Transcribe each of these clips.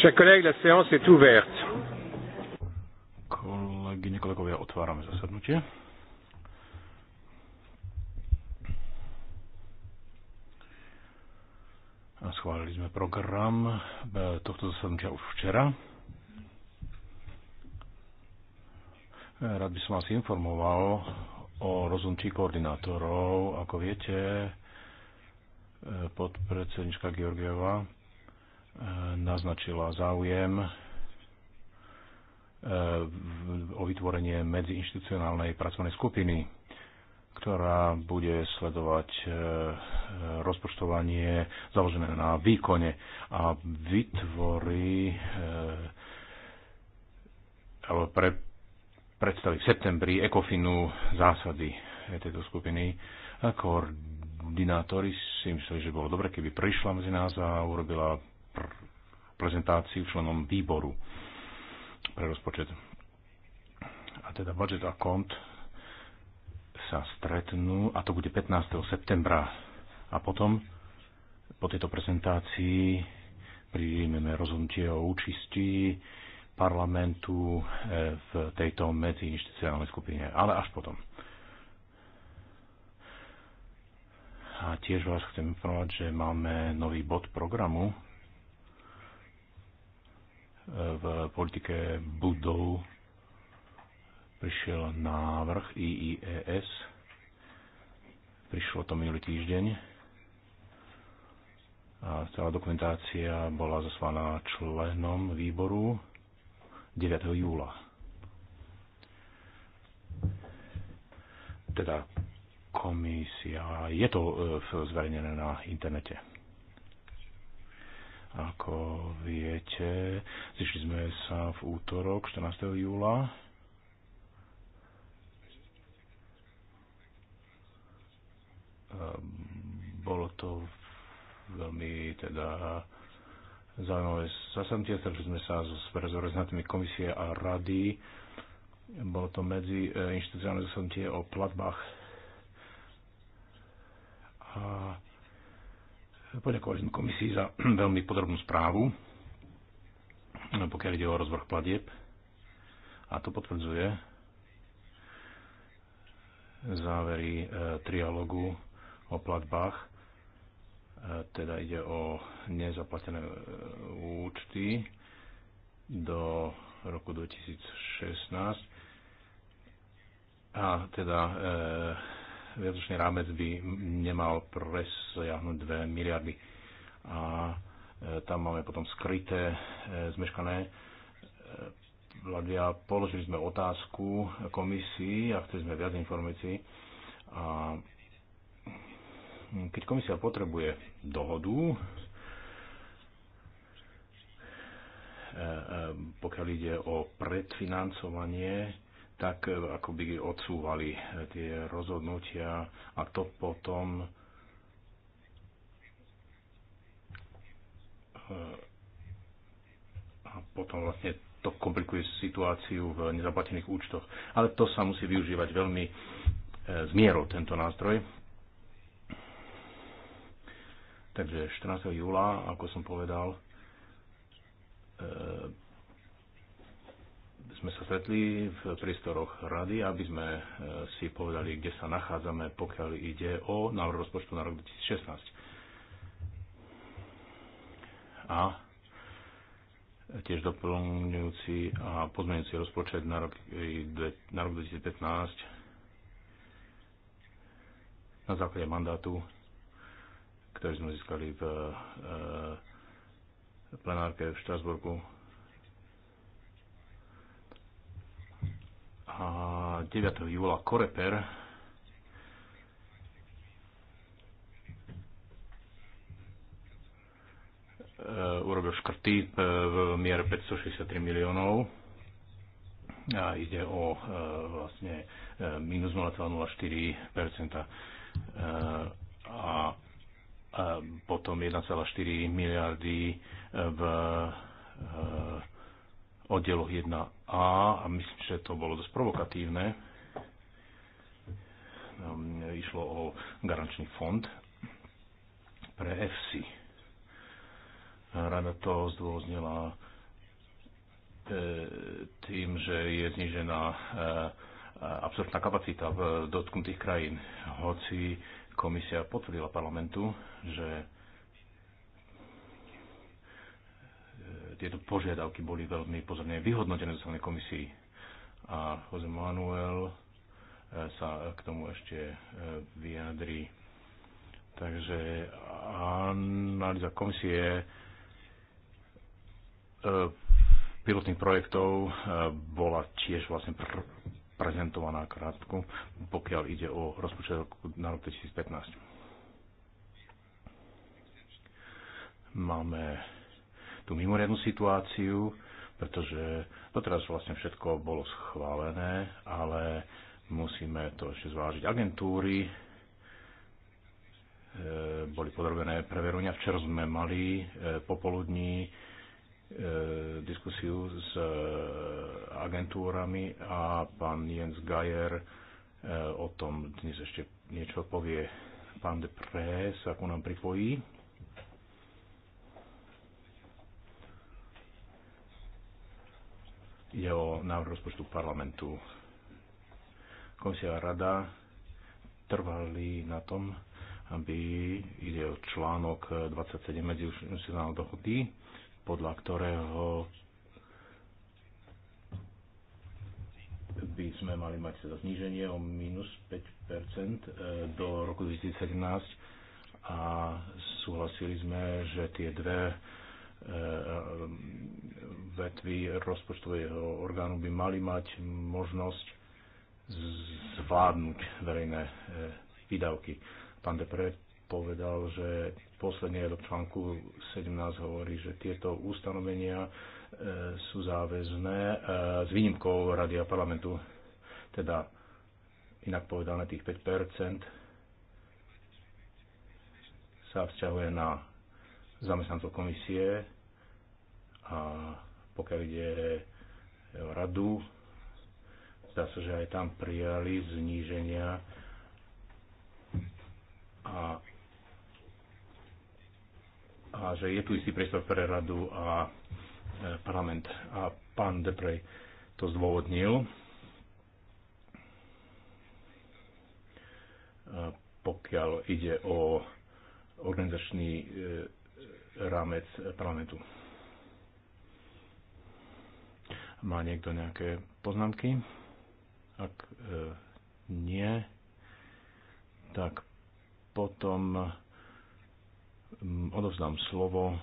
Chers collègues, la séance est ouverte. Kolegyne, kolegovia, otvárame zasadnutie. A schválili sme program e, tohto zasadnutia už včera. E, rád by som vás informoval o rozhodnutí koordinátorov. Ako viete, e, podpredsednička Georgieva naznačila záujem e, o vytvorenie medziinstitucionálnej pracovnej skupiny, ktorá bude sledovať e, rozpočtovanie založené na výkone a vytvorí e, alebo pre, predstaví v septembri ekofinu zásady tejto skupiny. Koordinátori si mysleli, že bolo dobre, keby prišla medzi nás a urobila pr- prezentáciu členom výboru pre rozpočet. A teda budget a kont sa stretnú a to bude 15. septembra. A potom po tejto prezentácii príjmeme rozhodnutie o účisti parlamentu e, v tejto medziinstitucionálnej skupine, ale až potom. A tiež vás chcem informovať, že máme nový bod programu v politike budov prišiel návrh IIES. Prišlo to minulý týždeň. A celá dokumentácia bola zaslaná členom výboru 9. júla. Teda komisia, je to e, zverejnené na internete. Ako viete, zišli sme sa v útorok 14. júla. Bolo to veľmi teda zaujímavé zasadnutie, stretli sme sa s reprezentantmi komisie a rady. Bolo to medzi inštitucionálne zasadnutie o platbách. A sme komisii za veľmi podrobnú správu, no, pokiaľ ide o rozvrh platieb. A to potvrdzuje závery e, trialogu o platbách. E, teda ide o nezaplatené e, účty do roku 2016 a teda e, viacročný rámec by nemal presiahnuť 2 miliardy. A e, tam máme potom skryté, e, zmeškané e, Latvia, položili sme otázku komisii a chceli sme viac informácií. A keď komisia potrebuje dohodu, pokiaľ ide o predfinancovanie tak eh, ako by odsúvali eh, tie rozhodnutia a to potom eh, a potom vlastne to komplikuje situáciu v nezaplatených účtoch. Ale to sa musí využívať veľmi z mierou tento nástroj. Takže 14. júla, ako som povedal, sme sa stretli v prístoroch rady, aby sme e, si povedali, kde sa nachádzame, pokiaľ ide o návrh rozpočtu na rok 2016. A tiež doplňujúci a pozmeňujúci rozpočet na rok, e, na rok 2015 na základe mandátu, ktorý sme získali v e, plenárke v Štrasburgu 9. júla Koreper e, urobil škrty e, v miere 563 miliónov a ide o e, vlastne minus 0,04 a potom 1,4 miliardy v oddeloch 1a a myslím, že to bolo dosť provokatívne. Ehm, išlo o garančný fond pre EFSI. Rada to zdôznila eh, tým, že je znižená eh, absorpčná kapacita v dotknutých krajín. Hoci komisia potvrdila parlamentu, že tieto požiadavky boli veľmi pozorne vyhodnotené zo strany komisii a Jose Manuel e, sa k tomu ešte e, vyjadrí. Takže analýza komisie e, pilotných projektov bola tiež vlastne pr- prezentovaná krátku, pokiaľ ide o rozpočet na rok 2015. Máme tú mimoriadnú situáciu, pretože doteraz vlastne všetko bolo schválené, ale musíme to ešte zvážiť. Agentúry e, boli podrobené preverenia. Včera sme mali e, popoludní e, diskusiu s e, agentúrami a pán Jens Geier e, o tom dnes ešte niečo povie. Pán Pré sa ku nám pripojí. je o návrh rozpočtu parlamentu. Komisia a rada trvali na tom, aby ide o článok 27 medziinstitucionálnej dohody, podľa ktorého by sme mali mať teda zníženie o minus 5 e, do roku 2017 a súhlasili sme, že tie dve Eh, vetvy rozpočtového orgánu by mali mať možnosť zvládnuť verejné eh, výdavky. Pán Depre povedal, že posledný do článku 17 hovorí, že tieto ustanovenia eh, sú záväzné s výnimkou Rady a parlamentu, teda inak povedané tých 5 sa vzťahuje na zamestnancov komisie a pokiaľ ide o radu, zdá sa, že aj tam prijali zníženia a, a že je tu istý priestor pre radu a e, parlament. A pán Deprej to zdôvodnil. A pokiaľ ide o organizačný e, rámec parlamentu. Má niekto nejaké poznámky? Ak e, nie, tak potom mm, odovzdám slovo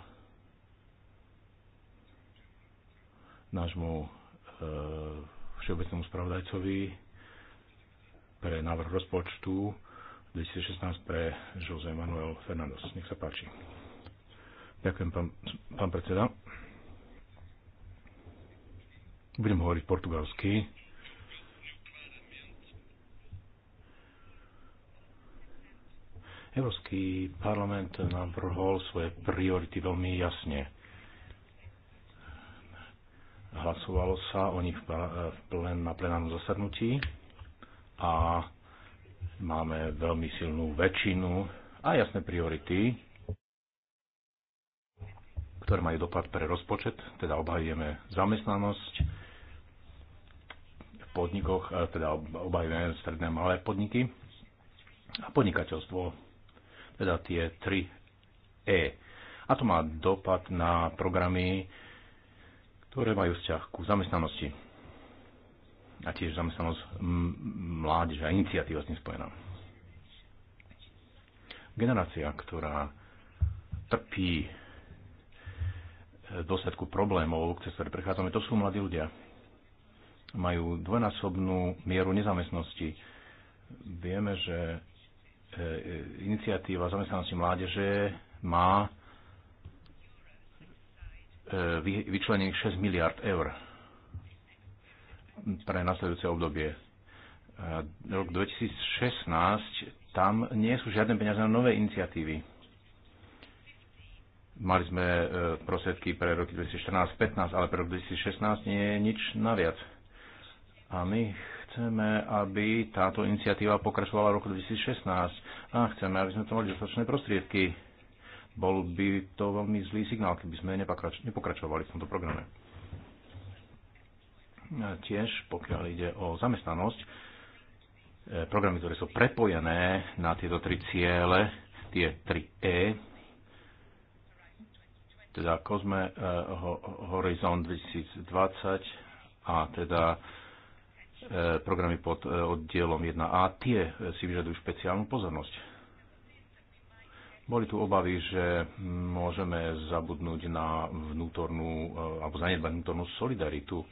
nášmu e, všeobecnému spravodajcovi pre návrh rozpočtu 2016 pre José Manuel Fernández. Nech sa páči. Ďakujem, pán, pán predseda. Budem hovoriť portugalsky. Európsky parlament nám prohol svoje priority veľmi jasne. Hlasovalo sa o nich plen, na plenárnom zasadnutí a máme veľmi silnú väčšinu a jasné priority, ktoré majú dopad pre rozpočet, teda obhajujeme zamestnanosť v podnikoch, e, teda obhajujeme stredné malé podniky a podnikateľstvo, teda tie 3 E. A to má dopad na programy, ktoré majú vzťah ku zamestnanosti a tiež zamestnanosť mládeže a iniciatíva s tým spojená. Generácia, ktorá trpí dôsledku problémov, cez ktoré prechádzame, to sú mladí ľudia. Majú dvojnásobnú mieru nezamestnosti. Vieme, že e, e, iniciatíva zamestnanosti mládeže má e, vyčlenených 6 miliard eur pre nasledujúce obdobie. Rok 2016 tam nie sú žiadne peniaze na nové iniciatívy Mali sme e, prosvedky pre roky 2014-15, ale pre rok 2016 nie je nič naviac. A my chceme, aby táto iniciatíva pokračovala v roku 2016 a chceme, aby sme to mali dostatočné prostriedky. Bol by to veľmi zlý signál, keby sme nepokračovali v tomto programe. A tiež, pokiaľ ide o zamestnanosť, e, programy, ktoré sú prepojené na tieto tri ciele, tie 3 E, teda Kozme eh, Horizon 2020 a teda eh, programy pod eh, oddielom 1a, tie si vyžadujú špeciálnu pozornosť. Boli tu obavy, že môžeme zabudnúť na vnútornú, alebo zanedbať vnútornú solidaritu.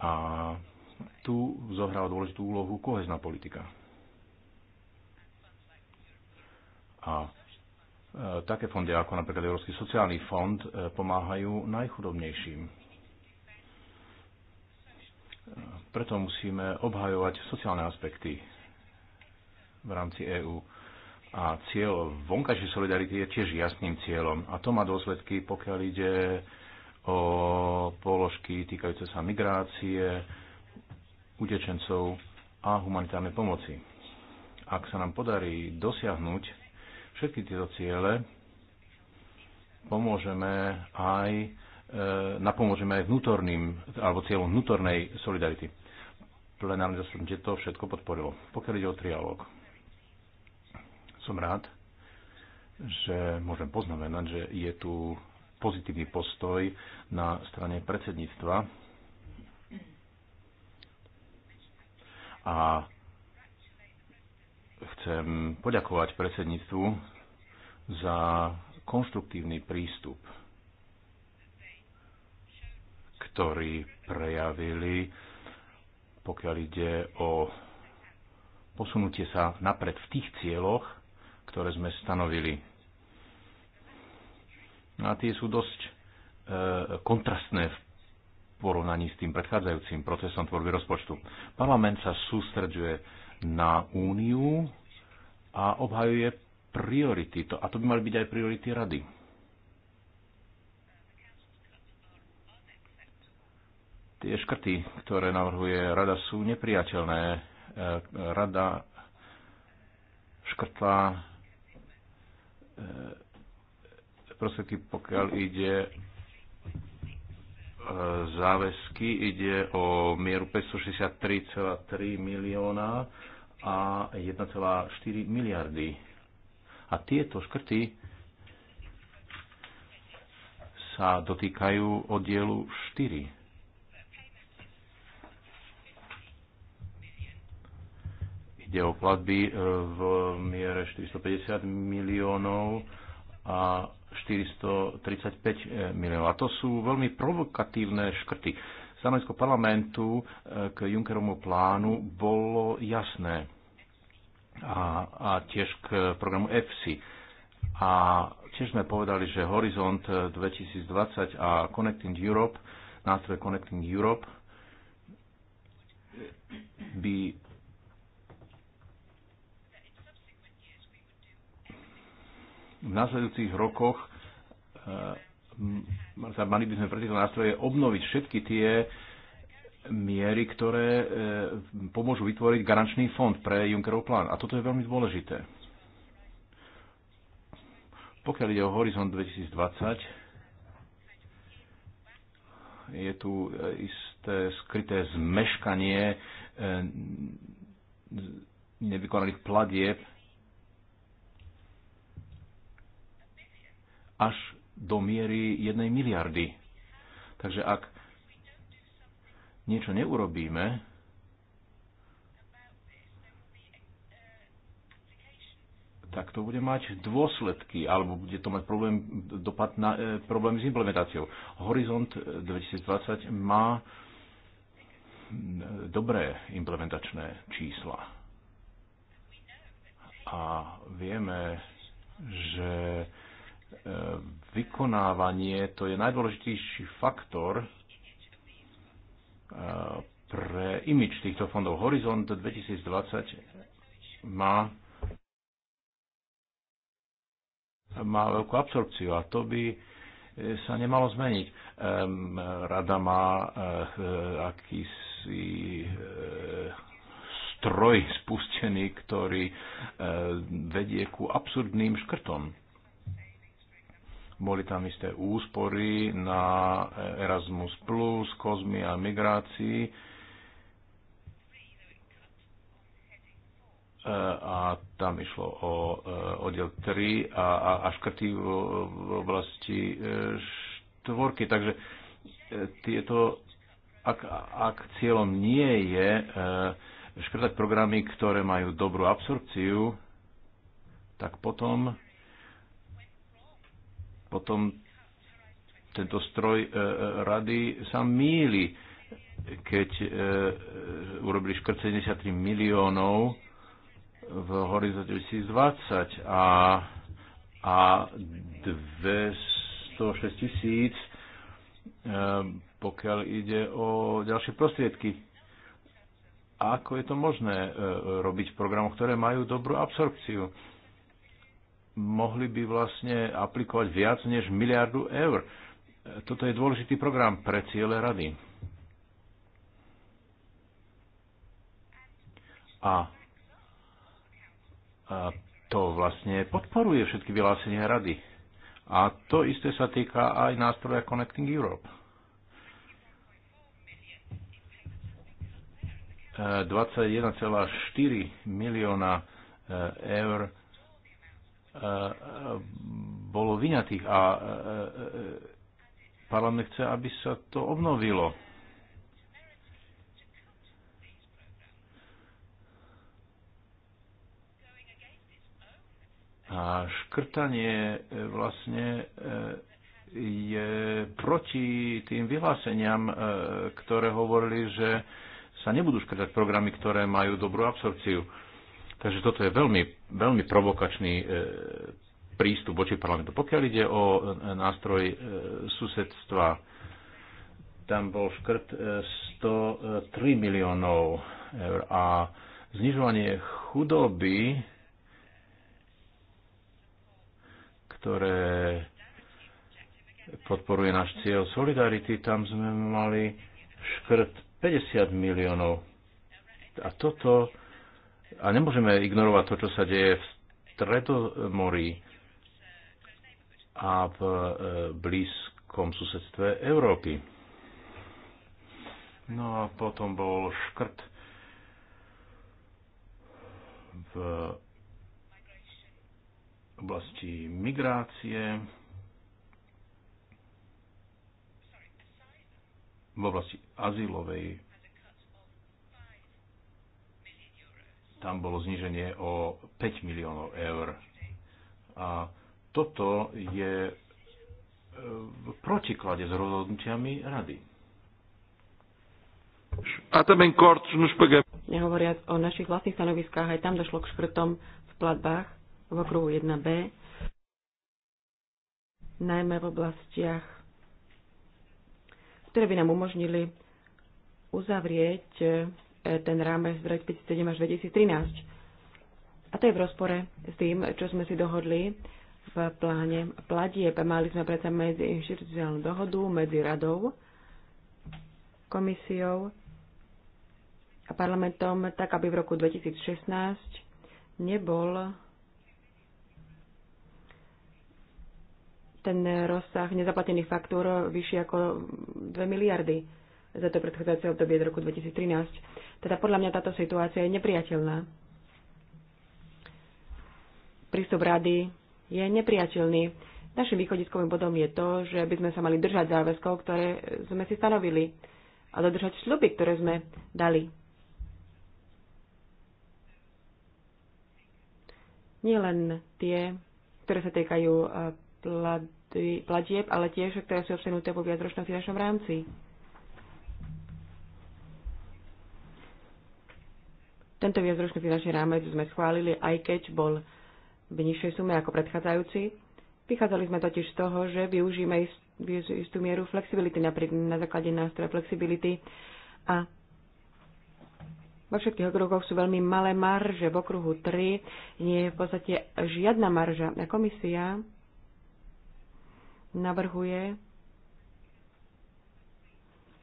A tu zohráva dôležitú úlohu kohezná politika. A E, také fondy ako napríklad Európsky sociálny fond e, pomáhajú najchudobnejším. E, preto musíme obhajovať sociálne aspekty v rámci EÚ. A cieľ vonkajšej solidarity je tiež jasným cieľom. A to má dôsledky, pokiaľ ide o položky týkajúce sa migrácie, utečencov a humanitárnej pomoci. Ak sa nám podarí dosiahnuť všetky tieto ciele pomôžeme aj, e, napomôžeme aj vnútorným, alebo cieľom vnútornej solidarity. Plenárne zasadnutie to všetko podporilo. Pokiaľ ide o trialóg, som rád, že môžem poznamenať, že je tu pozitívny postoj na strane predsedníctva a chcem poďakovať predsedníctvu za konštruktívny prístup, ktorý prejavili, pokiaľ ide o posunutie sa napred v tých cieľoch, ktoré sme stanovili. No a tie sú dosť e, kontrastné v porovnaní s tým predchádzajúcim procesom tvorby rozpočtu. Parlament sa sústreďuje na úniu a obhajuje priority. To, a to by mali byť aj priority rady. Tie škrty, ktoré navrhuje rada, sú nepriateľné. E, rada škrtla e, prostriedky, pokiaľ ide e, záväzky, ide o mieru 563,3 milióna a 1,4 miliardy a tieto škrty sa dotýkajú oddielu 4. Ide o platby e, v miere 450 miliónov a 435 e, miliónov. A to sú veľmi provokatívne škrty. Stanovisko parlamentu e, k Junckerovmu plánu bolo jasné a, a tiež k programu EFSI. A tiež sme povedali, že Horizont 2020 a Connecting Europe, nástroj Connecting Europe by v následujúcich rokoch sa mali by sme pre tieto nástroje obnoviť všetky tie miery, ktoré e, pomôžu vytvoriť garančný fond pre Junckerov plán. A toto je veľmi dôležité. Pokiaľ ide o Horizont 2020, je tu e, isté skryté zmeškanie e, nevykonaných platieb až do miery jednej miliardy. Takže ak niečo neurobíme, tak to bude mať dôsledky, alebo bude to mať problém, dopad na e, problém s implementáciou. Horizont 2020 e, má e, dobré implementačné čísla. A vieme, že e, vykonávanie to je najdôležitejší faktor pre imič týchto fondov. Horizont 2020 má má veľkú absorpciu a to by eh, sa nemalo zmeniť. Rada má eh, akýsi eh, stroj spustený, ktorý vedie ku absurdným škrtom. Boli tam isté úspory na Erasmus+, Plus, kozmi a migrácii. E, a tam išlo o e, oddiel 3 a, a, a škrty v, v oblasti e, štvorky. Takže tieto, ak, ak cieľom nie je škrtať programy, ktoré majú dobrú absorpciu, tak potom potom tento stroj e, e, rady sa míli, keď e, urobili škrt 73 miliónov v horizonte 2020 a, a 206 tisíc, pokiaľ ide o ďalšie prostriedky. Ako je to možné robiť v programoch, ktoré majú dobrú absorpciu? mohli by vlastne aplikovať viac než miliardu eur. Toto je dôležitý program pre ciele rady. A, to vlastne podporuje všetky vyhlásenia rady. A to isté sa týka aj nástroja Connecting Europe. 21,4 e, milióna e, eur E, e, bolo vyňatých a e, parlament chce, aby sa to obnovilo. A škrtanie vlastne je proti tým vyhláseniam, ktoré hovorili, že sa nebudú škrtať programy, ktoré majú dobrú absorpciu. Takže toto je veľmi, veľmi provokačný e, prístup voči parlamentu. Pokiaľ ide o e, nástroj e, susedstva, tam bol škrt 103 miliónov eur a znižovanie chudoby, ktoré podporuje náš cieľ Solidarity, tam sme mali škrt 50 miliónov. A toto a nemôžeme ignorovať to, čo sa deje v Stredomorí a v e, blízkom susedstve Európy. No a potom bol škrt v oblasti migrácie, v oblasti azylovej tam bolo zníženie o 5 miliónov eur. A toto je e, v protiklade s rozhodnutiami rady. No Nehovoriac o našich vlastných stanoviskách, aj tam došlo k škrtom v platbách v okruhu 1b, najmä v oblastiach, ktoré by nám umožnili uzavrieť ten rámec 2007 až 2013. A to je v rozpore s tým, čo sme si dohodli v pláne platieb. Mali sme predsa medzi inštitucionálnu dohodu medzi radou, komisiou a parlamentom, tak aby v roku 2016 nebol ten rozsah nezaplatených faktúr vyšší ako 2 miliardy za to predchádzajúce obdobie z roku 2013. Teda podľa mňa táto situácia je nepriateľná. Prístup rady je nepriateľný. Našim východiskovým bodom je to, že by sme sa mali držať záväzkov, ktoré sme si stanovili a dodržať sľuby, ktoré sme dali. Nie len tie, ktoré sa týkajú eh, platieb, ale tiež, ktoré sú obsenuté vo viacročnom finančnom rámci. Tento viacročný finančný rámec sme schválili, aj keď bol v nižšej sume ako predchádzajúci. Vychádzali sme totiž z toho, že využíme istú mieru flexibility napríklad na základe nástroja flexibility a vo všetkých okruhoch sú veľmi malé marže. V okruhu 3 nie je v podstate žiadna marža. A komisia navrhuje,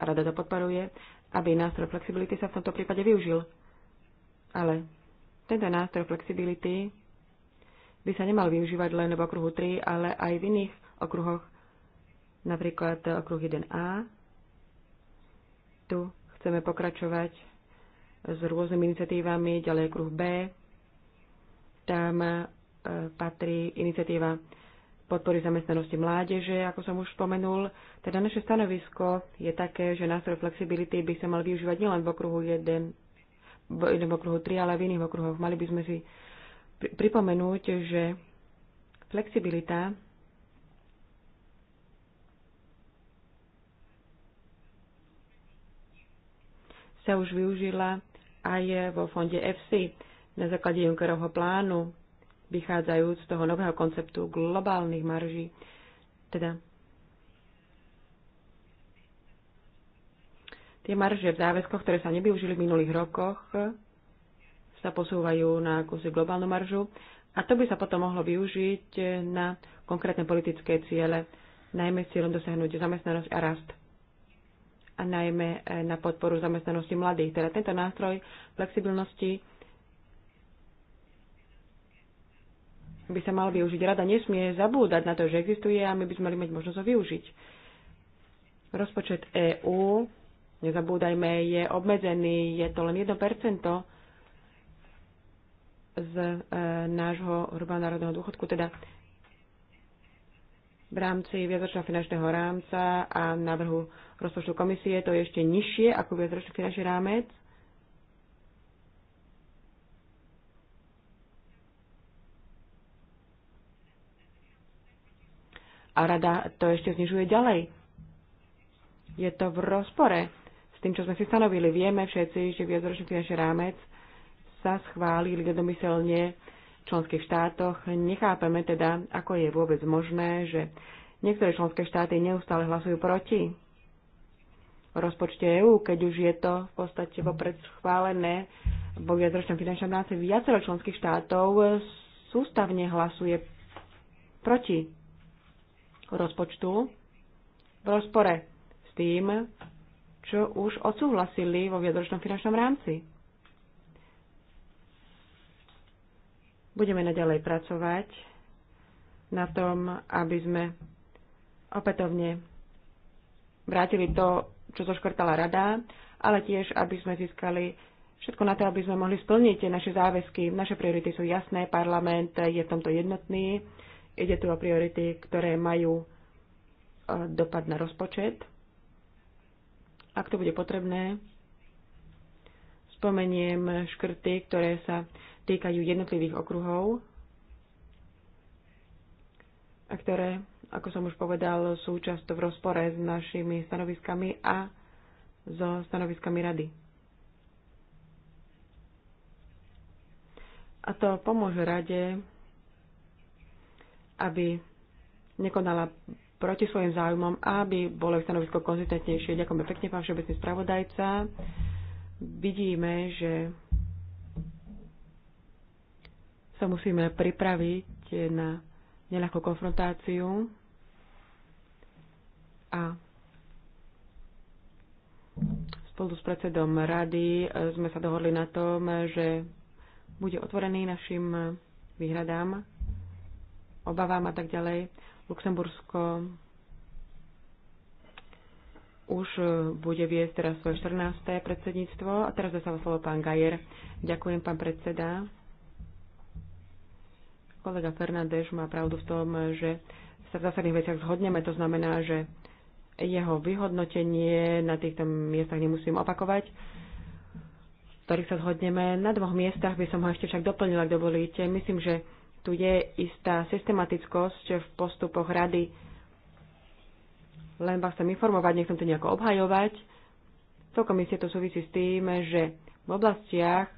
a rada to podporuje, aby nástroj flexibility sa v tomto prípade využil. Ale tento nástroj flexibility by sa nemal využívať len v okruhu 3, ale aj v iných okruhoch, napríklad okruh 1a. Tu chceme pokračovať s rôznymi iniciatívami, ďalej okruh B. Tam e, patrí iniciatíva podpory zamestnanosti mládeže, ako som už spomenul. Teda naše stanovisko je také, že nástroj flexibility by sa mal využívať nielen v okruhu 1 v jednom okruhu tri, ale v iných okruhoch. Mali by sme si pripomenúť, že flexibilita sa už využila aj vo fonde FC na základe Junckerovho plánu, vychádzajúc z toho nového konceptu globálnych marží, teda Tie marže v záväzkoch, ktoré sa nevyužili v minulých rokoch, sa posúvajú na kusy globálnu maržu a to by sa potom mohlo využiť na konkrétne politické ciele, najmä s cieľom dosiahnuť zamestnanosť a rast a najmä e, na podporu zamestnanosti mladých. Teda tento nástroj flexibilnosti by sa mal využiť. Rada nesmie zabúdať na to, že existuje a my by sme mali mať možnosť ho využiť. Rozpočet EÚ nezabúdajme, je obmedzený, je to len 1% z e, nášho hrubého národného dôchodku, teda v rámci viacročného finančného rámca a návrhu rozpočtu komisie to je ešte nižšie ako viacročný finančný rámec. A rada to ešte znižuje ďalej. Je to v rozpore tým, čo sme si stanovili. Vieme všetci, že viacročný finančný rámec sa schválil jednomyselne v členských štátoch. Nechápeme teda, ako je vôbec možné, že niektoré členské štáty neustále hlasujú proti rozpočte EÚ, keď už je to v podstate vopred schválené vo viacročnom finančnom rámci viacero členských štátov sústavne hlasuje proti rozpočtu v rozpore s tým, čo už odsúhlasili vo viadročnom finančnom rámci. Budeme naďalej pracovať na tom, aby sme opätovne vrátili to, čo zoškrtala rada, ale tiež, aby sme získali všetko na to, aby sme mohli splniť naše záväzky. Naše priority sú jasné, parlament je v tomto jednotný. Ide tu o priority, ktoré majú e, dopad na rozpočet ak to bude potrebné, spomeniem škrty, ktoré sa týkajú jednotlivých okruhov a ktoré, ako som už povedal, sú často v rozpore s našimi stanoviskami a so stanoviskami rady. A to pomôže rade, aby nekonala proti svojim záujmom, aby bolo ich stanovisko konzistentnejšie. Ďakujeme pekne, pán všeobecný spravodajca. Vidíme, že sa musíme pripraviť na neľahkú konfrontáciu a spolu s predsedom rady sme sa dohodli na tom, že bude otvorený našim výhradám, obavám a tak ďalej. Luxembursko už e, bude viesť teraz svoje 14. predsedníctvo. A teraz dostáva slovo pán Gajer. Ďakujem, pán predseda. Kolega Fernández má pravdu v tom, že sa v zásadných veciach zhodneme. To znamená, že jeho vyhodnotenie na týchto miestach nemusím opakovať ktorých sa zhodneme. Na dvoch miestach by som ho ešte však doplnila, ak dovolíte. Myslím, že tu je istá systematickosť v postupoch rady. Len vás chcem informovať, nechcem to nejako obhajovať. Celkom komisie to súvisí s tým, že v oblastiach,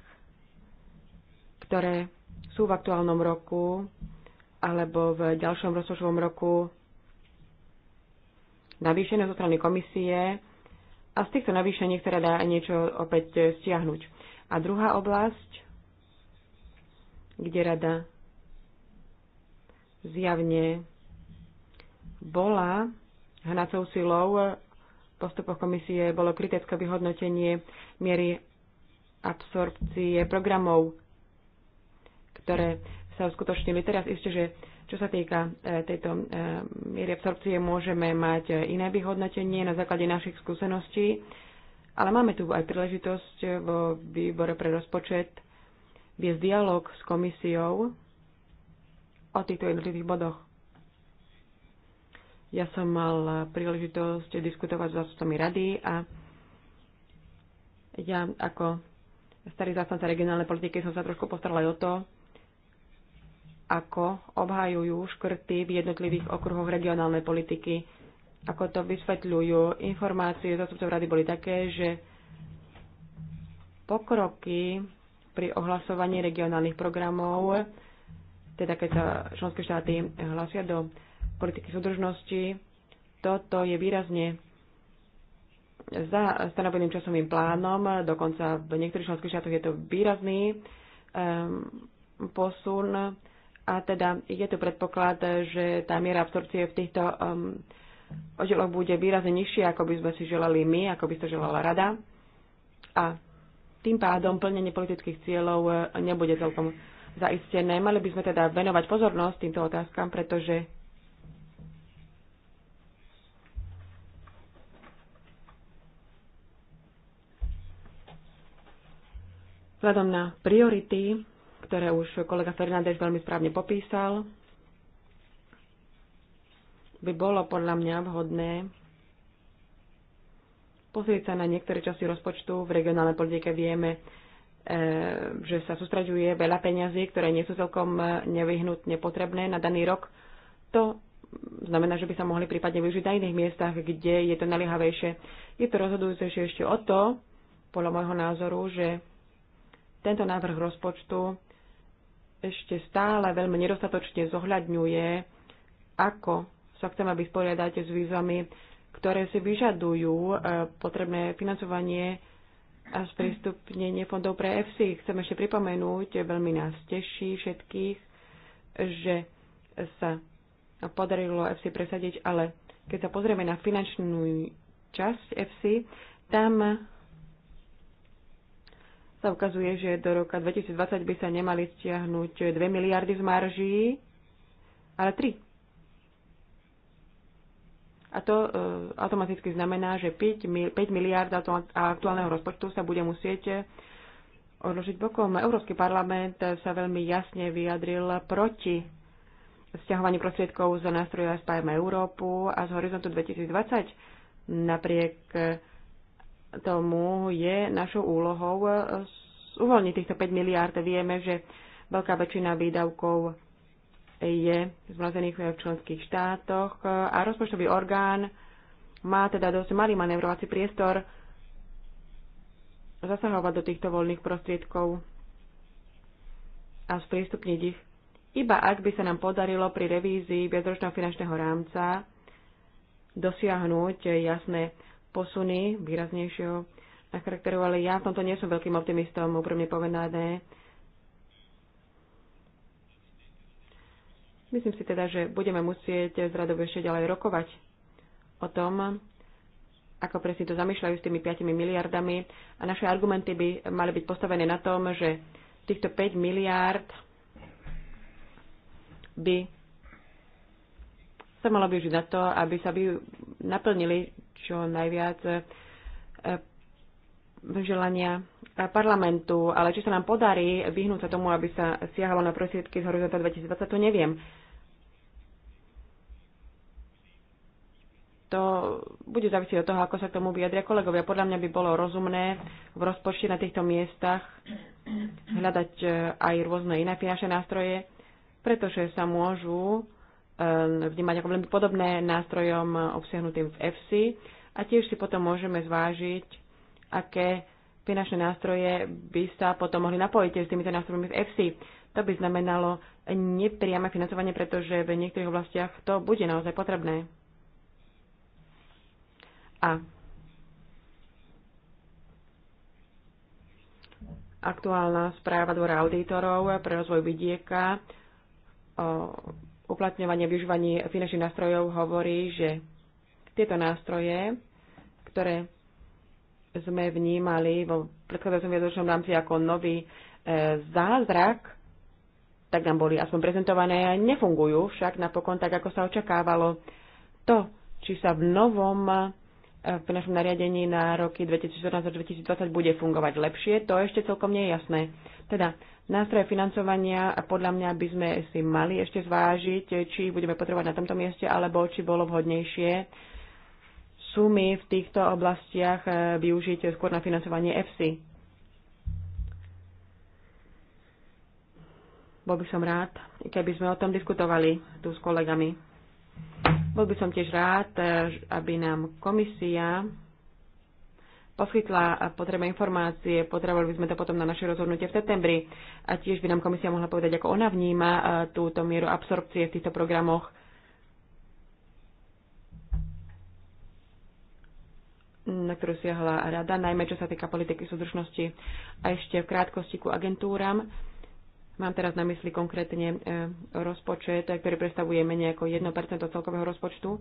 ktoré sú v aktuálnom roku alebo v ďalšom rozpočtovom roku navýšené zo strany komisie a z týchto navýšení chce rada niečo opäť stiahnuť. A druhá oblasť, kde rada zjavne bola hnacou silou postupov komisie bolo kritické vyhodnotenie miery absorpcie programov, ktoré sa uskutočnili. Teraz ešte, že čo sa týka e, tejto e, miery absorpcie, môžeme mať iné vyhodnotenie na základe našich skúseností, ale máme tu aj príležitosť vo výbore pre rozpočet viesť dialog s komisiou o týchto jednotlivých bodoch. Ja som mal príležitosť diskutovať s zástupcami rady a ja ako starý zástanca regionálnej politiky som sa trošku postarala aj o to, ako obhajujú škrty v jednotlivých okruhoch regionálnej politiky, ako to vysvetľujú. Informácie zástupcov rady boli také, že pokroky pri ohlasovaní regionálnych programov teda keď sa členské štáty hlasia do politiky súdržnosti, toto je výrazne za stanoveným časovým plánom, dokonca v niektorých členských štátoch je to výrazný um, posun a teda je to predpoklad, že tá miera absorpcie v týchto um, ehm, oddeloch bude výrazne nižšia, ako by sme si želali my, ako by to želala rada a tým pádom plnenie politických cieľov eh, nebude celkom zaistené. Mali by sme teda venovať pozornosť týmto otázkam, pretože vzhľadom na priority, ktoré už kolega Fernández veľmi správne popísal, by bolo podľa mňa vhodné pozrieť sa na niektoré časti rozpočtu v regionálnej politike. Vieme, E, že sa sústraďuje veľa peňazí, ktoré nie sú celkom e, nevyhnutne potrebné na daný rok. To znamená, že by sa mohli prípadne využiť na iných miestach, kde je to naliehavejšie. Je to rozhodujúce ešte o to, podľa môjho názoru, že tento návrh rozpočtu ešte stále veľmi nedostatočne zohľadňuje, ako sa chceme vysporiadať s výzvami, ktoré si vyžadujú e, potrebné financovanie a sprístupnenie fondov pre EFSI. Chcem ešte pripomenúť, veľmi nás teší všetkých, že sa podarilo EFSI presadiť, ale keď sa pozrieme na finančnú časť EFSI, tam sa ukazuje, že do roka 2020 by sa nemali stiahnuť 2 miliardy z marží, ale 3 a to e, automaticky znamená, že 5, 5 aktuálneho rozpočtu sa bude musieť e, odložiť bokom. Európsky parlament sa veľmi jasne vyjadril proti stiahovaniu prostriedkov z nástroja spájme Európu a z horizontu 2020. Napriek e, tomu je našou úlohou uvoľniť týchto 5 miliárd. Vieme, že veľká väčšina výdavkov je zmrazených v členských štátoch a rozpočtový orgán má teda dosť malý manevrovací priestor zasahovať do týchto voľných prostriedkov a sprístupniť ich. Iba ak by sa nám podarilo pri revízii viacročného finančného rámca dosiahnuť jasné posuny výraznejšieho na charakteru, ale ja v tomto nie som veľkým optimistom, úprimne povedané. Myslím si teda, že budeme musieť z radov ešte ďalej rokovať o tom, ako presne to zamýšľajú s tými 5 miliardami. A naše argumenty by mali byť postavené na tom, že týchto 5 miliard by sa malo využiť na to, aby sa by naplnili čo najviac e, želania parlamentu, ale či sa nám podarí vyhnúť sa tomu, aby sa siahalo na prosiedky z horizonta 2020, to neviem. to bude závisieť od toho, ako sa k tomu vyjadria kolegovia. Podľa mňa by bolo rozumné v rozpočte na týchto miestach hľadať e, aj rôzne iné finančné nástroje, pretože sa môžu e, vnímať ako veľmi podobné nástrojom obsiahnutým v FC a tiež si potom môžeme zvážiť, aké finančné nástroje by sa potom mohli napojiť s týmito nástrojmi v FC. To by znamenalo nepriame financovanie, pretože v niektorých oblastiach to bude naozaj potrebné. A aktuálna správa Dvora auditorov pre rozvoj vidieka o uplatňovaní a využívaní finančných nástrojov hovorí, že tieto nástroje, ktoré sme vnímali vo predchádzajúcom viedočnom rámci ako nový e, zázrak, tak nám boli aspoň prezentované a nefungujú však napokon tak, ako sa očakávalo. To, či sa v novom E, v našom nariadení na roky 2014 až 2020 bude fungovať lepšie, to ešte celkom nie je jasné. Teda nástroje financovania podľa mňa by sme si mali ešte zvážiť, či budeme potrebovať na tomto mieste, alebo či bolo vhodnejšie sumy v týchto oblastiach e, využiť skôr na financovanie EFSI. Bol by som rád, keby sme o tom diskutovali tu s kolegami. Bol by som tiež rád, e, aby nám komisia poskytla potrebné informácie, potrebovali by sme to potom na naše rozhodnutie v septembri a tiež by nám komisia mohla povedať, ako ona vníma e, túto mieru absorpcie v týchto programoch. na ktorú siahla rada, najmä čo sa týka politiky súdržnosti. A ešte v krátkosti ku agentúram. Mám teraz na mysli konkrétne e, rozpočet, ktorý predstavuje menej ako 1% celkového rozpočtu.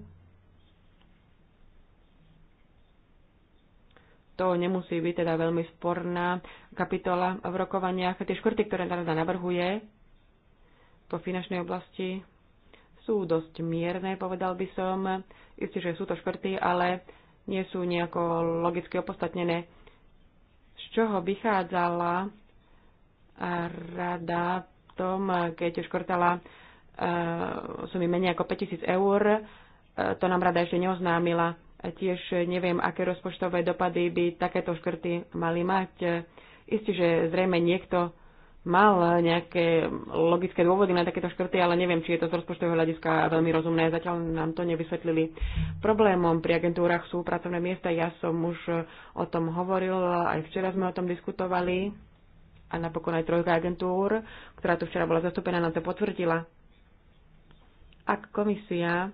to nemusí byť teda veľmi sporná kapitola v rokovaniach. Tie škrty, ktoré rada navrhuje po finančnej oblasti, sú dosť mierne, povedal by som. Isté, že sú to škrty, ale nie sú nejako logicky opostatnené. Z čoho vychádzala rada v tom, keď škrtala eh, sumy menej ako 5000 eur, eh, to nám rada ešte neoznámila. Tiež neviem, aké rozpočtové dopady by takéto škrty mali mať. Isté, že zrejme niekto mal nejaké logické dôvody na takéto škrty, ale neviem, či je to z rozpočtového hľadiska veľmi rozumné. Zatiaľ nám to nevysvetlili. Problémom pri agentúrach sú pracovné miesta. Ja som už o tom hovoril, aj včera sme o tom diskutovali a napokon aj trojka agentúr, ktorá tu včera bola zastúpená, nám to potvrdila. Ak komisia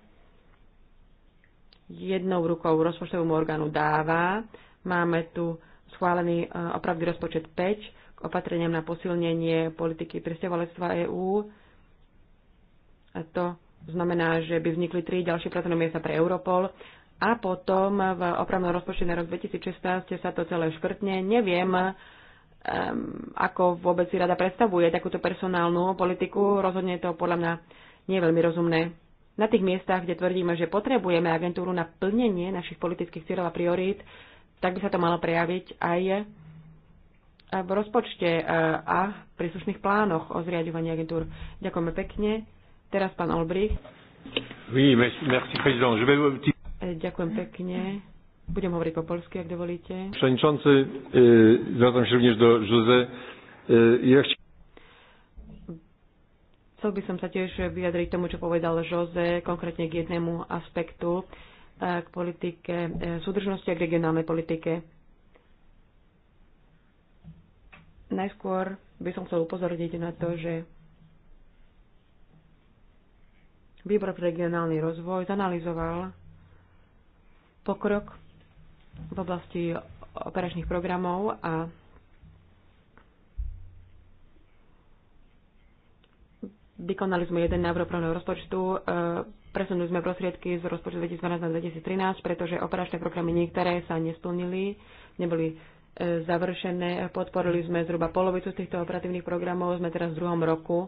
jednou rukou rozpočtovému orgánu dáva, máme tu schválený e, opravdý rozpočet 5 k opatreniam na posilnenie politiky pristiavalectva EÚ. A to znamená, že by vznikli tri ďalšie pracovné miesta pre Europol. A potom v opravnom rozpočte na rok 2016 sa to celé škrtne. Neviem, um, ako vôbec si rada predstavuje takúto personálnu politiku, rozhodne to podľa mňa nie je veľmi rozumné. Na tých miestach, kde tvrdíme, že potrebujeme agentúru na plnenie našich politických cieľov a priorít, tak by sa to malo prejaviť aj eh, v rozpočte eh, a v príslušných plánoch o zriadovaní agentúr. Ďakujeme pekne. Teraz pán Olbrich. Oui, merci, président. Je vais... Eh, ďakujem pekne. Budem hovoriť po polsky, ak dovolíte. Przewodniczący, zwracam się również do Jose. Ja chci... Chcel by som sa tiež vyjadriť tomu, čo povedal Jose, konkrétne k jednému aspektu, e, k politike e, súdržnosti a k regionálnej politike. Najskôr by som chcel upozorniť na to, že Výbor pre regionálny rozvoj zanalizoval pokrok v oblasti operačných programov a Vykonali sme jeden návrh opravného rozpočtu, e, presunuli sme prostriedky z rozpočtu 2012 na 2013, pretože operačné programy niektoré sa nesplnili, neboli e, završené. Podporili sme zhruba polovicu z týchto operatívnych programov, sme teraz v druhom roku e,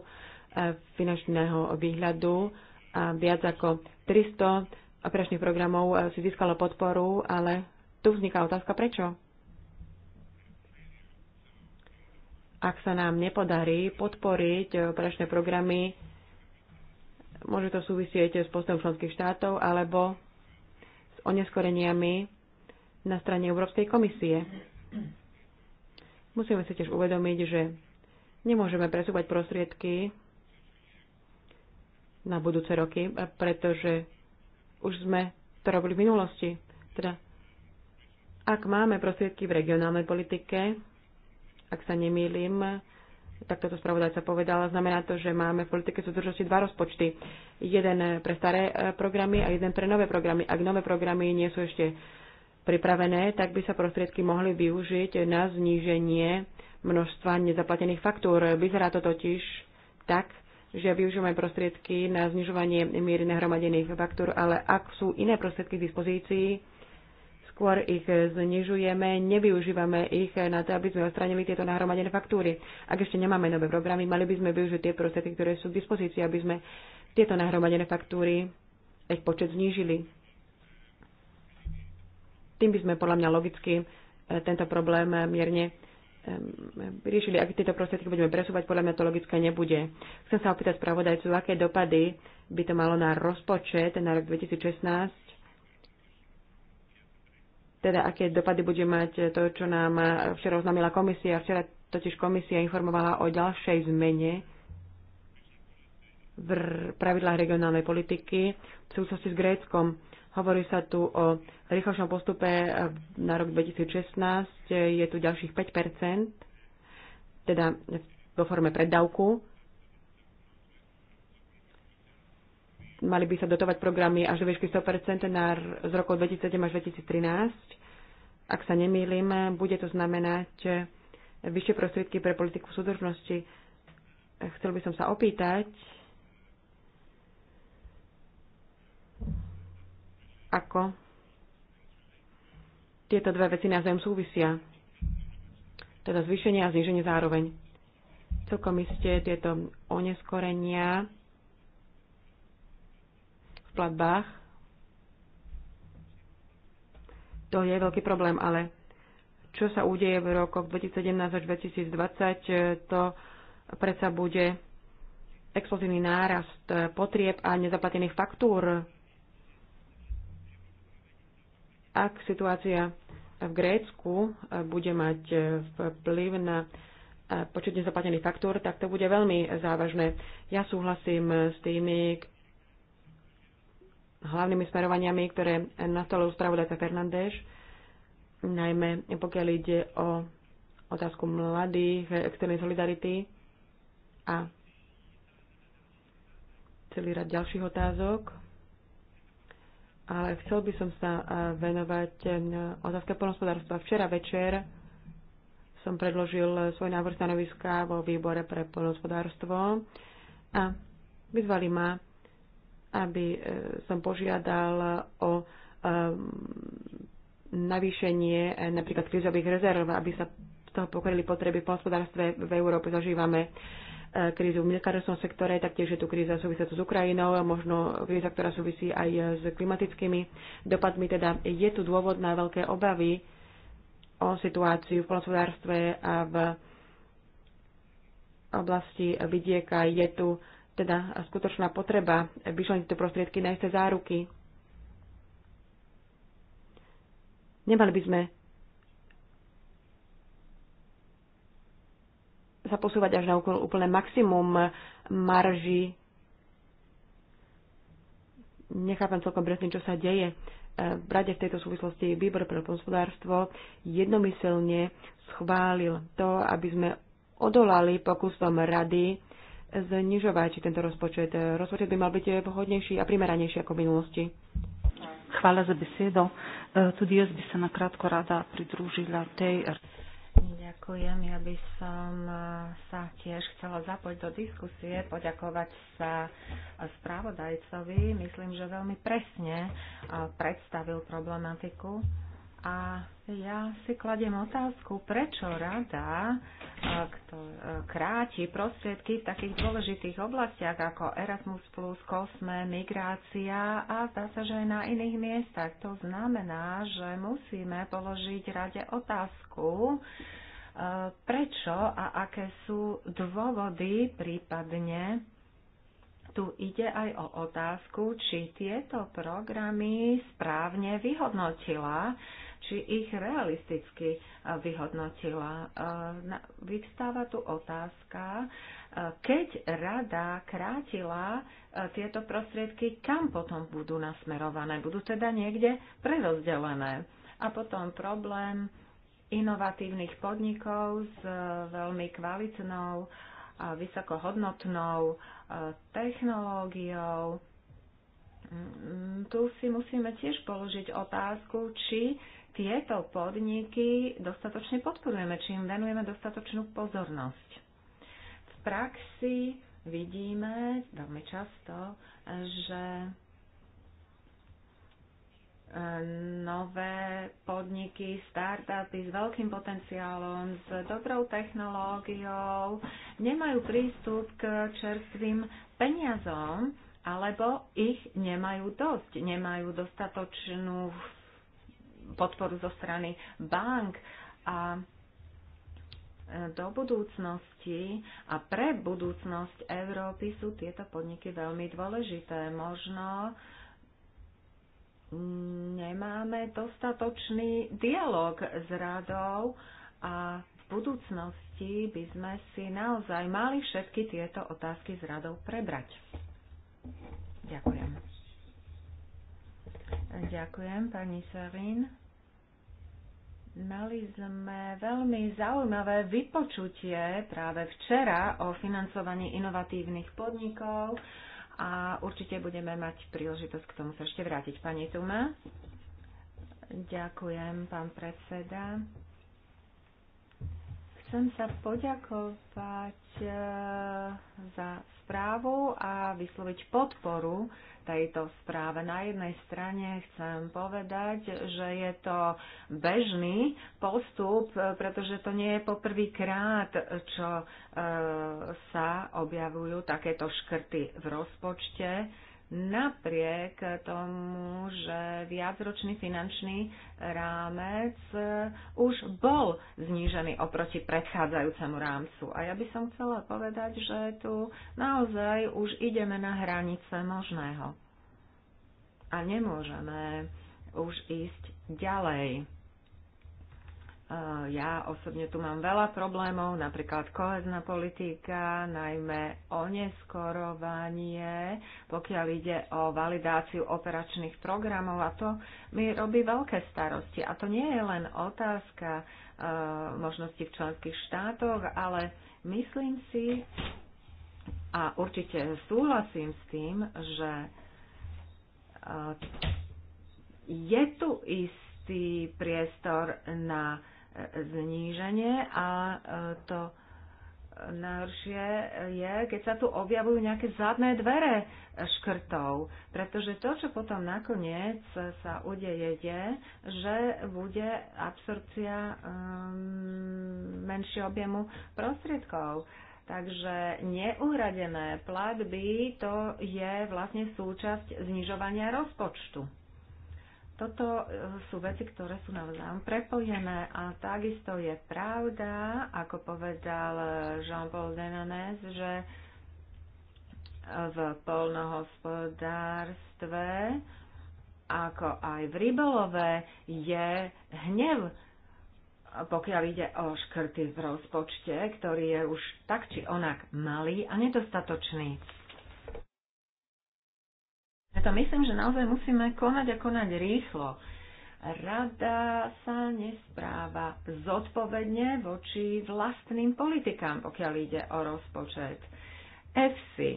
finančného výhľadu a viac ako 300 operačných programov si získalo podporu, ale tu vzniká otázka prečo. Ak sa nám nepodarí podporiť e, operačné programy, môže to súvisieť s postom členských štátov alebo s oneskoreniami na strane Európskej komisie. Musíme si tiež uvedomiť, že nemôžeme presúvať prostriedky na budúce roky, pretože už sme to robili v minulosti. Teda ak máme prostriedky v regionálnej politike, ak sa nemýlim, tak toto spravodajca povedala, znamená to, že máme v politike súdržnosti dva rozpočty. Jeden pre staré e, programy a jeden pre nové programy. Ak nové programy nie sú ešte pripravené, tak by sa prostriedky mohli využiť na zníženie množstva nezaplatených faktúr. Vyzerá to totiž tak, že využívame prostriedky na znižovanie miery nahromadených faktúr, ale ak sú iné prostriedky k dispozícii, skôr ich znižujeme, nevyužívame ich na to, aby sme odstránili tieto nahromadené faktúry. Ak ešte nemáme nové programy, mali by sme využiť tie prostriedky, ktoré sú k dispozícii, aby sme tieto nahromadené faktúry, ich počet znížili. Tým by sme podľa mňa logicky e, tento problém e, mierne e, riešili, ak tieto prostriedky budeme presúvať, podľa mňa to logické nebude. Chcem sa opýtať spravodajcu, aké dopady by to malo na rozpočet na rok 2016 teda aké dopady bude mať to, čo nám včera oznámila komisia. Včera totiž komisia informovala o ďalšej zmene v pravidlách regionálnej politiky v súvislosti s Gréckom. Hovorí sa tu o rýchlošom postupe na rok 2016. Je tu ďalších 5 teda vo forme preddavku. mali by sa dotovať programy až do výšky 100% na, z rokov 2007 až 2013. Ak sa nemýlim, bude to znamenať vyššie prostriedky pre politiku súdržnosti. Chcel by som sa opýtať, ako tieto dve veci zem súvisia. Teda zvýšenie a zníženie zároveň. Celkom iste tieto oneskorenia platbách. To je veľký problém, ale čo sa udeje v rokoch 2017 až 2020, to predsa bude explozívny nárast potrieb a nezaplatených faktúr. Ak situácia v Grécku bude mať vplyv na počet nezaplatených faktúr, tak to bude veľmi závažné. Ja súhlasím s tými, hlavnými smerovaniami, ktoré nastolil spravodajca Fernández, najmä pokiaľ ide o otázku mladých, externej solidarity a celý rad ďalších otázok. Ale chcel by som sa venovať e, otázke polnospodárstva. Včera večer som predložil svoj návrh stanoviska vo výbore pre polnospodárstvo a vyzvali ma, aby e, som požiadal o e, navýšenie e, napríklad krizových rezerv, aby sa z toho pokryli potreby v hospodárstve v Európe. Zažívame krízu v mliekarstvom sektore, taktiež je tu kríza súvisiaca s Ukrajinou, možno kríza, ktorá súvisí aj s klimatickými dopadmi. Teda je tu dôvod na veľké obavy o situáciu v hospodárstve a v oblasti vidieka. Je tu teda skutočná potreba vyšleniť tieto prostriedky na isté záruky. Nemali by sme sa posúvať až na úplne maximum marži. Nechápem celkom presne, čo sa deje. E, v rade v tejto súvislosti výbor pre hospodárstvo jednomyselne schválil to, aby sme odolali pokusom rady znižovať tento rozpočet. Rozpočet by mal byť vhodnejší a primeranejší ako v minulosti. Hvala za besedo. E, tudi jaz by sa nakrátko rada pridružila tej. Ďakujem. Ja by som e, sa tiež chcela zapojiť do diskusie, poďakovať sa správodajcovi. Myslím, že veľmi presne e, predstavil problematiku a ja si kladiem otázku, prečo rada e, e, kráti prostriedky v takých dôležitých oblastiach ako Erasmus+, Kosme, migrácia a zdá sa, že aj na iných miestach. To znamená, že musíme položiť rade otázku, e, prečo a aké sú dôvody prípadne tu ide aj o otázku, či tieto programy správne vyhodnotila či ich realisticky e, vyhodnotila. E, vyvstáva tu otázka, e, keď rada krátila tieto prostriedky, kam potom budú nasmerované? Budú teda niekde prerozdelené. A potom problém inovatívnych podnikov s veľmi kvalitnou a vysokohodnotnou technológiou. Mm, tu si musíme tiež položiť otázku, či tieto podniky dostatočne podporujeme, či im venujeme dostatočnú pozornosť. V praxi vidíme veľmi často, že e, nové podniky, startupy s veľkým potenciálom, s dobrou technológiou nemajú prístup k čerstvým peniazom alebo ich nemajú dosť, nemajú dostatočnú podporu zo strany bank a e, do budúcnosti a pre budúcnosť Európy sú tieto podniky veľmi dôležité. Možno nemáme dostatočný dialog s radou a v budúcnosti by sme si naozaj mali všetky tieto otázky s radou prebrať. Ďakujem. Ďakujem, pani Sarin. Mali sme veľmi zaujímavé vypočutie práve včera o financovaní inovatívnych podnikov a určite budeme mať príležitosť k tomu sa ešte vrátiť. Pani Tuma. Ďakujem, pán predseda. Chcem sa poďakovať eh, za správu a vysloviť podporu tejto správe. Na jednej strane chcem povedať, že je to bežný postup, pretože to nie je poprvýkrát, čo e, sa objavujú takéto škrty v rozpočte napriek tomu, že viacročný finančný rámec eh, už bol znížený oproti predchádzajúcemu rámcu. A ja by som chcela povedať, že tu naozaj už ideme na hranice možného. A nemôžeme už ísť ďalej E, ja osobne tu mám veľa problémov, napríklad kohezná politika, najmä oneskorovanie, pokiaľ ide o validáciu operačných programov a to mi robí veľké starosti. A to nie je len otázka e, možnosti v členských štátoch, ale myslím si a určite súhlasím s tým, že e, je tu istý priestor na zníženie a e, to najhoršie je, keď sa tu objavujú nejaké zadné dvere škrtov, pretože to, čo potom nakoniec sa udeje, je, že bude absorpcia um, menšieho objemu prostriedkov. Takže neuhradené platby to je vlastne súčasť znižovania rozpočtu. Toto e, sú veci, ktoré sú navzájom prepojené a takisto je pravda, ako povedal e, Jean-Paul Denones, že e, v polnohospodárstve, ako aj v rybolove, je hnev, pokiaľ ide o škrty v rozpočte, ktorý je už tak či onak malý a nedostatočný. Preto myslím, že naozaj musíme konať a konať rýchlo. Rada sa nespráva zodpovedne voči vlastným politikám, pokiaľ ide o rozpočet. EFSI.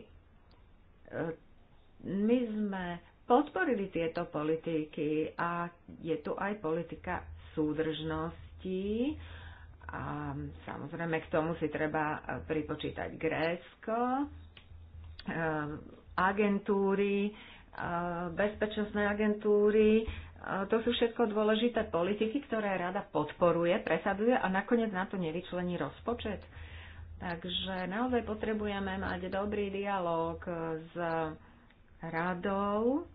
My sme podporili tieto politiky a je tu aj politika súdržnosti. A samozrejme k tomu si treba pripočítať Grécko, e, agentúry, Eh, bezpečnostné agentúry. Eh, to sú všetko dôležité politiky, ktoré rada podporuje, presaduje a nakoniec na to nevyčlení rozpočet. Takže naozaj potrebujeme mať dobrý dialog s radou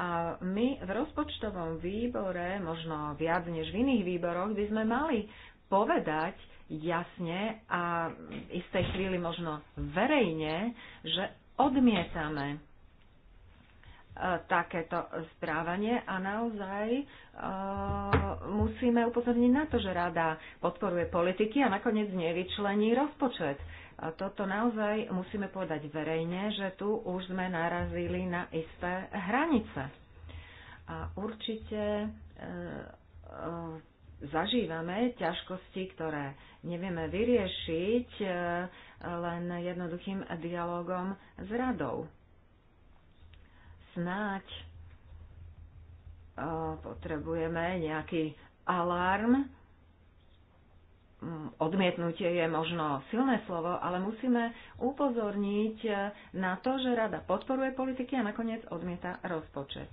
a my v rozpočtovom výbore, možno viac než v iných výboroch, by sme mali povedať jasne a v istej chvíli možno verejne, že odmietame E, takéto správanie a naozaj e, musíme upozorniť na to, že rada podporuje politiky a nakoniec nevyčlení rozpočet. A toto naozaj musíme povedať verejne, že tu už sme narazili na isté hranice. A určite e, e, zažívame ťažkosti, ktoré nevieme vyriešiť e, len jednoduchým dialogom s radou snáď potrebujeme nejaký alarm. Mm, odmietnutie je možno silné slovo, ale musíme upozorniť na to, že rada podporuje politiky a nakoniec odmieta rozpočet.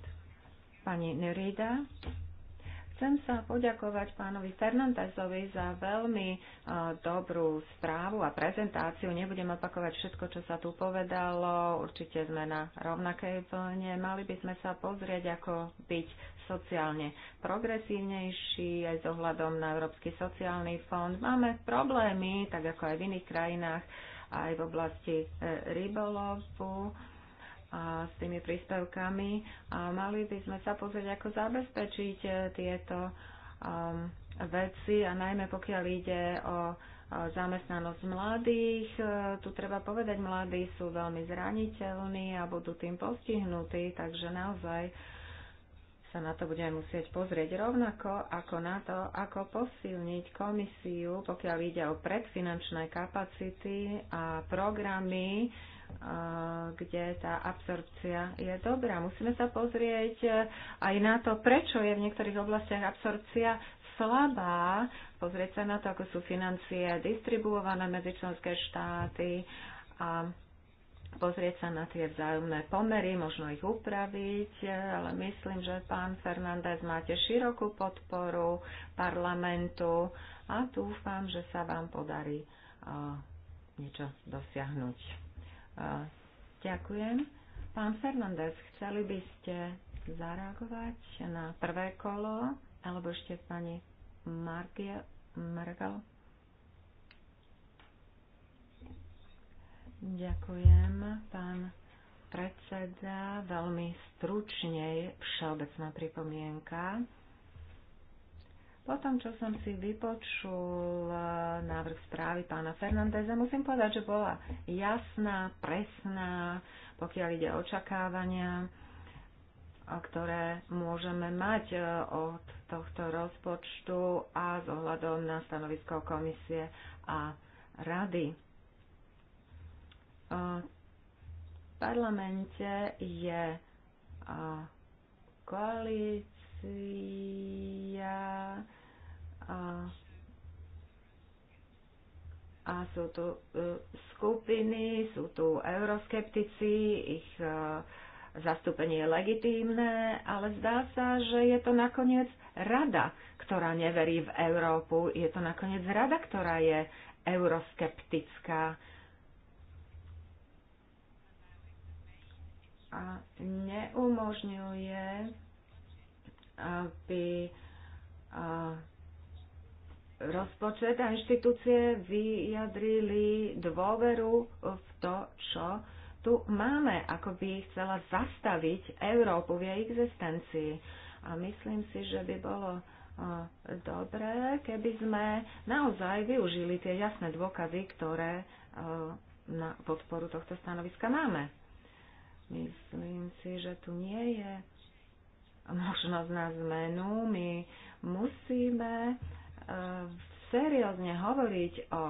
Pani Nerida. Chcem sa poďakovať pánovi Fernandezovi za veľmi e, dobrú správu a prezentáciu. Nebudem opakovať všetko, čo sa tu povedalo. Určite sme na rovnakej vlne. Mali by sme sa pozrieť, ako byť sociálne progresívnejší aj s ohľadom na Európsky sociálny fond. Máme problémy, tak ako aj v iných krajinách, aj v oblasti e, rybolovu a s tými príspevkami a mali by sme sa pozrieť, ako zabezpečiť e, tieto um, veci a najmä pokiaľ ide o e, zamestnanosť mladých. E, tu treba povedať, mladí sú veľmi zraniteľní a budú tým postihnutí, takže naozaj sa na to budeme musieť pozrieť rovnako ako na to, ako posilniť komisiu, pokiaľ ide o predfinančné kapacity a programy, kde tá absorpcia je dobrá. Musíme sa pozrieť e, aj na to, prečo je v niektorých oblastiach absorpcia slabá, pozrieť sa na to, ako sú financie distribuované medzi členské štáty a pozrieť sa na tie vzájomné pomery, možno ich upraviť, e, ale myslím, že pán Fernández máte širokú podporu parlamentu a dúfam, že sa vám podarí e, niečo dosiahnuť. Ďakujem. Pán Fernández, chceli by ste zareagovať na prvé kolo, alebo ešte pani Margie, Margal? Ďakujem, pán predseda. Veľmi stručne všeobecná pripomienka. Potom, čo som si vypočul eh, návrh správy pána Fernandeza, musím povedať, že bola jasná, presná, pokiaľ ide o očakávania, ktoré môžeme mať eh, od tohto rozpočtu a s ohľadom na stanovisko komisie a rady. Eh, v parlamente je koalícia, migrácia a, a sú tu e, skupiny, sú tu euroskeptici, ich e, zastúpenie je legitímne, ale zdá sa, že je to nakoniec rada, ktorá neverí v Európu, je to nakoniec rada, ktorá je euroskeptická. A neumožňuje by rozpočet a inštitúcie vyjadrili dôveru v to, čo tu máme, ako by chcela zastaviť Európu v jej existencii. A myslím si, že by bolo dobré, keby sme naozaj využili tie jasné dôkazy, ktoré na podporu tohto stanoviska máme. Myslím si, že tu nie je možnosť na zmenu. My musíme e, seriózne hovoriť o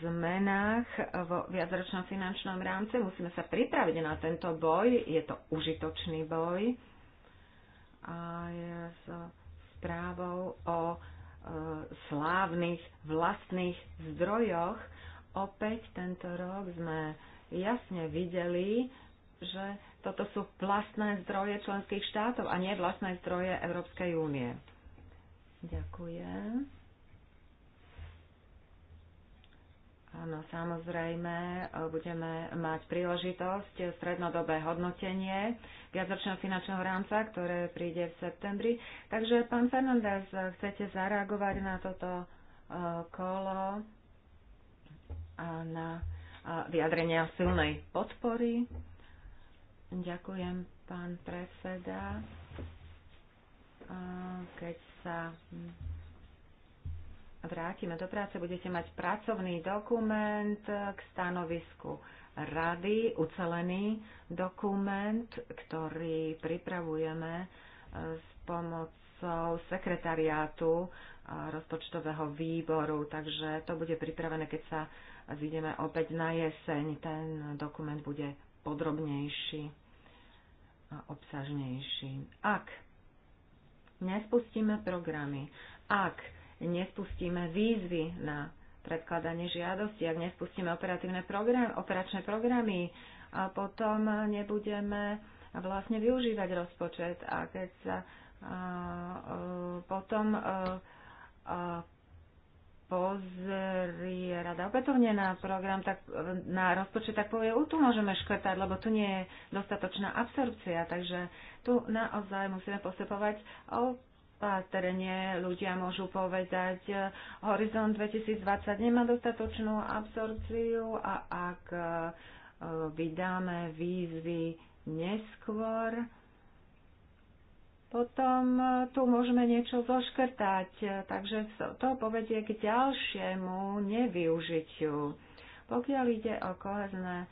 zmenách vo viacročnom finančnom rámci. Musíme sa pripraviť na tento boj. Je to užitočný boj. A je s správou o e, slávnych vlastných zdrojoch. Opäť tento rok sme jasne videli, že toto sú vlastné zdroje členských štátov a nie vlastné zdroje Európskej únie. Ďakujem. Áno, samozrejme, budeme mať príležitosť strednodobé hodnotenie viacročného finančného rámca, ktoré príde v septembri. Takže, pán Fernández, chcete zareagovať na toto e, kolo a na e, vyjadrenia silnej podpory? Ďakujem, pán predseda. Keď sa vrátime do práce, budete mať pracovný dokument k stanovisku rady, ucelený dokument, ktorý pripravujeme e, s pomocou sekretariátu e, rozpočtového výboru, takže to bude pripravené, keď sa zídeme opäť na jeseň. Ten dokument bude podrobnejší a obsažnejší. Ak nespustíme programy, ak nespustíme výzvy na predkladanie žiadosti, ak nespustíme operatívne program, operačné programy, a potom nebudeme vlastne využívať rozpočet. A keď sa a, a, potom a, a, pozrie rada opätovne na program, tak na rozpočet, tak povie, tu môžeme škrtať, lebo tu nie je dostatočná absorpcia, takže tu naozaj musíme postupovať opatrne. Ľudia môžu povedať, horizont 2020 nemá dostatočnú absorpciu a ak e, vydáme výzvy neskôr, potom e, tu môžeme niečo zoškrtať, e, takže to povedie k ďalšiemu nevyužitiu. Pokiaľ ide o kohezné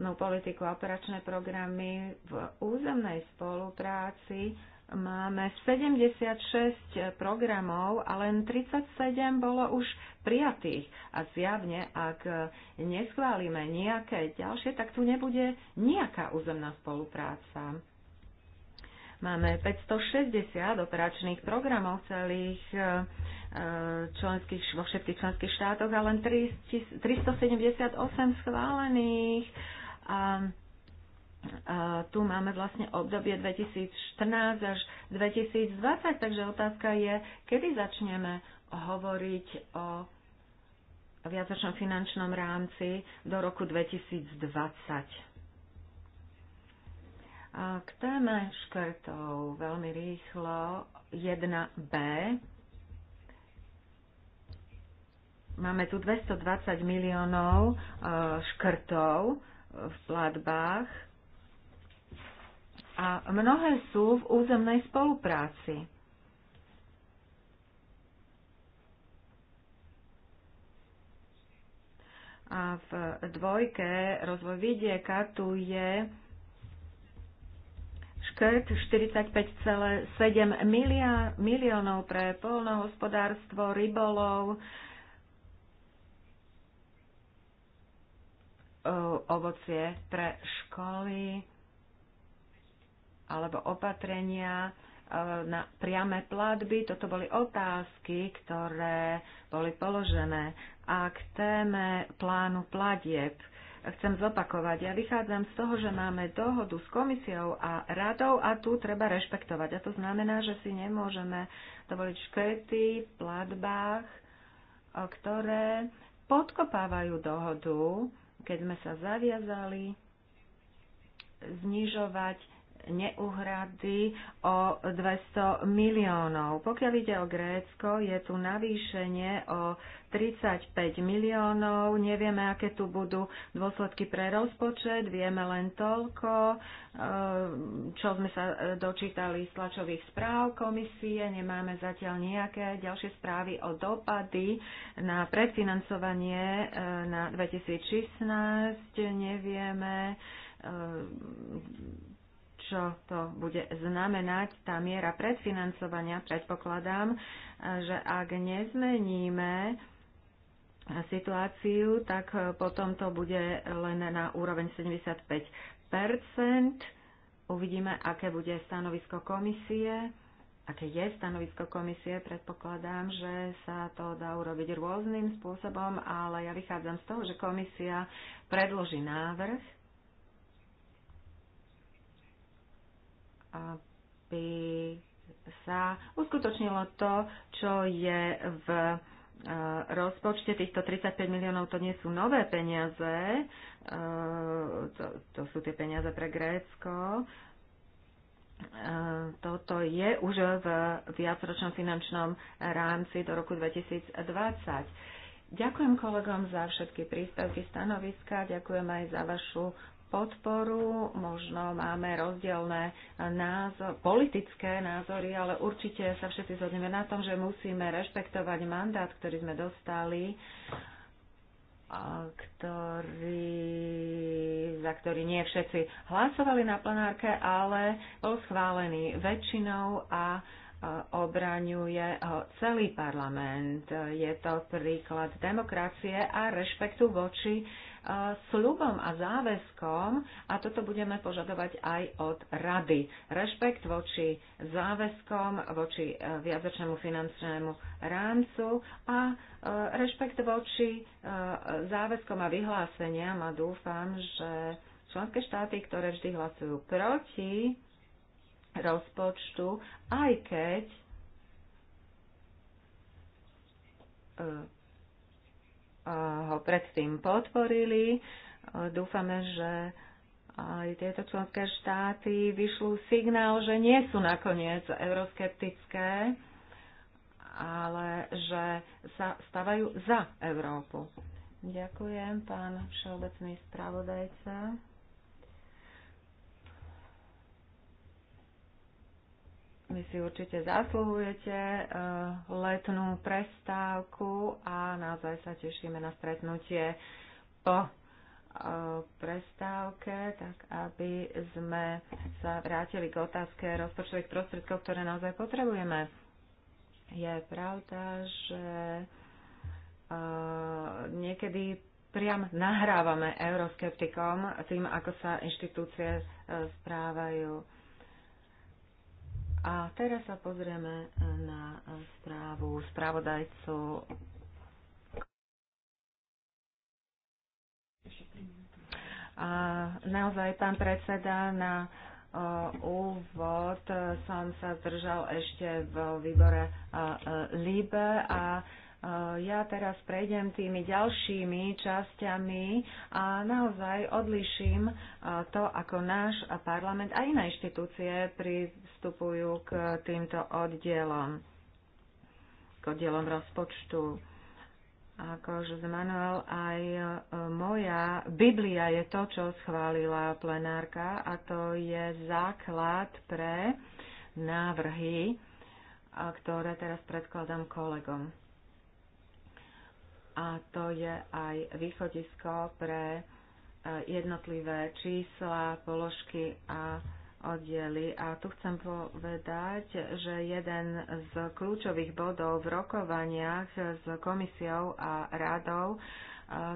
no, politiku a operačné programy v územnej spolupráci, máme 76 programov a len 37 bolo už prijatých. A zjavne, ak neschválime nejaké ďalšie, tak tu nebude nejaká územná spolupráca. Máme 560 operačných programov celých e, členských, vo všetkých členských štátoch a len 378 schválených. A, a tu máme vlastne obdobie 2014 až 2020, takže otázka je, kedy začneme hovoriť o viacročnom finančnom rámci do roku 2020. K téme škrtov veľmi rýchlo 1b. Máme tu 220 miliónov e, škrtov e, v platbách a mnohé sú v územnej spolupráci. A v dvojke rozvoj vidieka tu je škrt 45,7 milia, miliónov pre polnohospodárstvo, rybolov, ovocie pre školy alebo opatrenia na priame platby. Toto boli otázky, ktoré boli položené a k téme plánu platieb chcem zopakovať. Ja vychádzam z toho, že máme dohodu s komisiou a radou a tu treba rešpektovať. A to znamená, že si nemôžeme dovoliť škrety v platbách, ktoré podkopávajú dohodu, keď sme sa zaviazali znižovať neuhrady o 200 miliónov. Pokiaľ ide o Grécko, je tu navýšenie o 35 miliónov. Nevieme, aké tu budú dôsledky pre rozpočet, vieme len toľko, eh, čo sme sa eh, dočítali z tlačových správ komisie. Nemáme zatiaľ nejaké ďalšie správy o dopady na predfinancovanie eh, na 2016. Nevieme čo to bude znamenať, tá miera predfinancovania, predpokladám, e, že ak nezmeníme situáciu, tak e, potom to bude len na úroveň 75 Uvidíme, aké bude stanovisko komisie. Aké je stanovisko komisie, predpokladám, že sa to dá urobiť rôznym spôsobom, ale ja vychádzam z toho, že komisia predloží návrh aby sa uskutočnilo to, čo je v e, rozpočte týchto 35 miliónov to nie sú nové peniaze, e, to, to sú tie peniaze pre Grécko. E, toto je už v viacročnom finančnom rámci do roku 2020. Ďakujem kolegom za všetky príspevky, stanoviska, ďakujem aj za vašu podporu, možno máme rozdielne názor, politické názory, ale určite sa všetci zhodneme na tom, že musíme rešpektovať mandát, ktorý sme dostali, ktorý, za ktorý nie všetci hlasovali na plenárke, ale bol schválený väčšinou a obraňuje ho celý parlament. Je to príklad demokracie a rešpektu voči sľubom a záväzkom a toto budeme požadovať aj od rady. Rešpekt voči záväzkom, voči e, viacročnému finančnému rámcu a e, rešpekt voči e, záväzkom a vyhláseniam a dúfam, že členské štáty, ktoré vždy hlasujú proti rozpočtu, aj keď ho predtým podporili. Dúfame, že aj tieto členské štáty vyšľú signál, že nie sú nakoniec euroskeptické, ale že sa stávajú za Európu. Ďakujem, pán všeobecný spravodajca. Vy si určite zasluhujete eh, letnú prestávku a naozaj sa tešíme na stretnutie po eh, prestávke, tak aby sme sa vrátili k otázke rozpočtových prostriedkov, ktoré naozaj potrebujeme. Je pravda, že eh, niekedy priam nahrávame euroskeptikom tým, ako sa inštitúcie správajú a teraz sa pozrieme e, na e, správu správodajcu. A naozaj, pán predseda, na e, úvod som sa zdržal ešte v výbore LIBE a Eh, ja teraz prejdem tými ďalšími časťami a naozaj odliším eh, to, ako náš parlament a iné inštitúcie pristupujú k týmto oddielom, k oddielom rozpočtu. Ako Jose Manuel, aj eh, moja Biblia je to, čo schválila plenárka a to je základ pre návrhy, ktoré teraz predkladám kolegom a to je aj východisko pre e, jednotlivé čísla, položky a oddiely. A tu chcem povedať, že jeden z kľúčových bodov v rokovaniach s komisiou a radou e,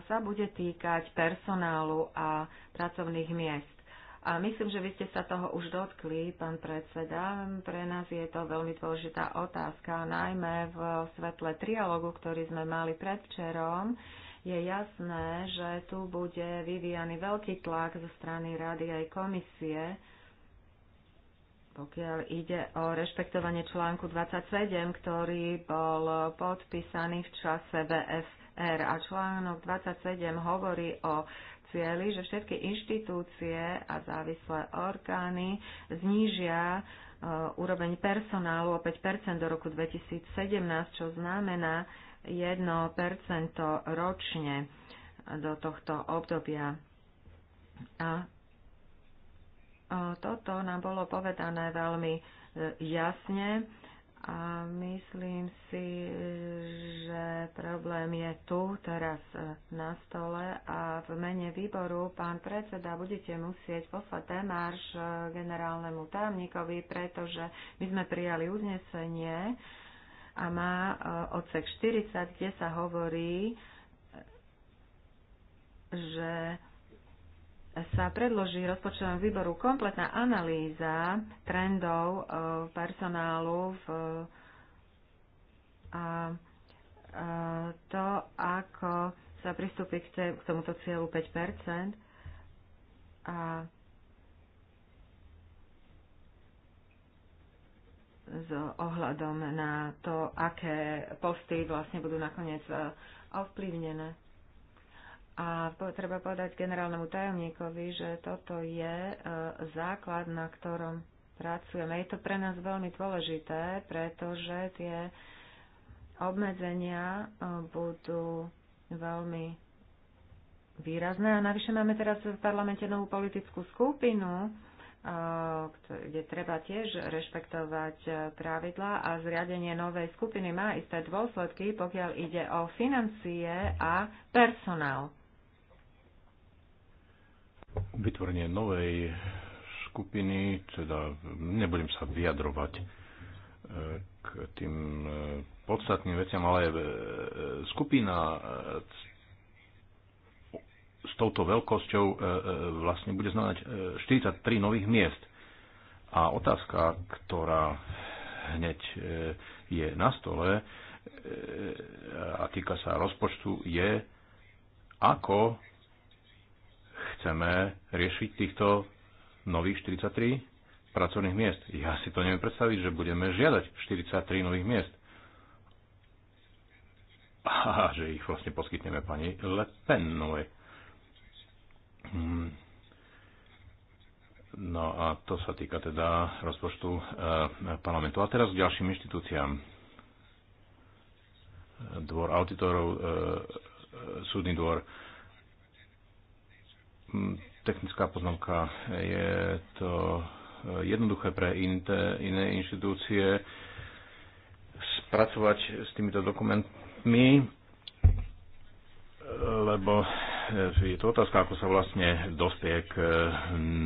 sa bude týkať personálu a pracovných miest. A myslím, že vy ste sa toho už dotkli, pán predseda. Pre nás je to veľmi dôležitá otázka, najmä v svetle trialogu, ktorý sme mali predvčerom. Je jasné, že tu bude vyvíjaný veľký tlak zo strany Rady aj komisie, pokiaľ ide o rešpektovanie článku 27, ktorý bol podpísaný v čase VFR. A článok 27 hovorí o cieli, že všetky inštitúcie a závislé orgány znížia e, úroveň personálu o 5 do roku 2017, čo znamená 1 ročne do tohto obdobia. A e, toto nám bolo povedané veľmi e, jasne a myslím si, že problém je tu teraz e, na stole a v mene výboru, pán predseda, budete musieť poslať temáž e, generálnemu tajomníkovi, pretože my sme prijali uznesenie a má e, odsek 40, kde sa hovorí, že sa predloží rozpočtovému výboru kompletná analýza trendov e, personálu v, a e, to, ako sa pristúpi k tomuto cieľu 5 a s ohľadom na to, aké posty vlastne budú nakoniec e, ovplyvnené. A po, treba povedať generálnemu tajomníkovi, že toto je e, základ, na ktorom pracujeme. Je to pre nás veľmi dôležité, pretože tie obmedzenia e, budú veľmi výrazné. A navyše máme teraz v parlamente novú politickú skupinu, e, kde treba tiež rešpektovať e, pravidlá a zriadenie novej skupiny má isté dôsledky, pokiaľ ide o financie a personál vytvorenie novej skupiny, teda nebudem sa vyjadrovať e, k tým e, podstatným veciam, ale e, skupina s touto veľkosťou vlastne bude znamenať 43 nových miest. A otázka, ktorá hneď je na stole a týka sa rozpočtu, je, ako chceme riešiť týchto nových 43 pracovných miest. Ja si to neviem predstaviť, že budeme žiadať 43 nových miest. A že ich vlastne poskytneme pani Le Penovej. Mm. No a to sa týka teda rozpočtu eh, parlamentu. A teraz k ďalším inštitúciám. Dvor auditorov, eh, súdny dvor, Hm, technická poznámka. Je to eh, jednoduché pre iné inštitúcie spracovať s týmito dokumentmi, lebo eh, je to otázka, ako sa vlastne dospie k eh,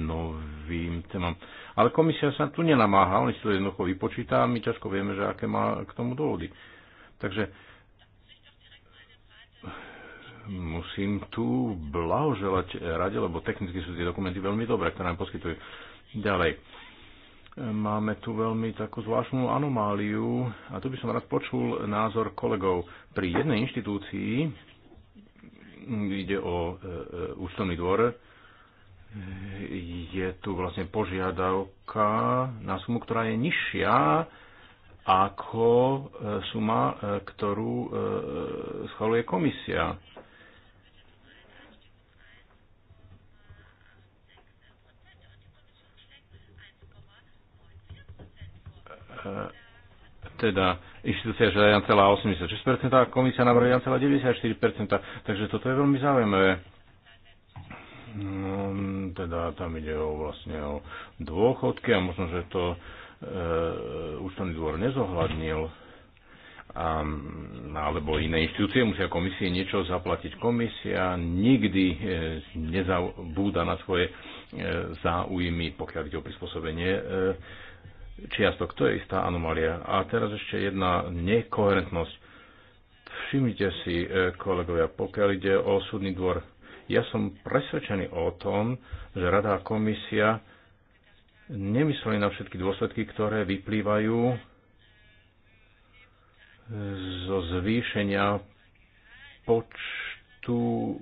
novým témam. Ale komisia sa tu nenamáha, oni si to jednoducho vypočíta a my ťažko vieme, že aké má k tomu dôvody. Takže musím tu blahoželať rade, lebo technicky sú tie dokumenty veľmi dobré, ktoré nám poskytujú. Ďalej. Máme tu veľmi takú zvláštnu anomáliu a tu by som rád počul názor kolegov. Pri jednej inštitúcii, ide o e, e účtovný dvor, je tu vlastne požiadavka na sumu, ktorá je nižšia ako e, suma, e, ktorú schvaluje komisia. E, teda inštitúcia žiada 1,86% a komisia navrhuje 1,94%, takže toto je veľmi zaujímavé. No, teda tam ide o vlastne o dôchodky a možno, že to e, ústavný dvor nezohľadnil a, alebo iné inštitúcie musia komisie niečo zaplatiť. Komisia nikdy e, nezabúda na svoje e, záujmy, pokiaľ ide o prispôsobenie e, čiastok. To je istá anomália. A teraz ešte jedna nekoherentnosť. Všimnite si, e, kolegovia, pokiaľ ide o súdny dvor, ja som presvedčený o tom, že Rada a komisia nemysleli na všetky dôsledky, ktoré vyplývajú e, zo zvýšenia počtu e,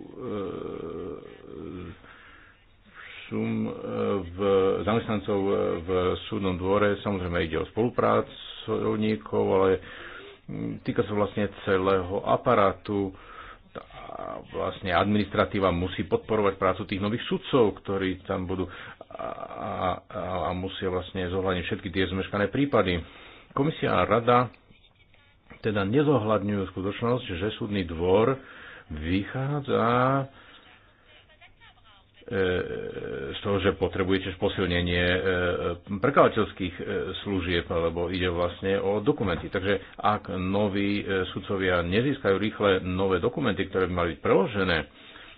sum e, v zamestnancov e, v súdnom dvore. Samozrejme ide o spolupracovníkov, ale týka sa vlastne celého aparátu. vlastne administratíva musí podporovať prácu tých nových sudcov, ktorí tam budú a, a, a musia vlastne zohľadniť všetky tie zmeškané prípady. Komisia a rada teda nezohľadňujú skutočnosť, že súdny dvor vychádza z toho, že potrebujete posilnenie e, prekladateľských e, služieb, lebo ide vlastne o dokumenty. Takže ak noví e, sudcovia nezískajú rýchle nové dokumenty, ktoré by mali byť preložené,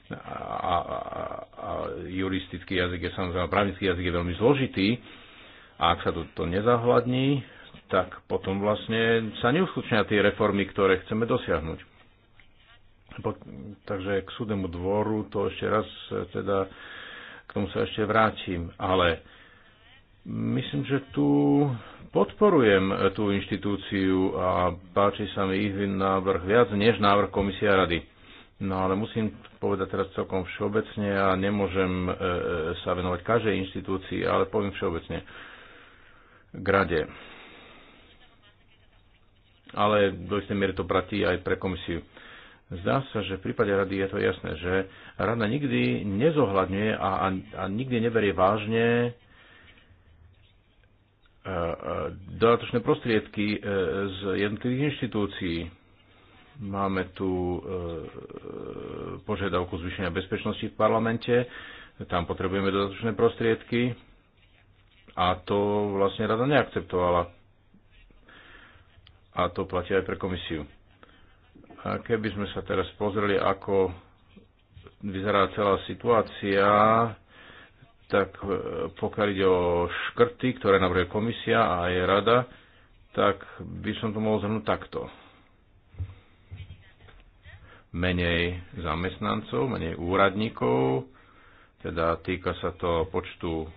a, a, a juristický jazyk je samozrejme, právnický jazyk je veľmi zložitý, a ak sa to, to nezahľadní, tak potom vlastne sa neuskutočnia tie reformy, ktoré chceme dosiahnuť takže k súdnemu dvoru to ešte raz e, teda k tomu sa ešte vrátim, ale myslím, že tu podporujem e, tú inštitúciu a páči sa mi ich návrh viac než návrh komisia rady. No ale musím povedať teraz celkom všeobecne a nemôžem e, sa venovať každej inštitúcii, ale poviem všeobecne k rade. Ale do istej miery to platí aj pre komisiu. Zdá sa, že v prípade rady je to jasné, že rada nikdy nezohľadňuje a, a, a nikdy neberie vážne e, e, dodatočné prostriedky e, z jednotlivých inštitúcií. Máme tu požiadavku zvýšenia bezpečnosti v parlamente, tam potrebujeme dodatočné prostriedky a to vlastne rada neakceptovala. A to platí aj pre komisiu a keby sme sa teraz pozreli, ako vyzerá celá situácia, tak e, pokiaľ ide o škrty, ktoré navrhuje komisia a aj rada, tak by som to mohol zhrnúť takto. Menej zamestnancov, menej úradníkov, teda týka sa to počtu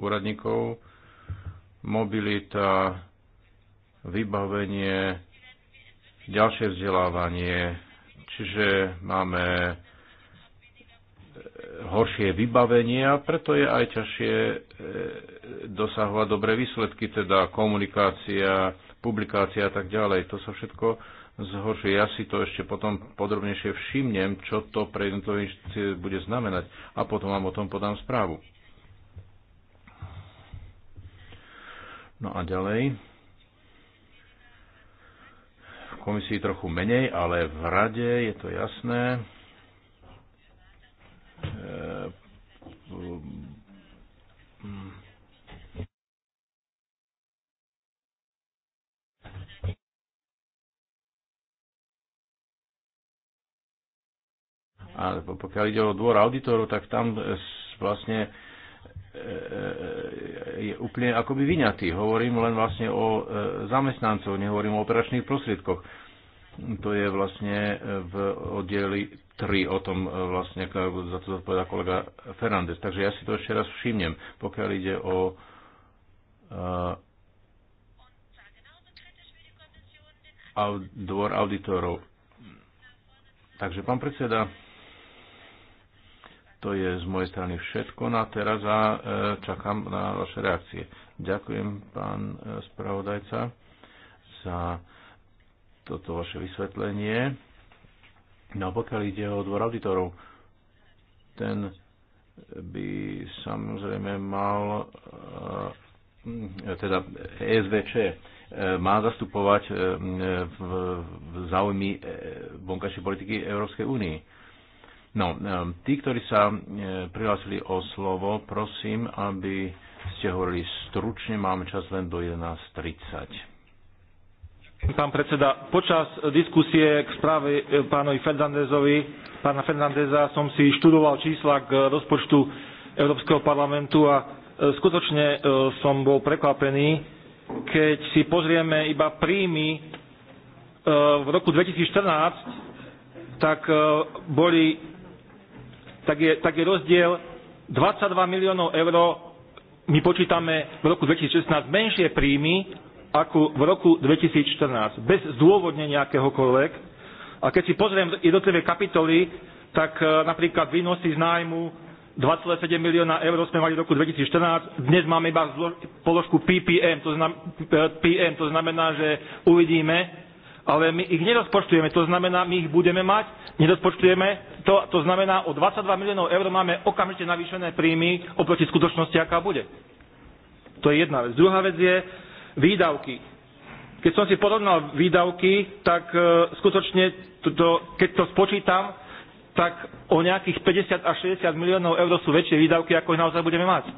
úradníkov, mobilita, vybavenie, ďalšie vzdelávanie, čiže máme e, horšie vybavenie a preto je aj ťažšie e, dosahovať dobré výsledky, teda komunikácia, publikácia a tak ďalej. To sa všetko zhoršuje. Ja si to ešte potom podrobnejšie všimnem, čo to pre jednotlivé inštitúcie bude znamenať a potom vám o tom podám správu. No a ďalej komisii trochu menej, ale v rade je to jasné. E, a pokiaľ ide o dvor auditorov, tak tam vlastne E, e, e, je úplne akoby vyňatý. Hovorím len vlastne o zamestnancov, nehovorím o operačných prostriedkoch. To je vlastne v oddeli 3 o tom vlastne, za to zodpovedá kolega Fernández. Takže ja si to ešte raz všimnem, pokiaľ ide o uh, dvor auditorov. Takže pán predseda, to je z mojej strany všetko na teraz a e, čakám na vaše reakcie. Ďakujem, pán e, spravodajca, za toto vaše vysvetlenie. No a pokiaľ ide o dvor auditorov, ten by samozrejme mal, e, teda ESVČ, má zastupovať v záujmy vonkajšej politiky Európskej únii. No, um, tí, ktorí sa e, prihlásili o slovo, prosím, aby ste hovorili stručne, máme čas len do 11.30. Pán predseda, počas diskusie k správe e, pánovi Fernandezovi, pána Fernandeza som si študoval čísla k rozpočtu Európskeho parlamentu a e, skutočne som bol prekvapený, keď si pozrieme iba príjmy v roku 2014, tak boli tak je, tak je rozdiel 22 miliónov eur my počítame v roku 2016 menšie príjmy ako v roku 2014, bez zdôvodnenia akéhokoľvek. A keď si pozriem jednotlivé kapitoly, tak e, napríklad výnosy z nájmu 2,7 milióna eur sme mali v roku 2014, dnes máme iba položku PPM, to znamená, PM, to znamená, že uvidíme, ale my ich nerozpočtujeme, to znamená, my ich budeme mať, nerozpočtujeme to, to znamená, o 22 miliónov eur máme okamžite navýšené príjmy oproti skutočnosti, aká bude. To je jedna vec. Druhá vec je výdavky. Keď som si porovnal výdavky, tak e, skutočne, to, to, keď to spočítam, tak o nejakých 50 až 60 miliónov eur sú väčšie výdavky, ako ich naozaj budeme mať.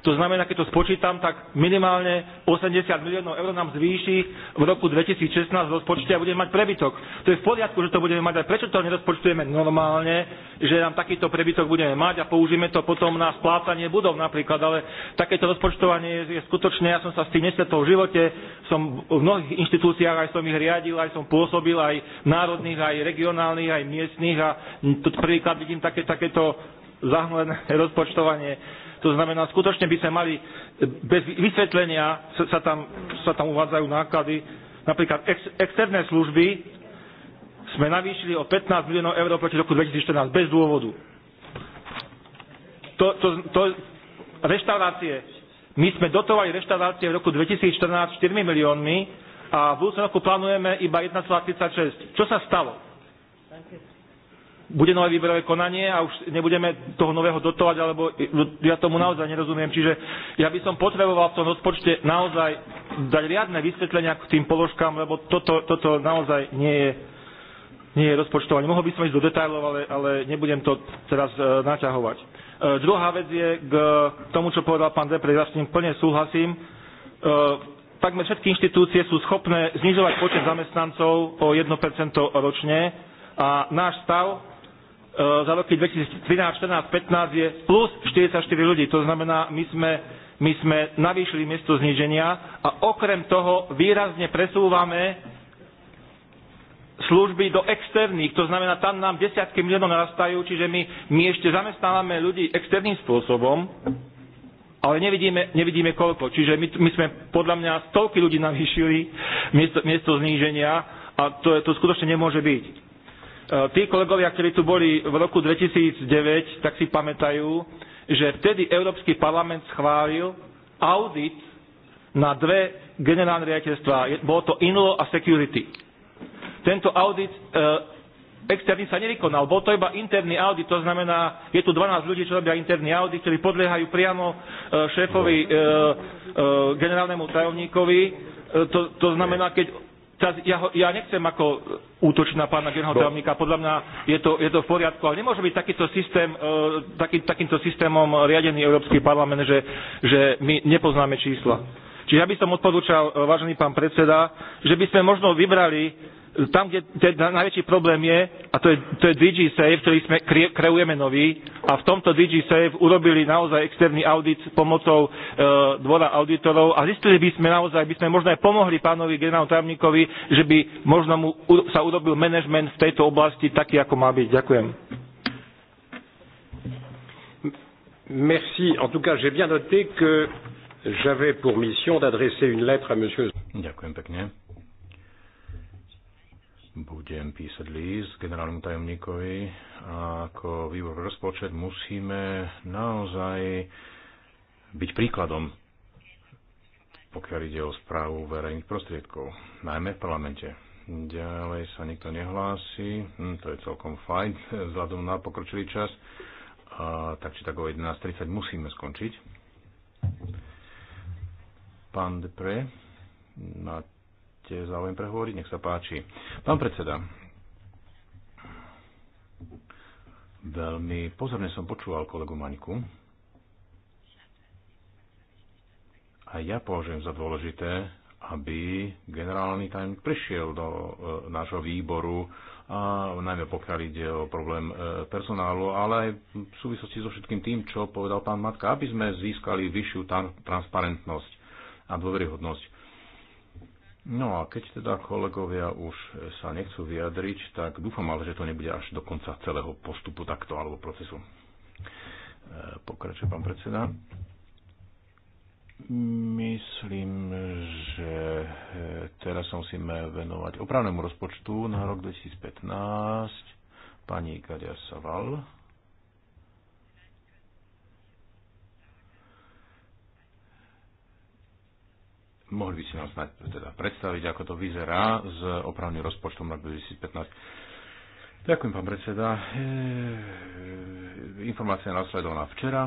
To znamená, keď to spočítam, tak minimálne 80 miliónov eur nám zvýši v roku 2016 rozpočte a budeme mať prebytok. To je v poriadku, že to budeme mať, ale prečo to nerozpočtujeme normálne, že nám takýto prebytok budeme mať a použijeme to potom na splácanie budov napríklad, ale takéto rozpočtovanie je skutočné, ja som sa s tým nestretol v živote, som v mnohých inštitúciách, aj som ich riadil, aj som pôsobil, aj národných, aj regionálnych, aj miestnych a prvýkrát vidím také, takéto zahmlené rozpočtovanie. To znamená, skutočne by sme mali e, bez vysvetlenia sa, tam, sa tam uvádzajú náklady. Napríklad ex, externé služby sme navýšili o 15 miliónov eur proti roku 2014 bez dôvodu. To, to, to, reštaurácie. My sme dotovali reštaurácie v roku 2014 4 miliónmi a v budúcom roku plánujeme iba 1,36. Čo sa stalo? bude nové výberové konanie a už nebudeme toho nového dotovať, alebo no, ja tomu naozaj nerozumiem. Čiže ja by som potreboval v tom rozpočte naozaj dať riadne vysvetlenia k tým položkám, lebo toto, toto naozaj nie je, nie je rozpočtovanie. Mohol by som ísť do detajlov, ale, ale nebudem to teraz e, naťahovať. E, druhá vec je k tomu, čo povedal pán Depre, ja s ním plne súhlasím. E, takmer všetky inštitúcie sú schopné znižovať počet zamestnancov o 1% ročne a náš stav E, za roky 2013, 14, 15 je plus 44 ľudí. To znamená, my sme, my sme navýšili miesto zníženia a okrem toho výrazne presúvame služby do externých. To znamená, tam nám desiatky miliónov narastajú, čiže my, my ešte zamestnávame ľudí externým spôsobom, ale nevidíme, nevidíme koľko. Čiže my, my sme podľa mňa stovky ľudí navýšili miesto, miesto zníženia a to, to skutočne nemôže byť. E, tí kolegovia, ktorí tu boli v roku 2009, tak si pamätajú, že vtedy Európsky parlament schválil audit na dve generálne riaditeľstva. Bolo to INLO a Security. Tento audit e, externý sa nevykonal, bol to iba interný audit, to znamená, je tu 12 ľudí, čo robia interný audit, ktorí podliehajú priamo e, šéfovi, e, e, generálnemu tajomníkovi. E, to, to znamená, keď Teraz ja, ho, ja nechcem ako útočiť na pána generálneho podľa mňa je to, je to v poriadku, ale nemôže byť takýto systém, e, taký, takýmto systémom riadený Európsky parlament, že, že my nepoznáme čísla. Čiže ja by som odporúčal, e, vážený pán predseda, že by sme možno vybrali tam, kde ten najväčší problém je, a to je, to je DigiSafe, ktorý sme kreujeme nový, a v tomto DigiSafe urobili naozaj externý audit pomocou e, dvora auditorov a zistili by sme naozaj, by sme možno aj pomohli pánovi generálnu tajomníkovi, že by možno mu u, sa urobil manažment v tejto oblasti taký, ako má byť. Ďakujem. Merci. En tout cas, j'ai bien noté que j'avais pour mission d'adresser une lettre à monsieur. Ďakujem pekne budem písať líst generálnemu tajomníkovi a ako výbor rozpočet musíme naozaj byť príkladom, pokiaľ ide o správu verejných prostriedkov, najmä v parlamente. Ďalej sa nikto nehlási, hm, to je celkom fajn, vzhľadom na pokročilý čas, a, tak či tak o 11.30 musíme skončiť. Pán Depre, máte máte záujem prehovoriť, nech sa páči. Pán predseda, veľmi pozorne som počúval kolegu Maňku a ja považujem za dôležité, aby generálny tajomník prišiel do e, nášho výboru, a najmä pokiaľ ide o problém e, personálu, ale aj v súvislosti so všetkým tým, čo povedal pán Matka, aby sme získali vyššiu transparentnosť a dôveryhodnosť No a keď teda kolegovia už sa nechcú vyjadriť, tak dúfam ale, že to nebude až do konca celého postupu takto alebo procesu. E, pokračuje pán predseda. Myslím, že e, teraz sa musíme venovať opravnému rozpočtu na rok 2015. Pani Kadia Saval. mohli by si nám snať teda predstaviť, ako to vyzerá s opravným rozpočtom na 2015. Ďakujem, pán predseda. E, informácia nasledovaná včera.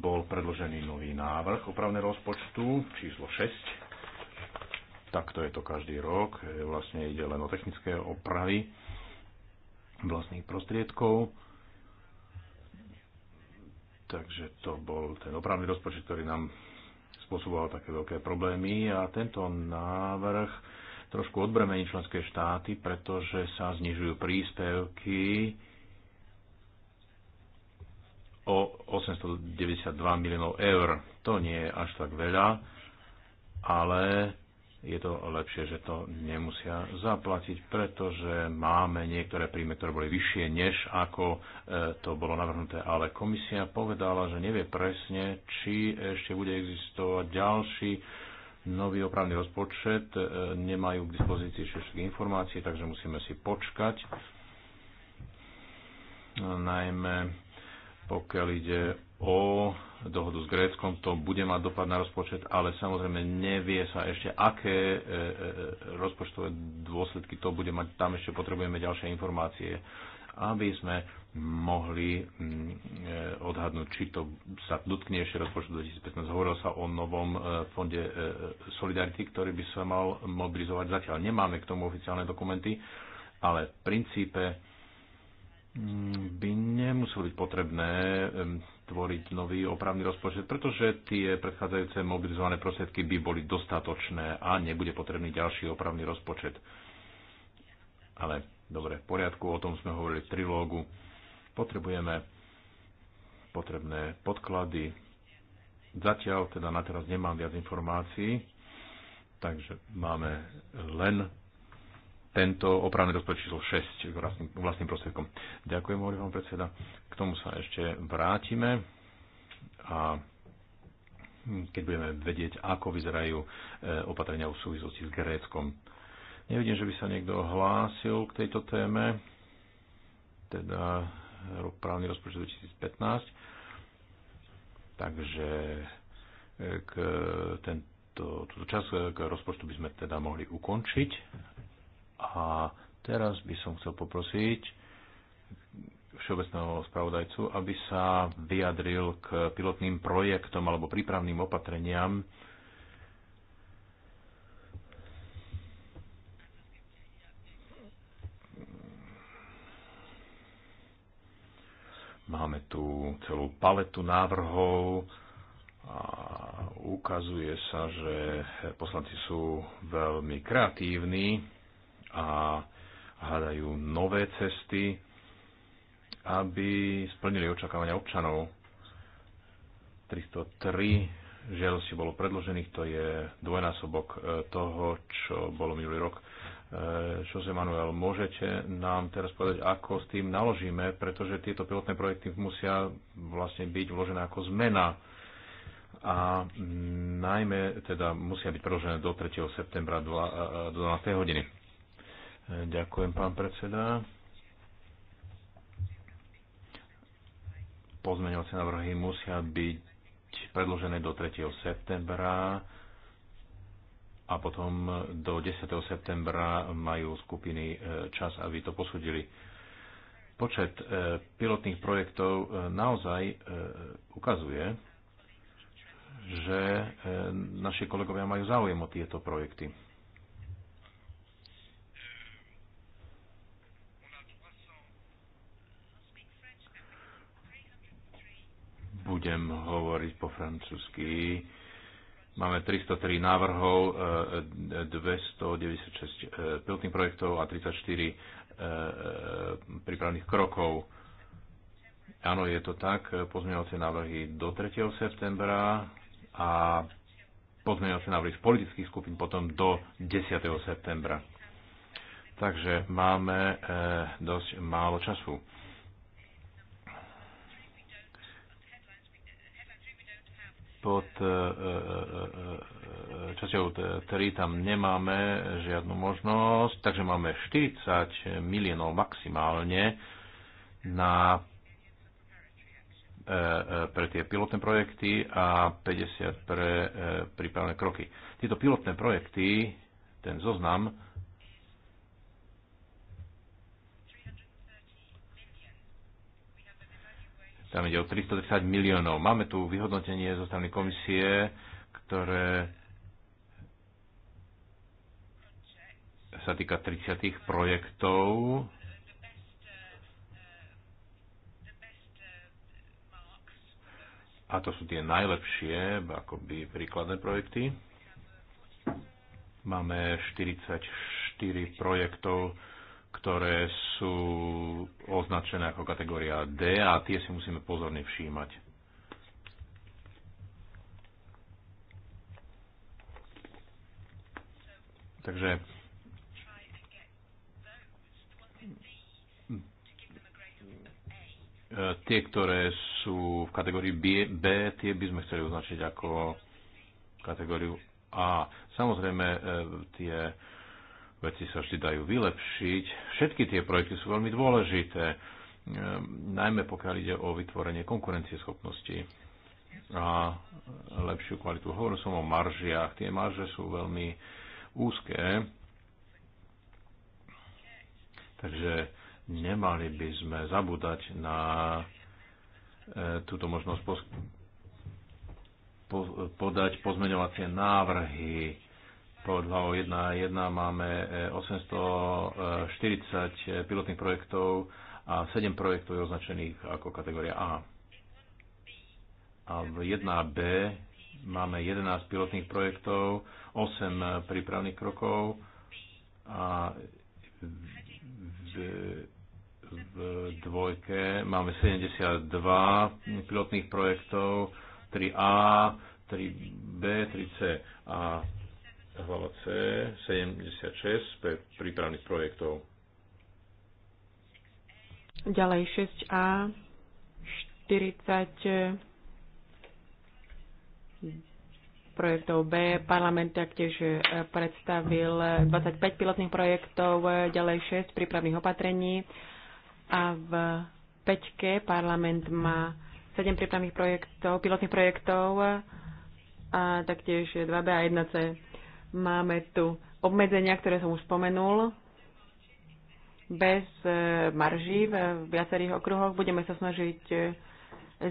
Bol predložený nový návrh opravné rozpočtu číslo 6. Takto je to každý rok. E, vlastne ide len o technické opravy vlastných prostriedkov Takže to bol ten opravný rozpočet, ktorý nám spôsoboval také veľké problémy a tento návrh trošku odbremení členské štáty, pretože sa znižujú príspevky o 892 miliónov eur. To nie je až tak veľa, ale je to lepšie, že to nemusia zaplatiť, pretože máme niektoré príjmy, ktoré boli vyššie, než ako e, to bolo navrhnuté. Ale komisia povedala, že nevie presne, či ešte bude existovať ďalší nový opravný rozpočet. E, nemajú k dispozícii všetky informácie, takže musíme si počkať. Najmä pokiaľ ide o dohodu s Gréckom, to bude mať dopad na rozpočet, ale samozrejme nevie sa ešte, aké e, e, e, rozpočtové dôsledky to bude mať. Tam ešte potrebujeme ďalšie informácie, aby sme mohli mm, odhadnúť, či to sa dotkne ešte rozpočtu 2015. Hovorilo sa o novom fonde Solidarity, ktorý by sa mal mobilizovať zatiaľ. Nemáme k tomu oficiálne dokumenty, ale v princípe mm, by nemuselo byť potrebné mm, tvoriť nový opravný rozpočet, pretože tie predchádzajúce mobilizované prostriedky by boli dostatočné a nebude potrebný ďalší opravný rozpočet. Ale dobre, v poriadku, o tom sme hovorili v trilógu. Potrebujeme potrebné podklady. Zatiaľ teda na teraz nemám viac informácií, takže máme len tento opravný rozpočet číslo 6 vlastným, vlastným prostriedkom. Ďakujem, hovorím vám predseda. K tomu sa ešte vrátime a keď budeme vedieť, ako vyzerajú e, opatrenia v súvislosti s Gréckom. Nevidím, že by sa niekto hlásil k tejto téme, teda e, právny rozpočet 2015. Takže e, k tento, túto čas k rozpočtu by sme teda mohli ukončiť. A teraz by som chcel poprosiť všeobecného spravodajcu, aby sa vyjadril k pilotným projektom alebo prípravným opatreniam, Máme tu celú paletu návrhov a ukazuje sa, že poslanci sú veľmi kreatívni a hľadajú nové cesty aby splnili očakávania občanov. 303 žiadosti bolo predložených, to je dvojnásobok e, toho, čo bolo minulý rok. E, Jose Manuel, môžete nám teraz povedať, ako s tým naložíme, pretože tieto pilotné projekty musia vlastne byť vložené ako zmena a najmä teda musia byť preložené do 3. septembra 12. E, hodiny. Ďakujem, pán predseda. pozmeňovacie návrhy musia byť predložené do 3. septembra a potom do 10. septembra majú skupiny e, čas, aby to posúdili. Počet e, pilotných projektov e, naozaj ukazuje, že naši kolegovia majú záujem o tieto projekty. budem hovoriť po francúzsky. Máme 303 návrhov, 296 eh, eh, pilotných projektov a 34 eh, prípravných krokov. Áno, je to tak. Pozmeňovacie návrhy do 3. septembra a pozmeňovacie návrhy z politických skupín potom do 10. septembra. Takže máme dosť málo času pod e, e, e, časťou 3 tam nemáme žiadnu možnosť, takže máme 40 miliónov maximálne na, pre tie pilotné projekty a 50 pre prípravné kroky. Tieto pilotné projekty, ten zoznam, Tam ide o 330 miliónov. Máme tu vyhodnotenie zo strany komisie, ktoré sa týka 30 projektov. A to sú tie najlepšie, akoby príkladné projekty. Máme 44 projektov ktoré sú označené ako kategória D a tie si musíme pozorne všímať. Takže tie, ktoré sú v kategórii B, B, tie by sme chceli označiť ako kategóriu A. Samozrejme, e, tie veci sa vždy dajú vylepšiť. Všetky tie projekty sú veľmi dôležité, e, najmä pokiaľ ide o vytvorenie konkurencieschopnosti a lepšiu kvalitu. Hovoril som o maržiach. Tie marže sú veľmi úzké, takže nemali by sme zabúdať na e, túto možnosť podať pozmeňovacie návrhy pod hlavou 1.1 máme 840 e, pilotných projektov a 7 projektov je označených ako kategória A. A v 1B máme 11 pilotných projektov, 8 prípravných krokov a v, v dvojke máme 72 pilotných projektov, 3A, 3B, 3C. A hlava C, 76, pre prípravných projektov. Ďalej 6A, 40 eh, projektov B. Parlament taktiež eh, predstavil 25 eh, pilotných projektov, ďalej 6 prípravných opatrení a v 5 parlament má 7 prípravných projektov, pilotných projektov a taktiež 2B a 1C. Máme tu obmedzenia, ktoré som už spomenul, bez e, marží v viacerých okruhoch. Budeme sa snažiť e,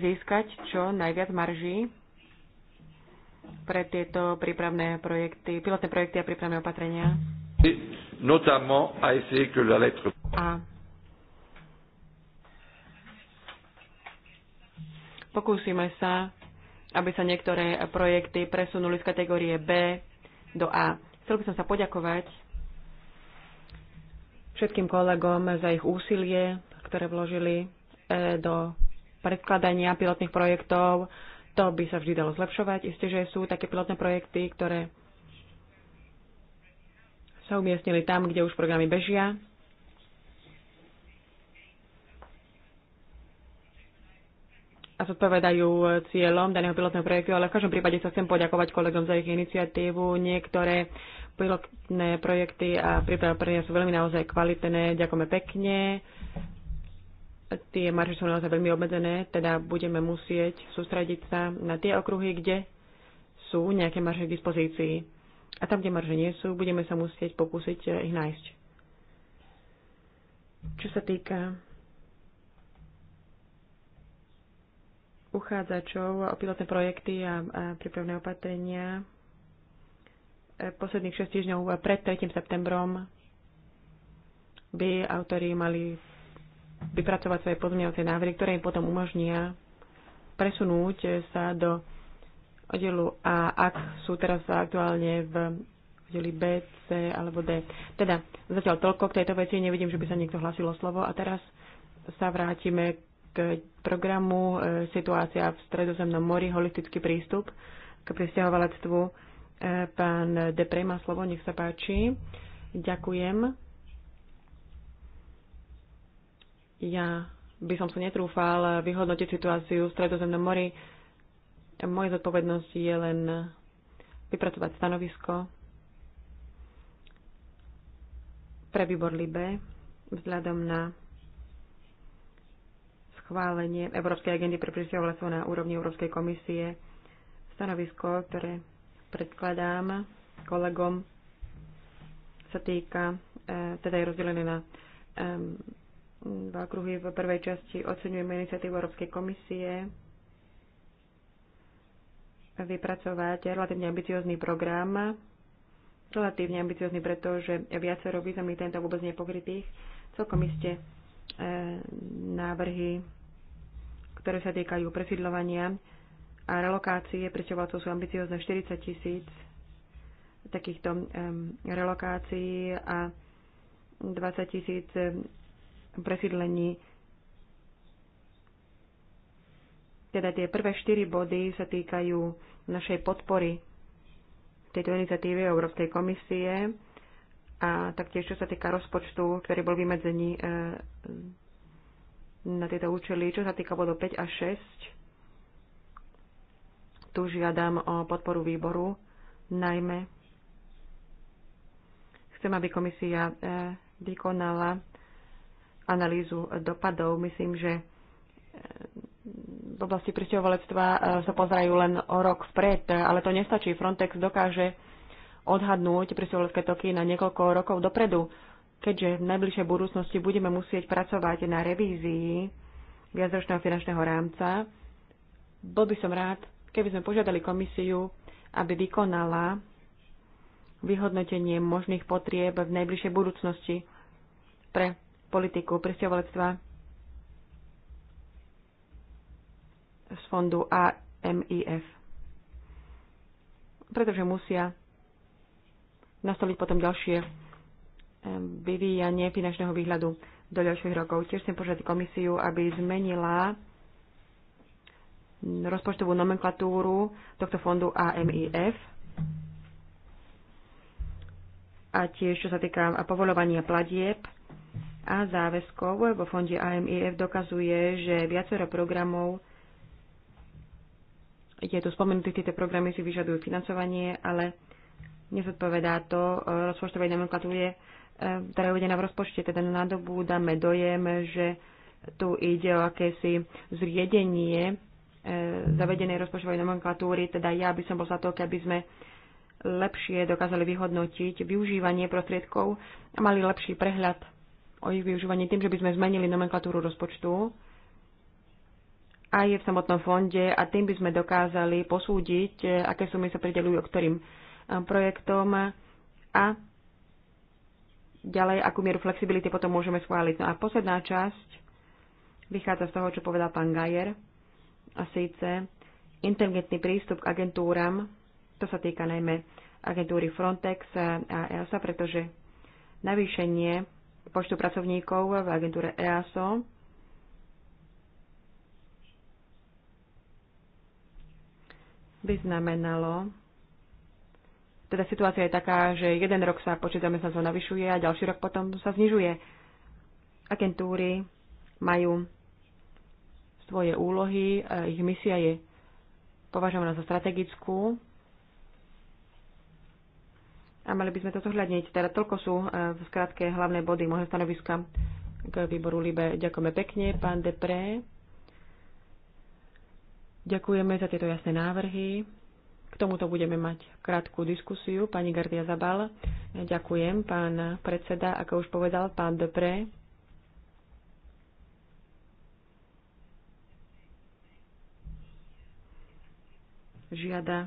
získať čo najviac marží pre tieto prípravné projekty, pilotné projekty a prípravné opatrenia. A pokúsime sa, aby sa niektoré projekty presunuli z kategórie B do A. Chcel by som sa poďakovať všetkým kolegom za ich úsilie, ktoré vložili e, do predkladania pilotných projektov. To by sa vždy dalo zlepšovať. Isté, že sú také pilotné projekty, ktoré sa umiestnili tam, kde už programy bežia a zodpovedajú e, cieľom daného pilotného projektu, ale v každom prípade sa chcem poďakovať kolegom za ich iniciatívu. Niektoré pilotné projekty a príprava pre sú veľmi naozaj kvalitné. Ďakujeme pekne. Tie marže sú naozaj veľmi obmedzené, teda budeme musieť sústrediť sa na tie okruhy, kde sú nejaké marže k dispozícii. A tam, kde marže nie sú, budeme sa musieť pokúsiť e, ich nájsť. Čo sa týka uchádzačov o pilotné projekty a, a prípravné opatrenia e, posledných 6 týždňov e, pred 3. septembrom by autori mali vypracovať svoje pozmeňovacie návrhy, ktoré im potom umožnia presunúť sa do oddelu A, ak sú teraz aktuálne v oddeli B, C alebo D. Teda zatiaľ toľko k tejto veci, nevidím, že by sa niekto hlasil o slovo a teraz sa vrátime k programu e, Situácia v stredozemnom mori, holistický prístup k pristahovalectvu. E, pán Deprej má slovo, nech sa páči. Ďakujem. Ja by som sa netrúfal vyhodnotiť situáciu v stredozemnom mori. Moje zodpovednosť je len vypracovať stanovisko pre výbor Libe vzhľadom na schválenie Európskej agendy pre prisťahovalstvo na úrovni Európskej komisie. Stanovisko, ktoré predkladám kolegom, sa týka, e, teda je rozdelené na dva kruhy. V prvej časti oceňujeme iniciatívu Európskej komisie vypracovať relatívne ambiciózny program, relatívne ambiciózny, pretože viacero významných tento vôbec nepokrytých. Celkom iste e, návrhy ktoré sa týkajú presídľovania a relokácie pričovalcov sú ambiciozne 40 tisíc takýchto um, relokácií a 20 tisíc presídlení. Teda tie prvé štyri body sa týkajú našej podpory tejto iniciatívy Európskej komisie a taktiež čo sa týka rozpočtu, ktorý bol vymedzený na tieto účely. Čo sa týka bodov 5 a 6, tu žiadam o podporu výboru, najmä chcem, aby komisia e, vykonala analýzu dopadov. Myslím, že e, v oblasti pristiovalectva e, sa pozerajú len o rok vpred, ale to nestačí. Frontex dokáže odhadnúť pristiovalecké toky na niekoľko rokov dopredu. Keďže v najbližšej budúcnosti budeme musieť pracovať na revízii viacročného finančného rámca, bol by som rád, keby sme požiadali komisiu, aby vykonala vyhodnotenie možných potrieb v najbližšej budúcnosti pre politiku presťahovalectva z fondu AMIF. Pretože musia nastoliť potom ďalšie vyvíjanie finančného výhľadu do ďalších rokov. Tiež chcem požiadať komisiu, aby zmenila rozpočtovú nomenklatúru tohto fondu AMIF a tiež čo sa týka povolovania platieb a záväzkov vo fonde AMIF dokazuje, že viacero programov je tu spomenutých, tieto programy si vyžadujú financovanie, ale nezodpovedá to rozpočtovej nomenklatúre ktorá je uvedená v rozpočte, teda dáme dojem, že tu ide o akési zriedenie e, zavedenej rozpočtovej nomenklatúry, teda ja by som bol za to, keby sme lepšie dokázali vyhodnotiť využívanie prostriedkov a mali lepší prehľad o ich využívaní tým, že by sme zmenili nomenklatúru rozpočtu aj v samotnom fonde a tým by sme dokázali posúdiť, e, aké sumy sa pridelujú ktorým e, projektom a ďalej, akú mieru flexibility potom môžeme schváliť. No a posledná časť vychádza z toho, čo povedal pán Gajer, a síce inteligentný prístup k agentúram, to sa týka najmä agentúry Frontex a EASA, pretože navýšenie počtu pracovníkov v agentúre EASO by znamenalo teda situácia je taká, že jeden rok sa počet zamestnancov navyšuje a ďalší rok potom sa znižuje. Agentúry majú svoje úlohy, ich misia je považovaná za strategickú a mali by sme toto zohľadniť. Teda toľko sú e, v skratke hlavné body môjho stanoviska k výboru Libe. Ďakujeme pekne, pán Depré. Ďakujeme za tieto jasné návrhy tomuto budeme mať krátku diskusiu. Pani Gardia Zabal, ďakujem. Pán predseda, ako už povedal pán Depre, žiada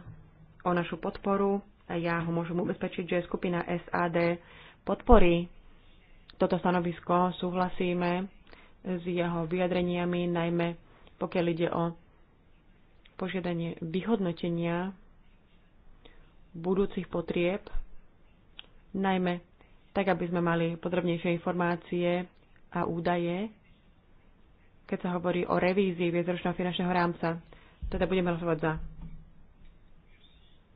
o našu podporu a ja ho môžem ubezpečiť, že skupina SAD podporí toto stanovisko, súhlasíme s jeho vyjadreniami, najmä pokiaľ ide o požiadanie vyhodnotenia budúcich potrieb, najmä tak, aby sme mali podrobnejšie informácie a údaje, keď sa hovorí o revízii viacročného finančného rámca. Teda budeme hlasovať za.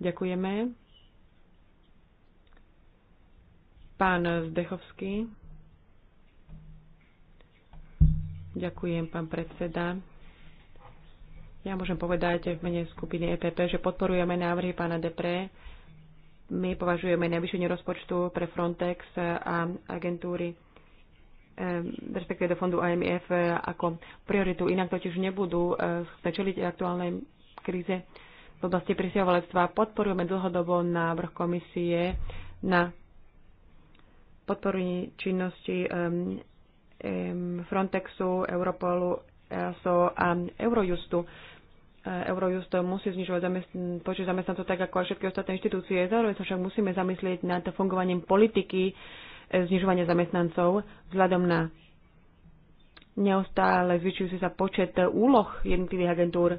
Ďakujeme. Pán Zdechovský. Ďakujem, pán predseda. Ja môžem povedať v mene skupiny EPP, že podporujeme návrhy pána Depre my považujeme navýšenie rozpočtu pre Frontex a agentúry eh, respektíve do fondu IMF eh, ako prioritu. Inak totiž nebudú eh, čeliť aktuálnej kríze v oblasti prisťahovalectva. Podporujeme dlhodobo návrh komisie na podporní činnosti ehm, ehm, Frontexu, Europolu, EASO a Eurojustu. Eurojust musí znižovať zamestn- počet zamestnancov tak ako aj všetky ostatné inštitúcie. Zároveň sa však musíme zamyslieť nad fungovaním politiky eh, znižovania zamestnancov vzhľadom na neustále zvyšujúci sa počet úloh jednotlivých agentúr.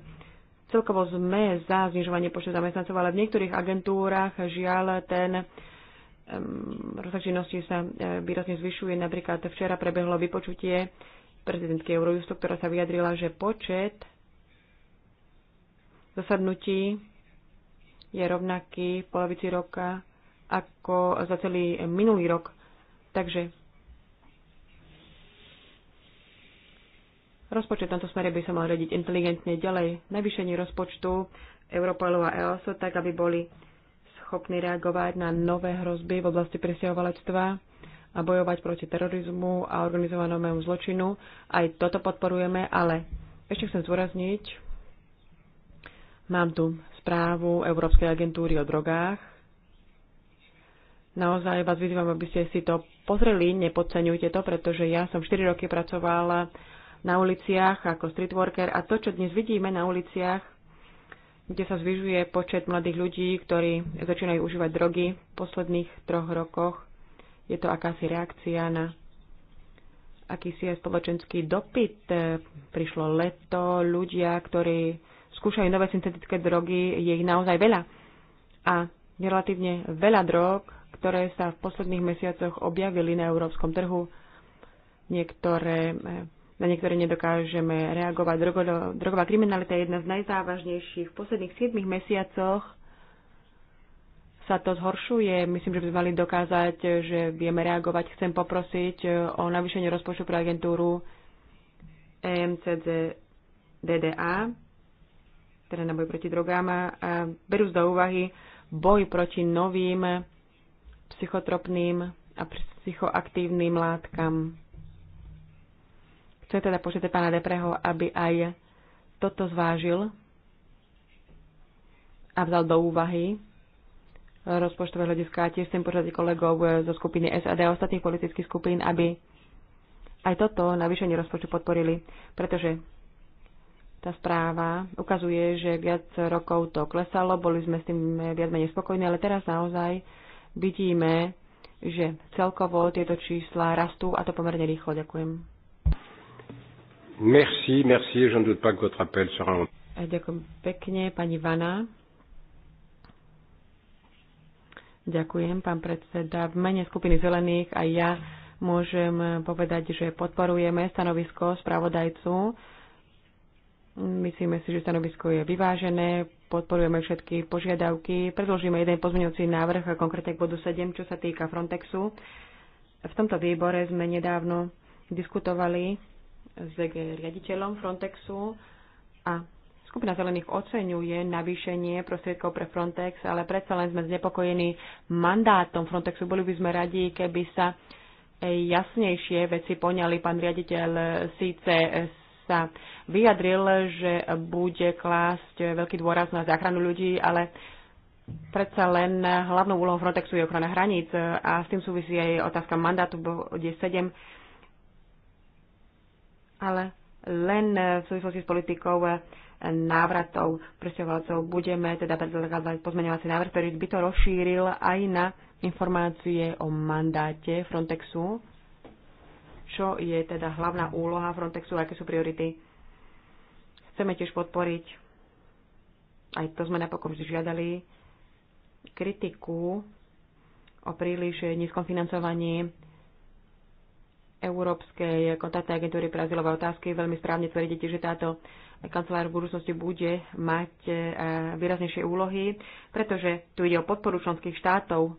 Celkovo sme za znižovanie počtu zamestnancov, ale v niektorých agentúrach žiaľ ten um, rozsah činnosti sa eh, výrazne zvyšuje. Napríklad včera prebehlo vypočutie prezidentky Eurojustu, ktorá sa vyjadrila, že počet zasadnutí je rovnaký v polovici roka ako za celý minulý rok. Takže rozpočet v tomto smere by sa mal radiť inteligentne ďalej. Navýšenie rozpočtu Europolu a EOSO tak, aby boli schopní reagovať na nové hrozby v oblasti presiehovalectva a bojovať proti terorizmu a organizovanému zločinu. Aj toto podporujeme, ale ešte chcem zdôrazniť, Mám tu správu Európskej agentúry o drogách. Naozaj vás vyzývam, aby ste si to pozreli, nepodceňujte to, pretože ja som 4 roky pracovala na uliciach ako street worker a to, čo dnes vidíme na uliciach, kde sa zvyžuje počet mladých ľudí, ktorí začínajú užívať drogy v posledných troch rokoch, je to akási reakcia na akýsi aj spoločenský dopyt. Prišlo leto, ľudia, ktorí skúšajú nové syntetické drogy, je ich naozaj veľa. A relatívne veľa drog, ktoré sa v posledných mesiacoch objavili na európskom trhu. Niektoré, eh, na niektoré nedokážeme reagovať. drogová kriminalita je jedna z najzávažnejších. V posledných 7 mesiacoch sa to zhoršuje. Myslím, že by sme mali dokázať, že vieme reagovať. Chcem poprosiť eh, o navýšenie rozpočtu pre agentúru EMCD DDA teda na boj proti drogám, a berú do úvahy boj proti novým psychotropným a psychoaktívnym látkam. Chcem teda požiadať pána Depreho, aby aj toto zvážil a vzal do úvahy rozpočtové hľadiska. Tiež chcem požiadať kolegov zo skupiny SAD a ostatných politických skupín, aby aj toto navýšenie rozpočtu podporili, pretože tá správa ukazuje, že viac rokov to klesalo, boli sme s tým viac menej spokojní, ale teraz naozaj vidíme, že celkovo tieto čísla rastú a to pomerne rýchlo. Ďakujem. Merci, merci, je ne doute pas que votre appel sera... Ďakujem pekne, pani Vana. Ďakujem, pán predseda. V mene skupiny zelených aj ja môžem povedať, že podporujeme stanovisko spravodajcu Myslíme si, že stanovisko je vyvážené, podporujeme všetky požiadavky, predložíme jeden pozmeňujúci návrh, konkrétne k bodu 7, čo sa týka Frontexu. V tomto výbore sme nedávno diskutovali s riaditeľom Frontexu a skupina zelených oceňuje navýšenie prostriedkov pre Frontex, ale predsa len sme znepokojení mandátom Frontexu. Boli by sme radi, keby sa jasnejšie veci poňali. Pán riaditeľ síce sa vyjadril, že bude klásť veľký dôraz na záchranu ľudí, ale predsa len hlavnou úlohou Frontexu je ochrana hraníc a s tým súvisí aj otázka mandátu v 7. Ale len v súvislosti s politikou návratov presťovalcov budeme teda predlegávať pozmeňovací návrh, ktorý by to rozšíril aj na informácie o mandáte Frontexu čo je teda hlavná úloha Frontexu, aké sú priority. Chceme tiež podporiť, aj to sme napokon vždy žiadali, kritiku o príliš nízkom financovaní Európskej kontaktnej agentúry pre azylové otázky. Veľmi správne tvrdíte, že táto kancelár v budúcnosti bude mať e, výraznejšie úlohy, pretože tu ide o podporu členských štátov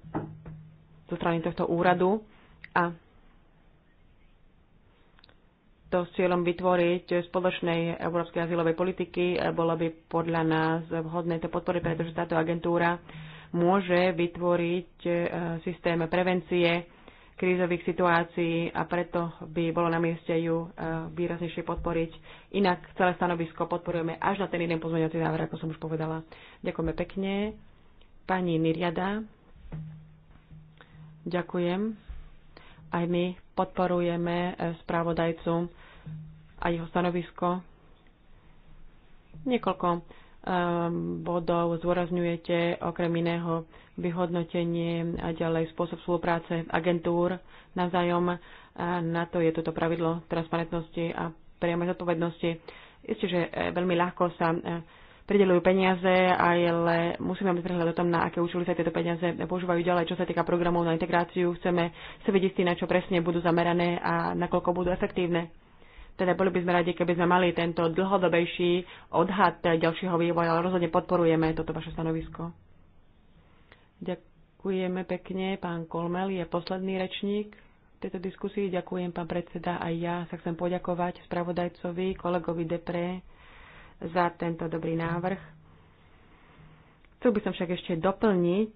zo strany tohto úradu a to s cieľom vytvoriť spoločnej európskej azylovej politiky. Bolo by podľa nás vhodné to podporiť, pretože táto agentúra môže vytvoriť e, systém prevencie krízových situácií a preto by bolo na mieste ju e, výraznejšie podporiť. Inak celé stanovisko podporujeme až na ten jeden pozmeňovací návrh, ako som už povedala. Ďakujeme pekne. Pani Niriada. Ďakujem. Aj my podporujeme e, správodajcu a jeho stanovisko. Niekoľko e, bodov zdôrazňujete okrem iného vyhodnotenie a ďalej spôsob spolupráce agentúr navzájom. A e, na to je toto pravidlo transparentnosti a priamej zodpovednosti. Isté, že veľmi ľahko sa pridelujú peniaze, ale musíme mať prehľad o tom, na aké účely sa tieto peniaze používajú ďalej. Čo sa týka programov na integráciu, chceme sa vedieť na čo presne budú zamerané a nakoľko budú efektívne. Teda boli by sme radi, keby sme mali tento dlhodobejší odhad ďalšieho vývoja, ale rozhodne podporujeme toto vaše stanovisko. Ďakujeme pekne. Pán Kolmel je posledný rečník v tejto diskusii. Ďakujem, pán predseda, aj ja sa chcem poďakovať spravodajcovi, kolegovi Depre za tento dobrý návrh. Chcel by som však ešte doplniť.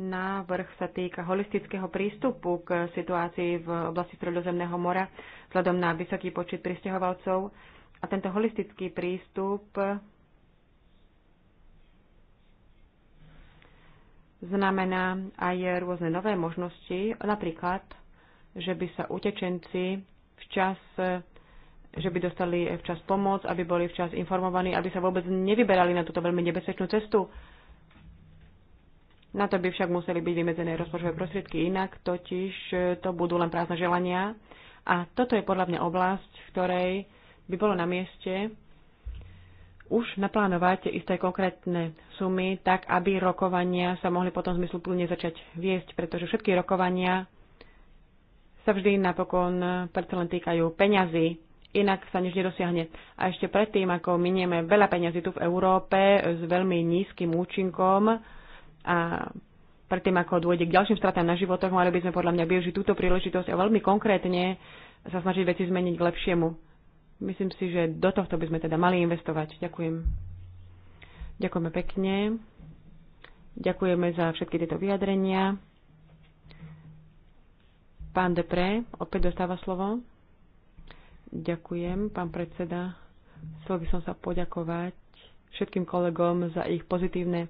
Návrh sa týka holistického prístupu k situácii v oblasti Stredozemného mora vzhľadom na vysoký počet pristahovalcov. A tento holistický prístup znamená aj rôzne nové možnosti, napríklad, že by sa utečenci včas že by dostali včas pomoc, aby boli včas informovaní, aby sa vôbec nevyberali na túto veľmi nebezpečnú cestu. Na to by však museli byť vymedzené rozpočtové prostriedky, inak totiž e, to budú len prázdne želania. A toto je podľa mňa oblasť, v ktorej by bolo na mieste už naplánovať isté konkrétne sumy, tak aby rokovania sa mohli potom zmysluplne začať viesť, pretože všetky rokovania sa vždy napokon predsa len týkajú peňazí inak sa nič nedosiahne. A ešte predtým, ako minieme veľa peňazí tu v Európe s veľmi nízkym účinkom a predtým, ako dôjde k ďalším stratám na životoch, mali by sme podľa mňa využiť túto príležitosť a veľmi konkrétne sa snažiť veci zmeniť k lepšiemu. Myslím si, že do tohto by sme teda mali investovať. Ďakujem. Ďakujeme pekne. Ďakujeme za všetky tieto vyjadrenia. Pán Depre, opäť dostáva slovo. Ďakujem, pán predseda. Chcel by som sa poďakovať všetkým kolegom za ich pozitívne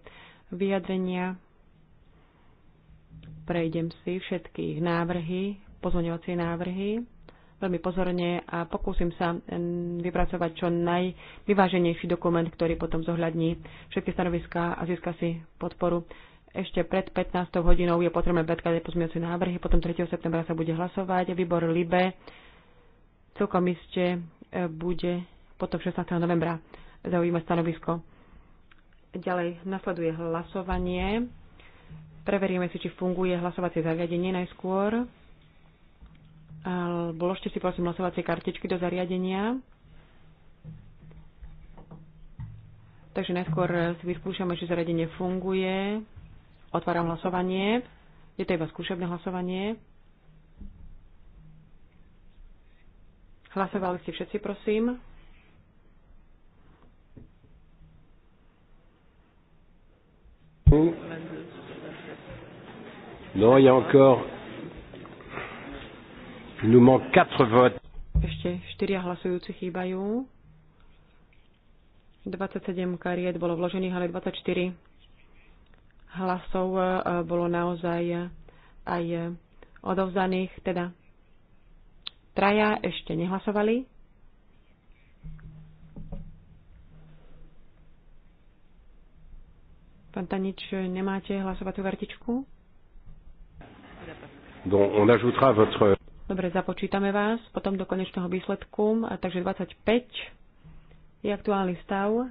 vyjadrenia. Prejdem si všetky návrhy, pozvoňovacie návrhy veľmi pozorne a pokúsim sa vypracovať čo najvyváženejší dokument, ktorý potom zohľadní všetky stanoviská a získa si podporu. Ešte pred 15 hodinou je potrebné predkladať pozmeňovacie návrhy, potom 3. septembra sa bude hlasovať. Výbor LIBE celkom iste e, bude potom 16. novembra zaujímať stanovisko. Ďalej nasleduje hlasovanie. Preveríme si, či funguje hlasovacie zariadenie najskôr. Vložte si prosím hlasovacie kartičky do zariadenia. Takže najskôr si vyskúšame, či zariadenie funguje. Otváram hlasovanie. Je to iba skúšebné hlasovanie. Hlasovali ste všetci, prosím. Non, il y a encore. Il nous manque 4 votes. Ešte 4 hlasujúci chýbajú. 27 kariet bolo vložených, ale 24 hlasov eh, bolo naozaj eh, aj eh, odovzdaných, teda Traja ešte nehlasovali. Pán Tanič, nemáte hlasovaciu vertičku? Dobre, započítame vás potom do konečného výsledku. Takže 25 je aktuálny stav.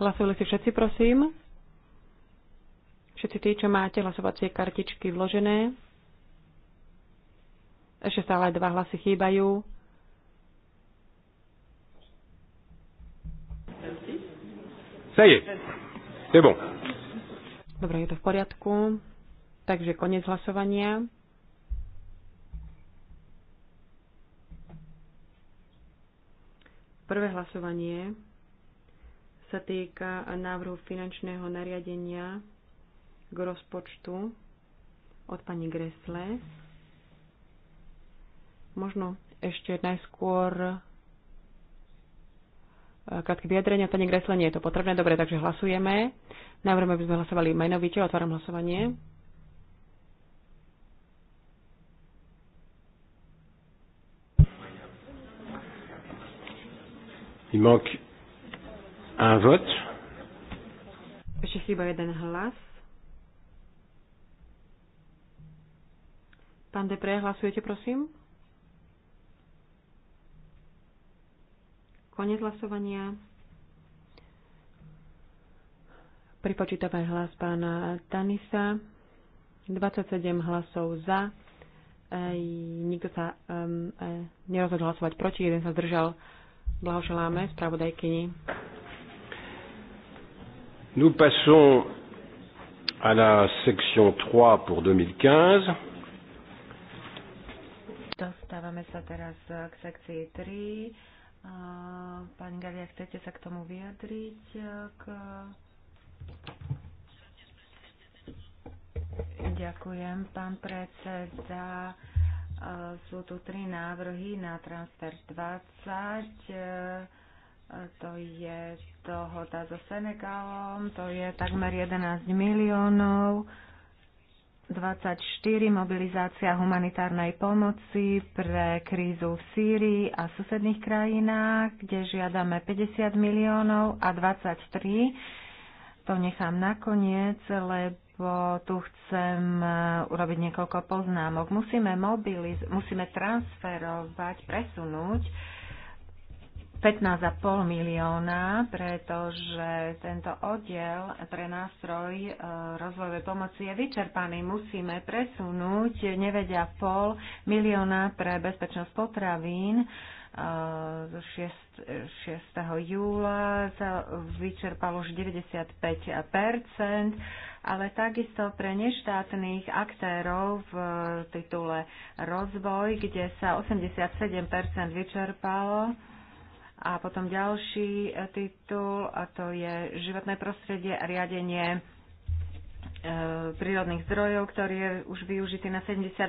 Hlasovali si všetci, prosím. Všetci tí, čo máte hlasovacie kartičky vložené, ešte stále dva hlasy chýbajú. Ça bon. Dobre, je to v poriadku. Takže koniec hlasovania. Prvé hlasovanie sa týka návrhu finančného nariadenia k rozpočtu od pani Gresle. Možno ešte najskôr e, krátke vyjadrenia. Pani Gresle, nie je to potrebné. Dobre, takže hlasujeme. Návrh, aby sme hlasovali menovite. Otváram hlasovanie. Il manque un vote. Ešte chýba jeden hlas. Pán Depre, hlasujete, prosím? Konec hlasovania. Pripočítame hlas pána Tanisa. 27 hlasov za. Ej, nikto sa um, e, nerozhodol hlasovať proti, jeden sa zdržal. Blahoželáme spravodajkyni. Nous passons à la section 3 pour 2015. Dostávame sa teraz e, k sekcii 3. Pani Galia, chcete sa k tomu vyjadriť? E, k... Ďakujem, pán predseda. E, sú tu tri návrhy na transfer 20 to je dohoda so Senegalom, to je takmer 11 miliónov 24 mobilizácia humanitárnej pomoci pre krízu v Sýrii a susedných krajinách, kde žiadame 50 miliónov a 23. To nechám nakoniec, lebo tu chcem e, urobiť niekoľko poznámok. Musíme, mobiliz- musíme transferovať, presunúť 15,5 milióna, pretože tento oddiel pre nástroj e, rozvojovej pomoci je vyčerpaný. Musíme presunúť 9,5 milióna pre bezpečnosť potravín e, zo 6, 6. E, júla sa vyčerpalo už 95 ale takisto pre neštátnych aktérov v titule rozvoj, kde sa 87 vyčerpalo a potom ďalší e, titul, a to je životné prostredie a riadenie e, prírodných zdrojov, ktorý je už využitý na 78%.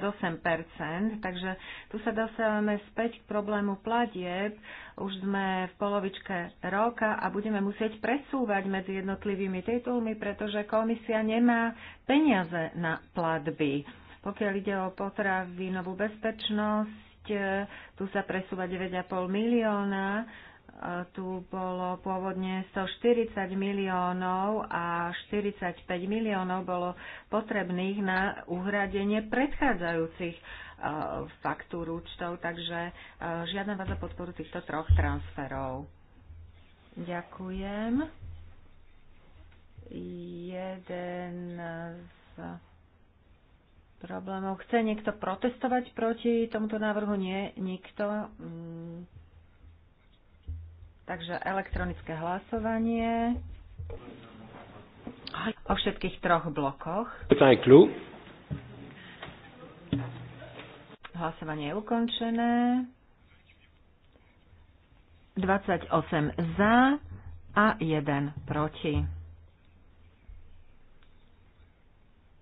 Takže tu sa dostávame späť k problému platieb. Už sme v polovičke roka a budeme musieť presúvať medzi jednotlivými titulmi, pretože komisia nemá peniaze na platby. Pokiaľ ide o potravinovú bezpečnosť, E, tu sa presúva 9,5 milióna, e, tu bolo pôvodne 140 miliónov a 45 miliónov bolo potrebných na uhradenie predchádzajúcich e, faktúr účtov, takže žiadam vás o podporu týchto troch transferov. Ďakujem. Jeden z problémov. Chce niekto protestovať proti tomuto návrhu? Nie, nikto. Mm. Takže elektronické hlasovanie o všetkých troch blokoch. Hlasovanie je ukončené. 28 za a 1 proti.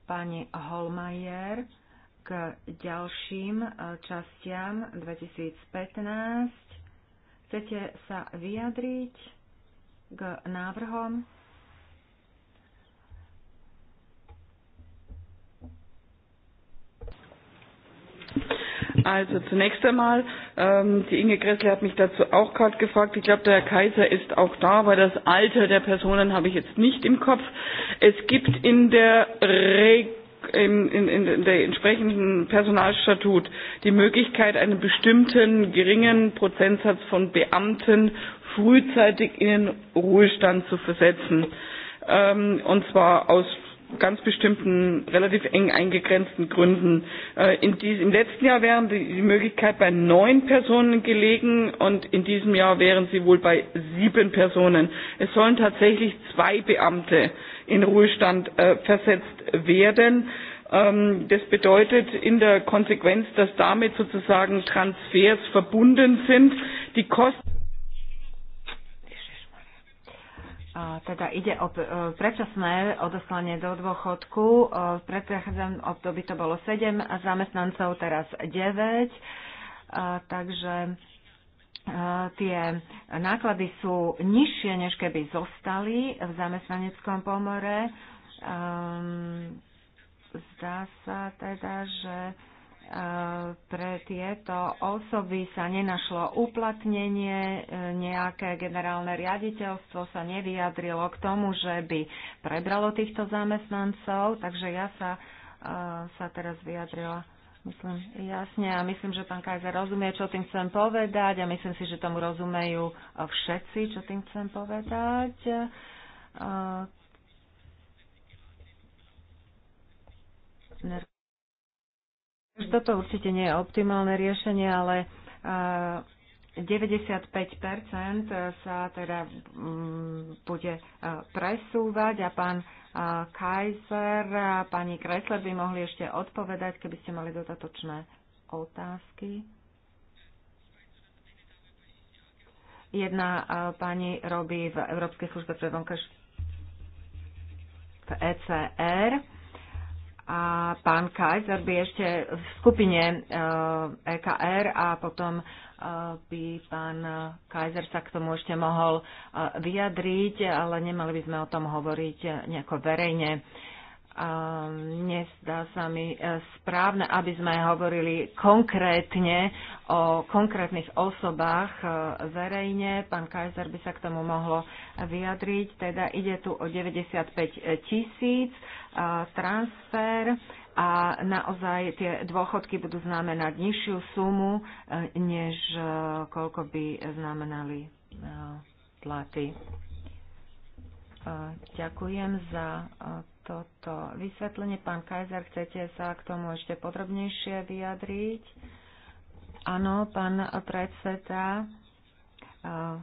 pani Holmajer k ďalším e, častiam 2015. Chcete sa vyjadriť k návrhom? Also zunächst einmal, ähm, die Inge Gressle hat mich dazu auch gerade gefragt. Ich glaube, der Herr Kaiser ist auch da, aber das Alter der Personen habe ich jetzt nicht im Kopf. Es gibt in der Regel in, in, in der entsprechenden Personalstatut die Möglichkeit, einen bestimmten geringen Prozentsatz von Beamten frühzeitig in den Ruhestand zu versetzen. Ähm, und zwar aus ganz bestimmten relativ eng eingegrenzten Gründen. Äh, in diesem, Im letzten Jahr wären die, die Möglichkeit bei neun Personen gelegen und in diesem Jahr wären sie wohl bei sieben Personen. Es sollen tatsächlich zwei Beamte in Ruhestand äh, versetzt werden. Ähm, das bedeutet in der Konsequenz, dass damit sozusagen Transfers verbunden sind. Die Kosten teda ide o predčasné odoslanie do dôchodku. V predchádzajúcom období to bolo 7 zamestnancov, teraz 9. Takže tie náklady sú nižšie, než keby zostali v zamestnaneckom pomore. Ehm, zdá sa teda, že pre tieto osoby sa nenašlo uplatnenie, e, nejaké generálne riaditeľstvo sa nevyjadrilo k tomu, že by prebralo týchto zamestnancov, takže ja sa, e, sa teraz vyjadrila. Myslím, jasne, a myslím, že pán Kajzer rozumie, čo tým chcem povedať a myslím si, že tomu rozumejú e, všetci, čo tým chcem povedať Toto určite nie je optimálne riešenie, ale 95% sa teda mm, bude presúvať a pán Kaiser a pani Kresler by mohli ešte odpovedať, keby ste mali dodatočné otázky. Jedna pani robí v Európskej službe pre vonkaž v ECR a pán Kajzer by ešte v skupine EKR e a potom e, by pán Kajzer sa k tomu ešte mohol e, vyjadriť, ale nemali by sme o tom hovoriť nejako verejne. Ehm, nezdá sa mi eh, správne, aby sme hovorili konkrétne o konkrétnych osobách eh, verejne. Pán Kaiser by sa k tomu mohlo vyjadriť. Teda ide tu o 95 tisíc eh, transfer a naozaj tie dôchodky budú znamenať nižšiu sumu, než koľko by znamenali platy. Ďakujem za toto vysvetlenie. Pán Kajzer, chcete sa k tomu ešte podrobnejšie vyjadriť? Áno, pán predseda. Eh,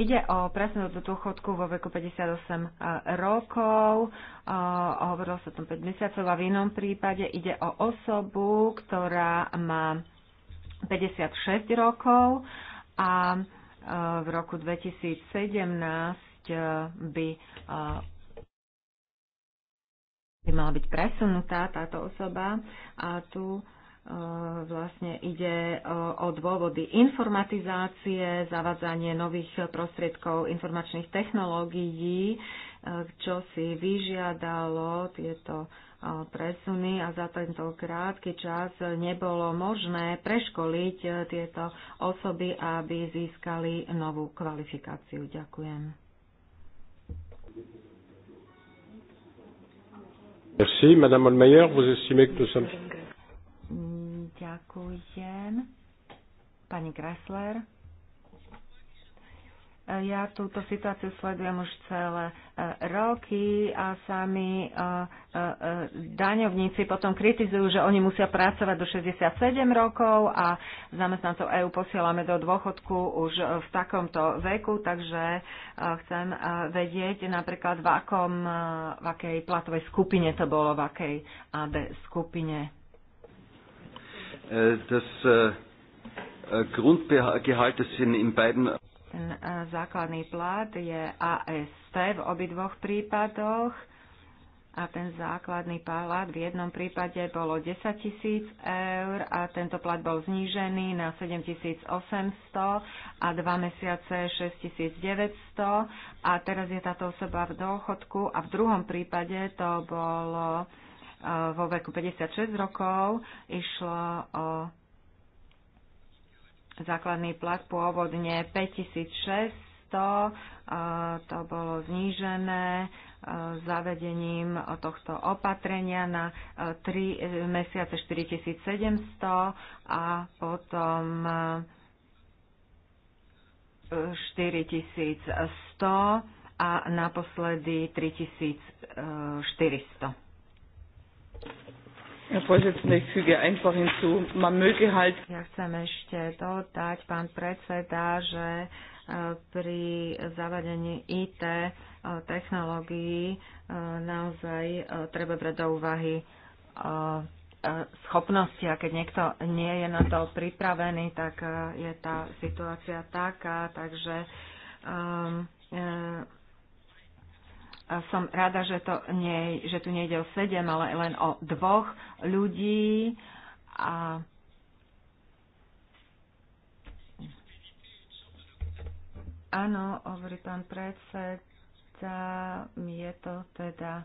ide o presnú do dôchodku vo veku 58 eh, rokov, eh, hovorilo sa tam 5 mesiacov a v inom prípade ide o osobu, ktorá má 56 rokov a v roku 2017 Eh, by eh, by mala byť presunutá táto osoba a tu eh, vlastne ide o dôvody informatizácie, zavádzanie nových prostriedkov informačných technológií, čo si vyžiadalo tieto presuny a za tento krátky čas nebolo možné preškoliť tieto osoby, aby získali novú kvalifikáciu. Ďakujem. Merci, Madame Olmeyer, vous estimez que nous sommes... Ďakujem. Pani Kressler. Ja túto situáciu sledujem už celé e, roky a sami e, e, daňovníci potom kritizujú, že oni musia pracovať do 67 rokov a zamestnancov EÚ posielame do dôchodku už v takomto veku, takže chcem vedieť napríklad v, akom, v akej platovej skupine to bolo, v akej AB skupine. Äh, das äh, Grundgehalt, ist in beiden ten e, základný plat je AST v obidvoch prípadoch a ten základný plat v jednom prípade bolo 10 tisíc eur a tento plat bol znížený na 7800 a dva mesiace 6900 a teraz je táto osoba v dôchodku a v druhom prípade to bolo e, vo veku 56 rokov, išlo o základný plat pôvodne 5600, to bolo znížené zavedením tohto opatrenia na 3 mesiace 4700 a potom 4100 a naposledy 3400. Herr ich füge einfach hinzu, man möge halt... Ja chcem ešte dodať, pán predseda, že eh, pri zavadení IT eh, technológií eh, naozaj treba brať do úvahy schopnosti a keď niekto nie je na to pripravený, tak je tá situácia taká, takže um, som rada, že, to nie, že tu nejde o sedem, ale len o dvoch ľudí. A Áno, hovorí pán predseda, je to teda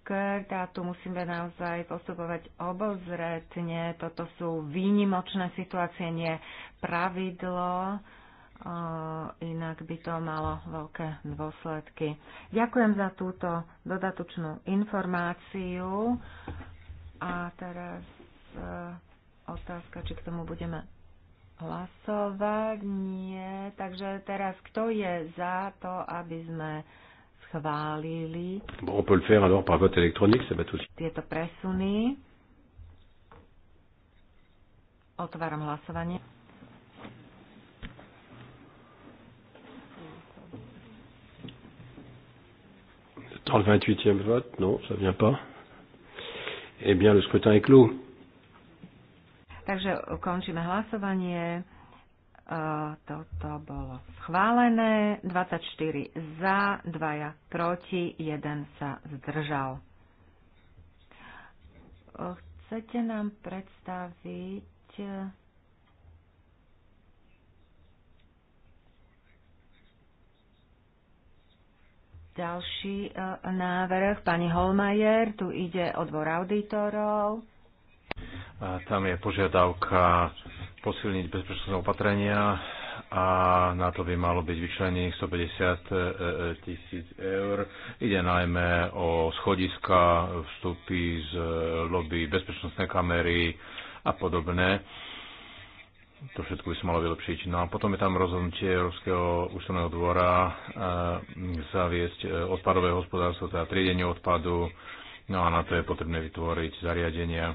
škrt a tu musíme naozaj postupovať obozretne. Toto sú výnimočné situácie, nie pravidlo inak by to malo veľké dôsledky. Ďakujem za túto dodatočnú informáciu. A teraz e, otázka, či k tomu budeme hlasovať. Nie. Takže teraz, kto je za to, aby sme schválili bon, on peut le faire alors par vote électronique, ça va tout... tieto presuny? Otváram hlasovanie. Dans le 28e vote, non, ça ne vient pas. Eh bien, le scrutin est clos. Takže ukončíme hlasovanie. Toto bolo schválené. 24 za, 2 proti, 1 sa zdržal. Chcete nám predstaviť Ďalší e, návrh, pani Holmajer, tu ide o dvor auditorov. A tam je požiadavka posilniť bezpečnostné opatrenia a na to by malo byť vyčlených 150 e, e, tisíc eur. Ide najmä o schodiska, vstupy z lobby, bezpečnostné kamery a podobné to všetko by sa malo vylepšiť. No a potom je tam rozhodnutie Európskeho ústavného dvora e, zaviesť e, odpadové hospodárstvo, teda triedenie odpadu, no a na to je potrebné vytvoriť zariadenia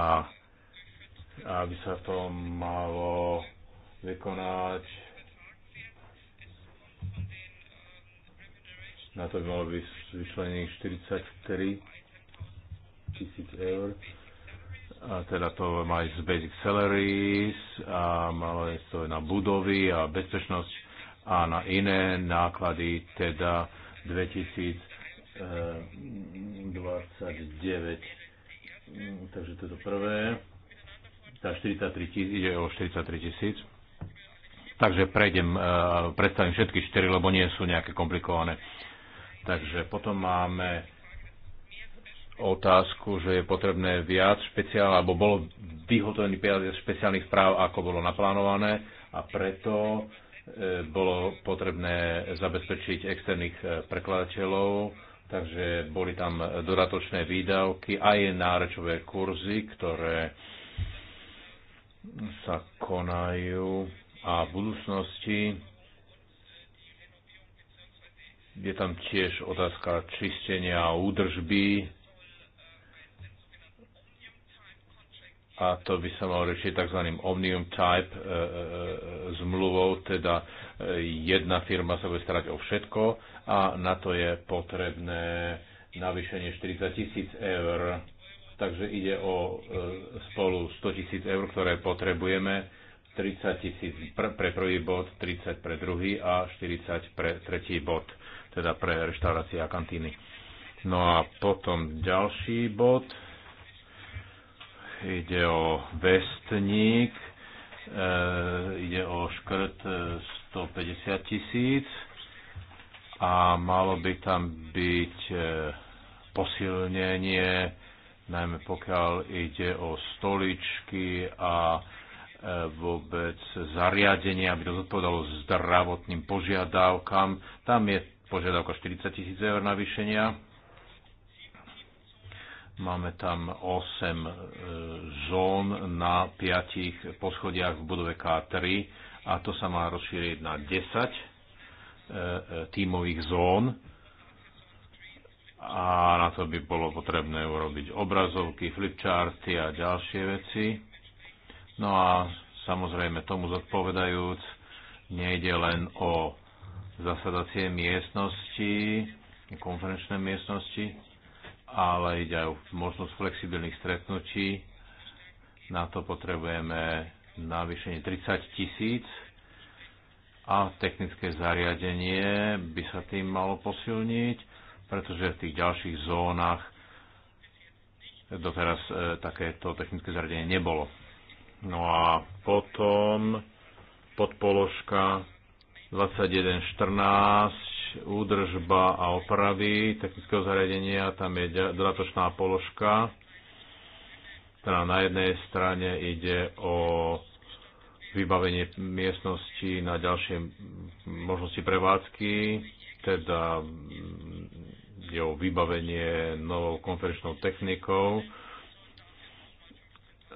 a aby sa to malo vykonať na to by malo byť vyčlenených 43 tisíc eur a teda to má ísť z basic salaries a malo ísť to na budovy a bezpečnosť a na iné náklady, teda 2029. Eh, Takže to je to prvé. Tá 43 tisíc, ide o 43 tisíc. Takže prejdem, eh, predstavím všetky 4, lebo nie sú nejaké komplikované. Takže potom máme otázku, že je potrebné viac špeciál, alebo bolo vyhotovený viac špeciálnych správ, ako bolo naplánované a preto e, bolo potrebné zabezpečiť externých e, prekladateľov, takže boli tam dodatočné výdavky, aj nárečové kurzy, ktoré sa konajú a v budúcnosti je tam tiež otázka čistenia a údržby a to by sa malo riešiť tzv. omnium type e, e, e zmluvou, teda e, jedna firma sa bude starať o všetko a na to je potrebné navýšenie 40 tisíc eur. Takže ide o e, spolu 100 tisíc eur, ktoré potrebujeme, 30 tisíc pr- pre prvý bod, 30 pre druhý a 40 pre tretí bod, teda pre reštaurácie a kantíny. No a potom ďalší bod, Ide o vestník, eh, ide o škrt eh, 150 tisíc a malo by tam byť eh, posilnenie, najmä pokiaľ ide o stoličky a vôbec zariadenie, aby to zodpovedalo zdravotným požiadavkám. Tam je požiadavka 40 tisíc eur navýšenia Máme tam 8 e, zón na 5 poschodiach v budove K3 a to sa má rozšíriť na 10 e, e, tímových zón a na to by bolo potrebné urobiť obrazovky, flipcharty a ďalšie veci. No a samozrejme tomu zodpovedajúc, nejde len o zasadacie miestnosti, konferenčné miestnosti, ale ide aj o možnosť flexibilných stretnutí. Na to potrebujeme navýšenie 30 tisíc a technické zariadenie by sa tým malo posilniť, pretože v tých ďalších zónach doteraz e, takéto technické zariadenie nebolo. No a potom podpoložka 2114 údržba a opravy technického zariadenia, tam je dodatočná položka. Teda na jednej strane ide o vybavenie miestnosti na ďalšie možnosti prevádzky, teda je o vybavenie novou konferenčnou technikou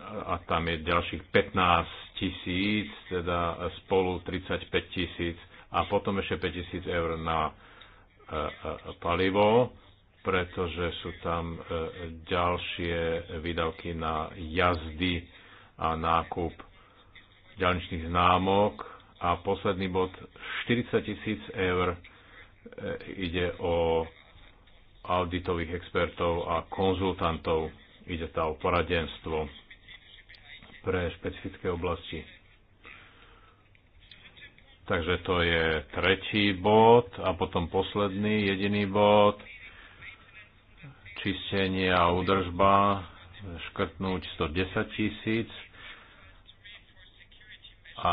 a tam je ďalších 15 tisíc, teda spolu 35 tisíc a potom ešte 5000 eur na e, e, palivo, pretože sú tam e, ďalšie výdavky na jazdy a nákup ďalničných známok. A posledný bod, 40 tisíc eur ide o auditových expertov a konzultantov. Ide tá o poradenstvo pre špecifické oblasti. Takže to je tretí bod a potom posledný, jediný bod. Čistenie a údržba, škrtnúť 110 tisíc. A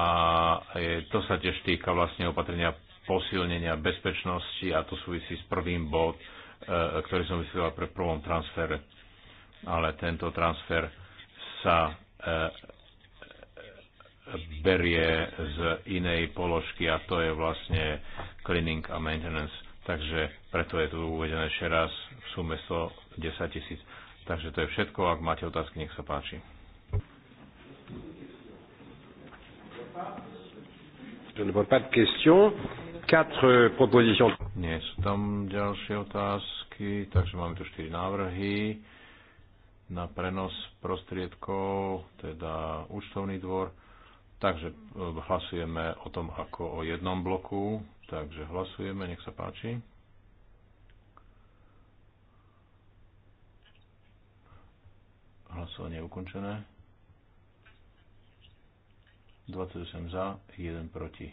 to sa tiež týka vlastne opatrenia posilnenia bezpečnosti a to súvisí s prvým bod, e, ktorý som vysielal pre prvom transfere. Ale tento transfer sa e, berie z inej položky a to je vlastne cleaning a maintenance. Takže preto je tu uvedené ešte raz v sume 110 tisíc. Takže to je všetko. Ak máte otázky, nech sa páči. Euh, Nie sú tam ďalšie otázky, takže máme tu 4 návrhy na prenos prostriedkov, teda účtovný dvor Takže e, hlasujeme o tom ako o jednom bloku. Takže hlasujeme, nech sa páči. Hlasovanie je ukončené. 28 za, 1 proti.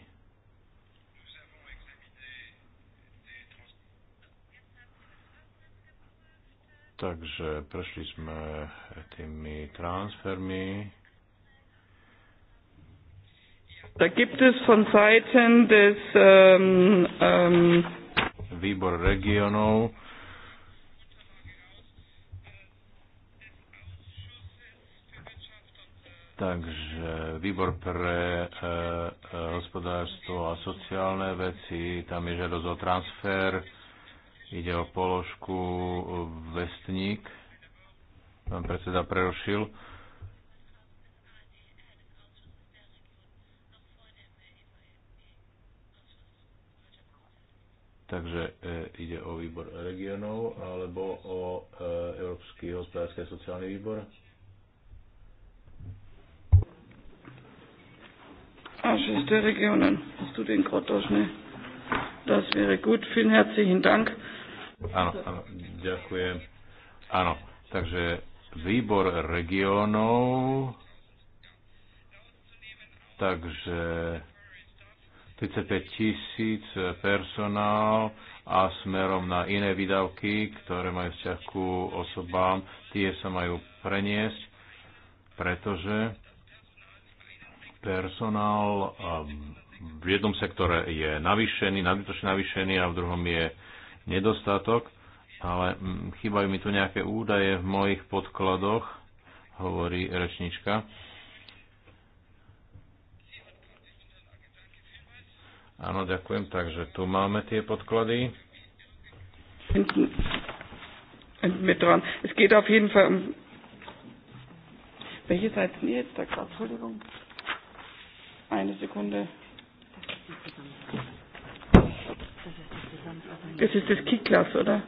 Takže prešli sme tými transfermi. Da gibt es von Seiten des ähm, ähm, Výbor regionov Takže výbor pre e, e, hospodárstvo a sociálne veci, tam je žiadosť o transfer, ide o položku e, vestník, pán predseda prerušil. E, Takže e, ide o výbor regionov alebo o e, Európsky hospodársky a sociálny výbor? Ach, der Regionen. Hast du den gerade durch, ne? Das wäre gut. Vielen herzlichen Dank. Áno, áno, ďakujem. Áno, takže výbor regionov, takže 35 tisíc personál a smerom na iné výdavky, ktoré majú vzťah ku osobám, tie sa majú preniesť, pretože personál um, v jednom sektore je navýšený, nadbytočne navýšený a v druhom je nedostatok, ale mm, chýbajú mi tu nejaké údaje v mojich podkladoch, hovorí rečnička. Áno, ďakujem. Takže tu máme tie podklady. Mit dran. Es geht auf jeden Fall um. Welche Seite sind jetzt da gerade? Entschuldigung. Eine Sekunde. Das ist das Kiklas, oder?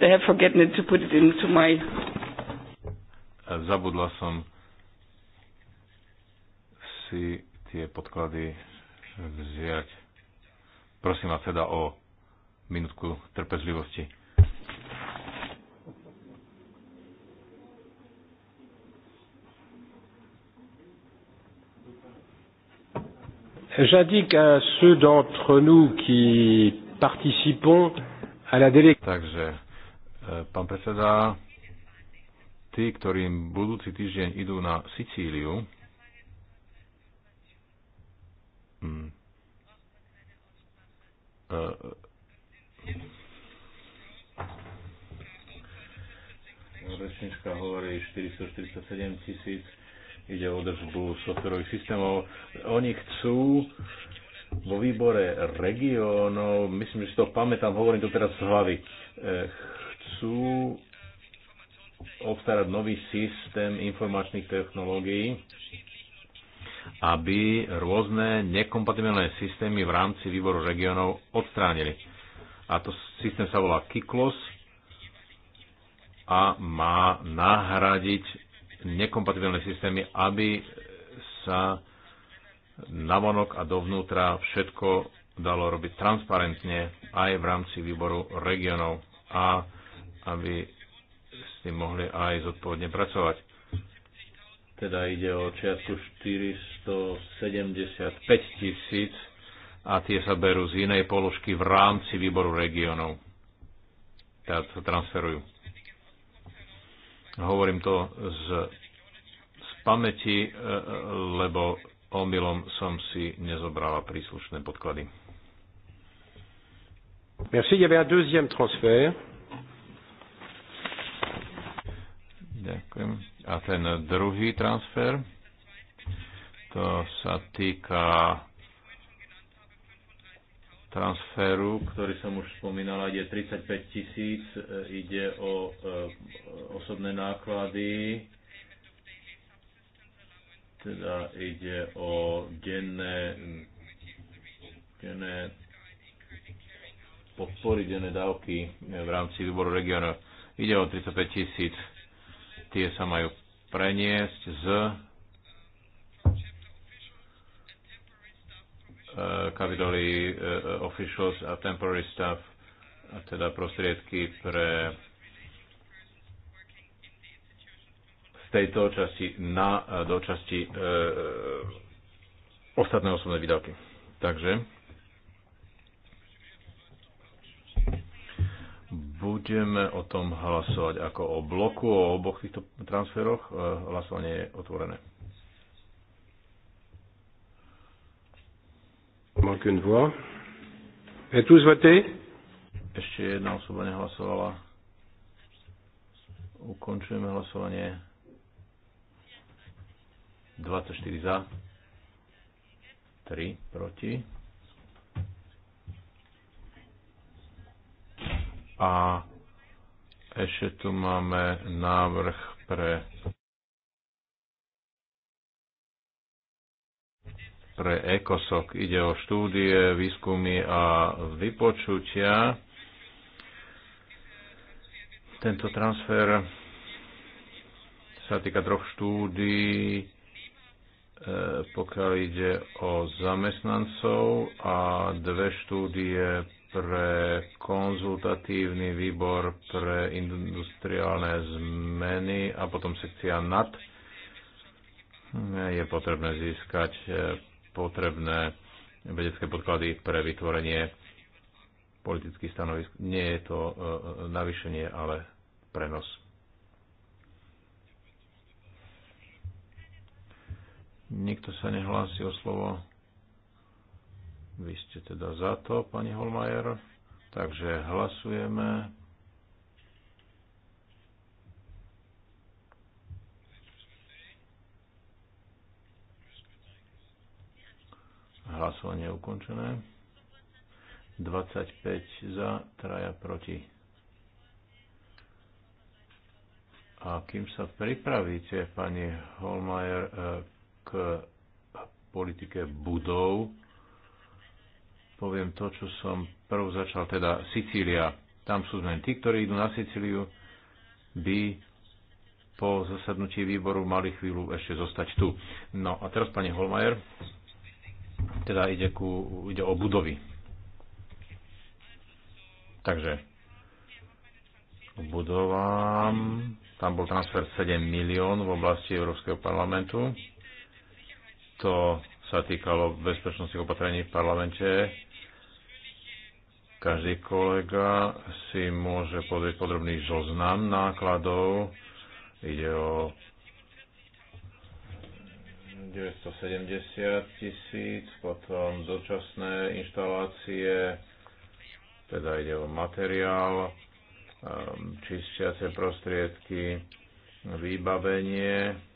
They have forgotten it to put it into my... Zabudla som si tie podklady vziať. Prosím vás teda o minútku trpezlivosti. J'indique à ceux d'entre nous qui participons Takže, e, pán predseda, tí, ktorým budúci týždeň idú na Sicíliu, hmm, Rečnička hovorí 447 tisíc, ide o držbu softverových systémov. Oni chcú vo výbore regiónov, myslím, že si to pamätám, hovorím to teraz z hlavy, e, chcú obstarať nový systém informačných technológií, aby rôzne nekompatibilné systémy v rámci výboru regiónov odstránili. A to systém sa volá Kiklos a má nahradiť nekompatibilné systémy, aby sa navonok a dovnútra všetko dalo robiť transparentne aj v rámci výboru regionov a aby s tým mohli aj zodpovedne pracovať. Teda ide o čiastku 475 tisíc a tie sa berú z inej položky v rámci výboru regionov. Teda sa transferujú. Hovorím to z, z pamäti, e, e, lebo omylom som si nezobrala príslušné podklady. Merci, il y avait un deuxième transfer. Ďakujem. A ten druhý transfer, to sa týka transferu, ktorý som už spomínala, ide 35 tisíc, ide o e, osobné náklady teda ide o denné, denné podpory, denné dávky v rámci výboru regiona. Ide o 35 tisíc. Tie sa majú preniesť z e, kapitoly e, e, officials a temporary staff, a teda prostriedky pre tejto časti na, e, do časti e, e, ostatné osobné výdavky. Takže budeme o tom hlasovať ako o bloku, o oboch týchto transferoch. E, hlasovanie je otvorené. Manque une voix. Et tous voté? Ešte jedna osoba nehlasovala. Ukončujeme hlasovanie. 24 za, 3 proti. A ešte tu máme návrh pre pre ECOSOC. Ide o štúdie, výskumy a vypočutia. Tento transfer sa týka troch štúdií E, pokiaľ ide o zamestnancov a dve štúdie pre konzultatívny výbor pre industriálne zmeny a potom sekcia NAT je potrebné získať e, potrebné vedecké podklady pre vytvorenie politických stanovisk. Nie je to e, navýšenie, ale prenos. Nikto sa nehlási o slovo. Vy ste teda za to, pani Holmajer. Takže hlasujeme. Hlasovanie je ukončené. 25 za, traja proti. A kým sa pripravíte, pani Holmajer, eh, k politike budov. Poviem to, čo som prv začal, teda Sicília. Tam sú zmeny. Tí, ktorí idú na Sicíliu, by po zasadnutí výboru mali chvíľu ešte zostať tu. No a teraz pani Holmajer, teda ide, ku, ide o budovy. Takže budovám, tam bol transfer 7 milión v oblasti Európskeho parlamentu. To sa týkalo bezpečnostných opatrení v parlamente. Každý kolega si môže pozrieť podrobný zoznam nákladov. Ide o 970 tisíc, potom dočasné inštalácie, teda ide o materiál, ehm, čistiace prostriedky, vybavenie,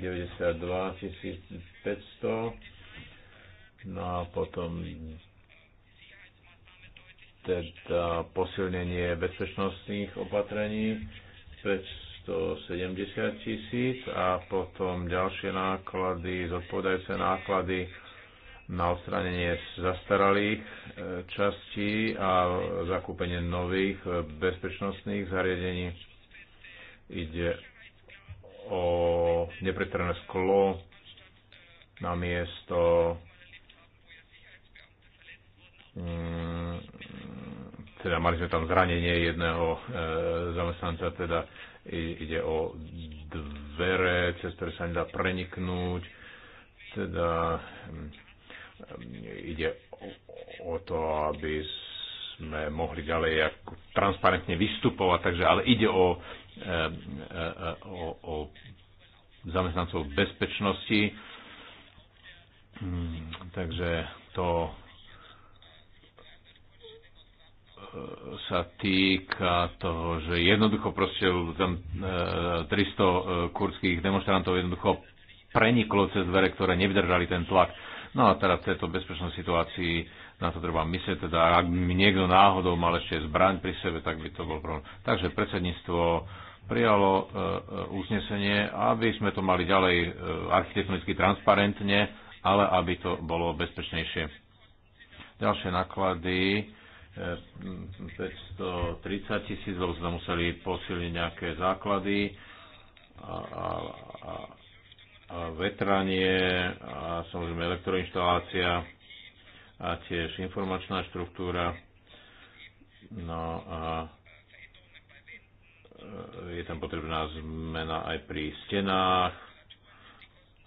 92 500. No a potom teda posilnenie bezpečnostných opatrení 570 tisíc a potom ďalšie náklady, zodpovedajúce náklady na odstranenie zastaralých e, častí a zakúpenie nových e, bezpečnostných zariadení. Ide o neprestrané sklo na miesto mm, teda mali sme tam zranenie jedného e, zamestnanca, teda ide o dvere, cez ktoré sa nedá preniknúť, teda mm, ide o, o to, aby sme mohli ďalej ako transparentne vystupovať, takže ale ide o, eh, eh, eh, o, o zamestnancov bezpečnosti, hmm, takže to sa týka toho, že jednoducho proste tam 300 kurdských demonstrantov jednoducho preniklo cez dvere, ktoré nevydržali ten tlak. No a teda v tejto bezpečnej situácii na to treba myslieť, teda ak by niekto náhodou mal ešte zbraň pri sebe, tak by to bol problém. Takže predsedníctvo prijalo e, e, uznesenie, aby sme to mali ďalej e, architektonicky transparentne, ale aby to bolo bezpečnejšie. Ďalšie náklady 530 tisíc, lebo sme museli posiliť nejaké základy a, a, a vetranie a samozrejme elektroinštalácia a tiež informačná štruktúra. No a e, je tam potrebná zmena aj pri stenách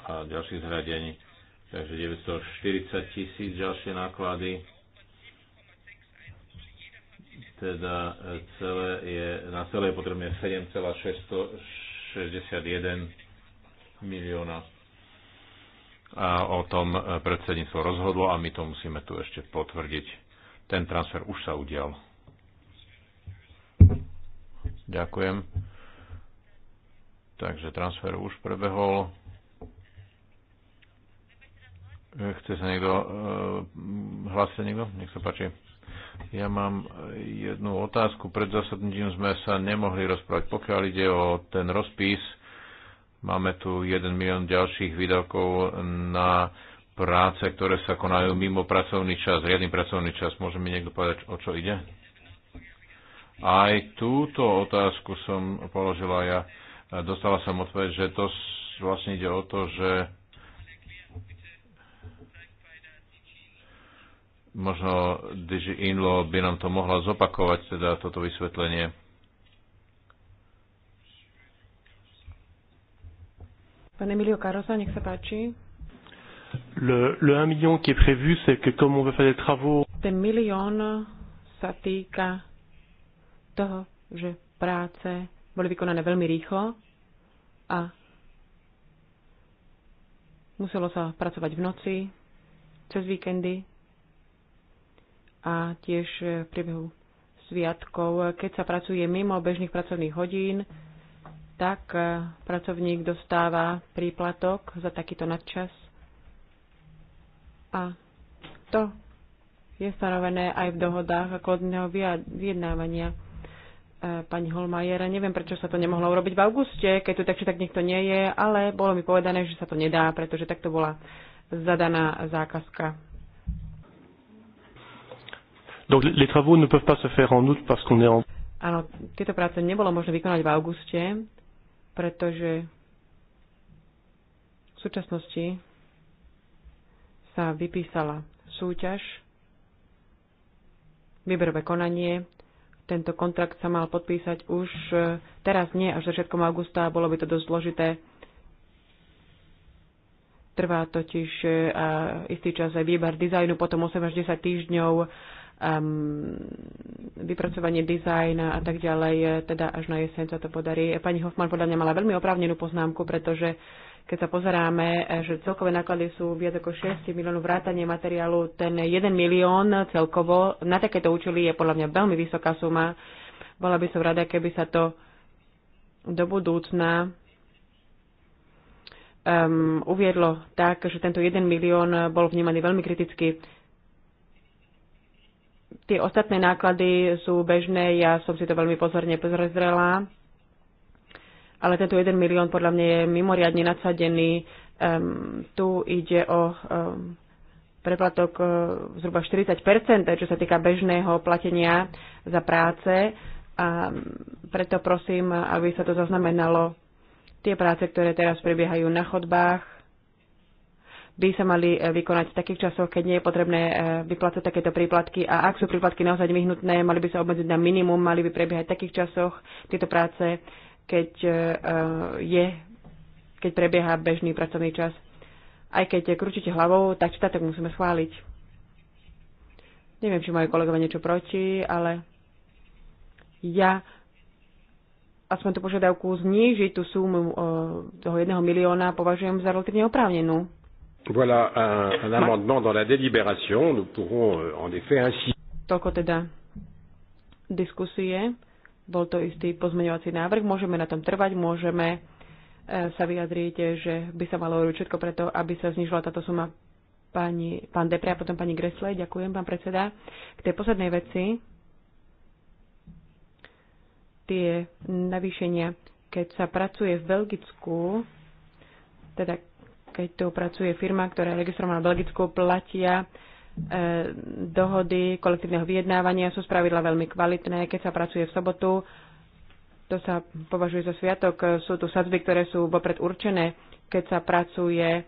a ďalších zhradení. Takže 940 tisíc ďalšie náklady. Teda e, celé je, na celé je potrebné 7,661 milióna a o tom e, predsedníctvo rozhodlo a my to musíme tu ešte potvrdiť. Ten transfer už sa udial. Ďakujem. Takže transfer už prebehol. E, chce sa niekto, e, hlásiť niekto? Nech sa páči. Ja mám jednu otázku. Pred zasadnutím sme sa nemohli rozprávať. Pokiaľ ide o ten rozpis, Máme tu 1 milión ďalších výdavkov na práce, ktoré sa konajú mimo pracovný čas, riadny pracovný čas. Môže mi niekto povedať, o čo ide? Aj túto otázku som položila ja. Dostala som odpoveď, že to vlastne ide o to, že možno Digi Inlo by nám to mohla zopakovať, teda toto vysvetlenie. Pán Emilio Karosa, nech sa páči. Le, le 1 million qui est prévu, c'est que comme on veut faire des travaux... Ten milión sa týka toho, že práce boli vykonané veľmi rýchlo a muselo sa pracovať v noci, cez víkendy a tiež v priebehu sviatkov, keď sa pracuje mimo bežných pracovných hodín, tak e, pracovník dostáva príplatok za takýto nadčas. A to je stanovené aj v dohodách kolodného vyjednávania e, pani Holmajera. Neviem, prečo sa to nemohlo urobiť v auguste, keď tu tak či tak niekto nie je, ale bolo mi povedané, že sa to nedá, pretože takto bola zadaná zákazka. Donc les travaux ne peuvent pas se faire en août parce qu'on est en... Áno, tieto práce nebolo možné vykonať v auguste, pretože v súčasnosti sa vypísala súťaž, výberové konanie. Tento kontrakt sa mal podpísať už e, teraz nie až začiatkom augusta, bolo by to dosť zložité. Trvá totiž e, istý čas aj výber dizajnu, potom 8 až 10 týždňov um, vypracovanie dizajna a tak ďalej, eh, teda až na jeseň sa to podarí. Eh, pani Hoffman podľa mňa mala veľmi oprávnenú poznámku, pretože keď sa pozeráme, eh, že celkové náklady sú viac ako 6 miliónov vrátanie materiálu, ten 1 milión celkovo na takéto účely je podľa mňa veľmi vysoká suma. Bola by som rada, keby sa to do budúcna um, uviedlo tak, že tento 1 milión bol vnímaný veľmi kriticky tie ostatné náklady sú bežné, ja som si to veľmi pozorne pozrezrela, ale tento 1 milión podľa mňa je mimoriadne nadsadený. Um, tu ide o um, preplatok uh, zhruba 40 čo sa týka bežného platenia za práce a preto prosím, aby sa to zaznamenalo. Tie práce, ktoré teraz prebiehajú na chodbách, by sa mali e, vykonať v takých časoch, keď nie je potrebné e, vyplácať takéto príplatky a ak sú príplatky naozaj vyhnutné, mali by sa obmedziť na minimum, mali by prebiehať v takých časoch tieto práce, keď e, je, keď prebieha bežný pracovný čas. Aj keď krúčite hlavou, tak či tak musíme schváliť. Neviem, či majú kolegovia niečo proti, ale ja aspoň tú požiadavku znížiť tú sumu toho jedného milióna považujem za relatívne oprávnenú. Voilà un, un amendement dans la délibération. Nous pourrons euh, en effet ainsi. Toľko teda diskusie. Bol to istý pozmeňovací návrh. Môžeme na tom trvať, môžeme e, sa vyjadriť, že by sa malo robiť všetko preto, aby sa znižila táto suma pani, pán Depre a potom pani Gresle. Ďakujem, pán predseda. K tej poslednej veci, tie navýšenia, keď sa pracuje v Belgicku, teda keď tu pracuje firma, ktorá je registrovaná v Belgicku, platia e, dohody kolektívneho vyjednávania, sú spravidla veľmi kvalitné. Keď sa pracuje v sobotu, to sa považuje za sviatok, sú tu sadzby, ktoré sú vopred určené, keď sa pracuje e,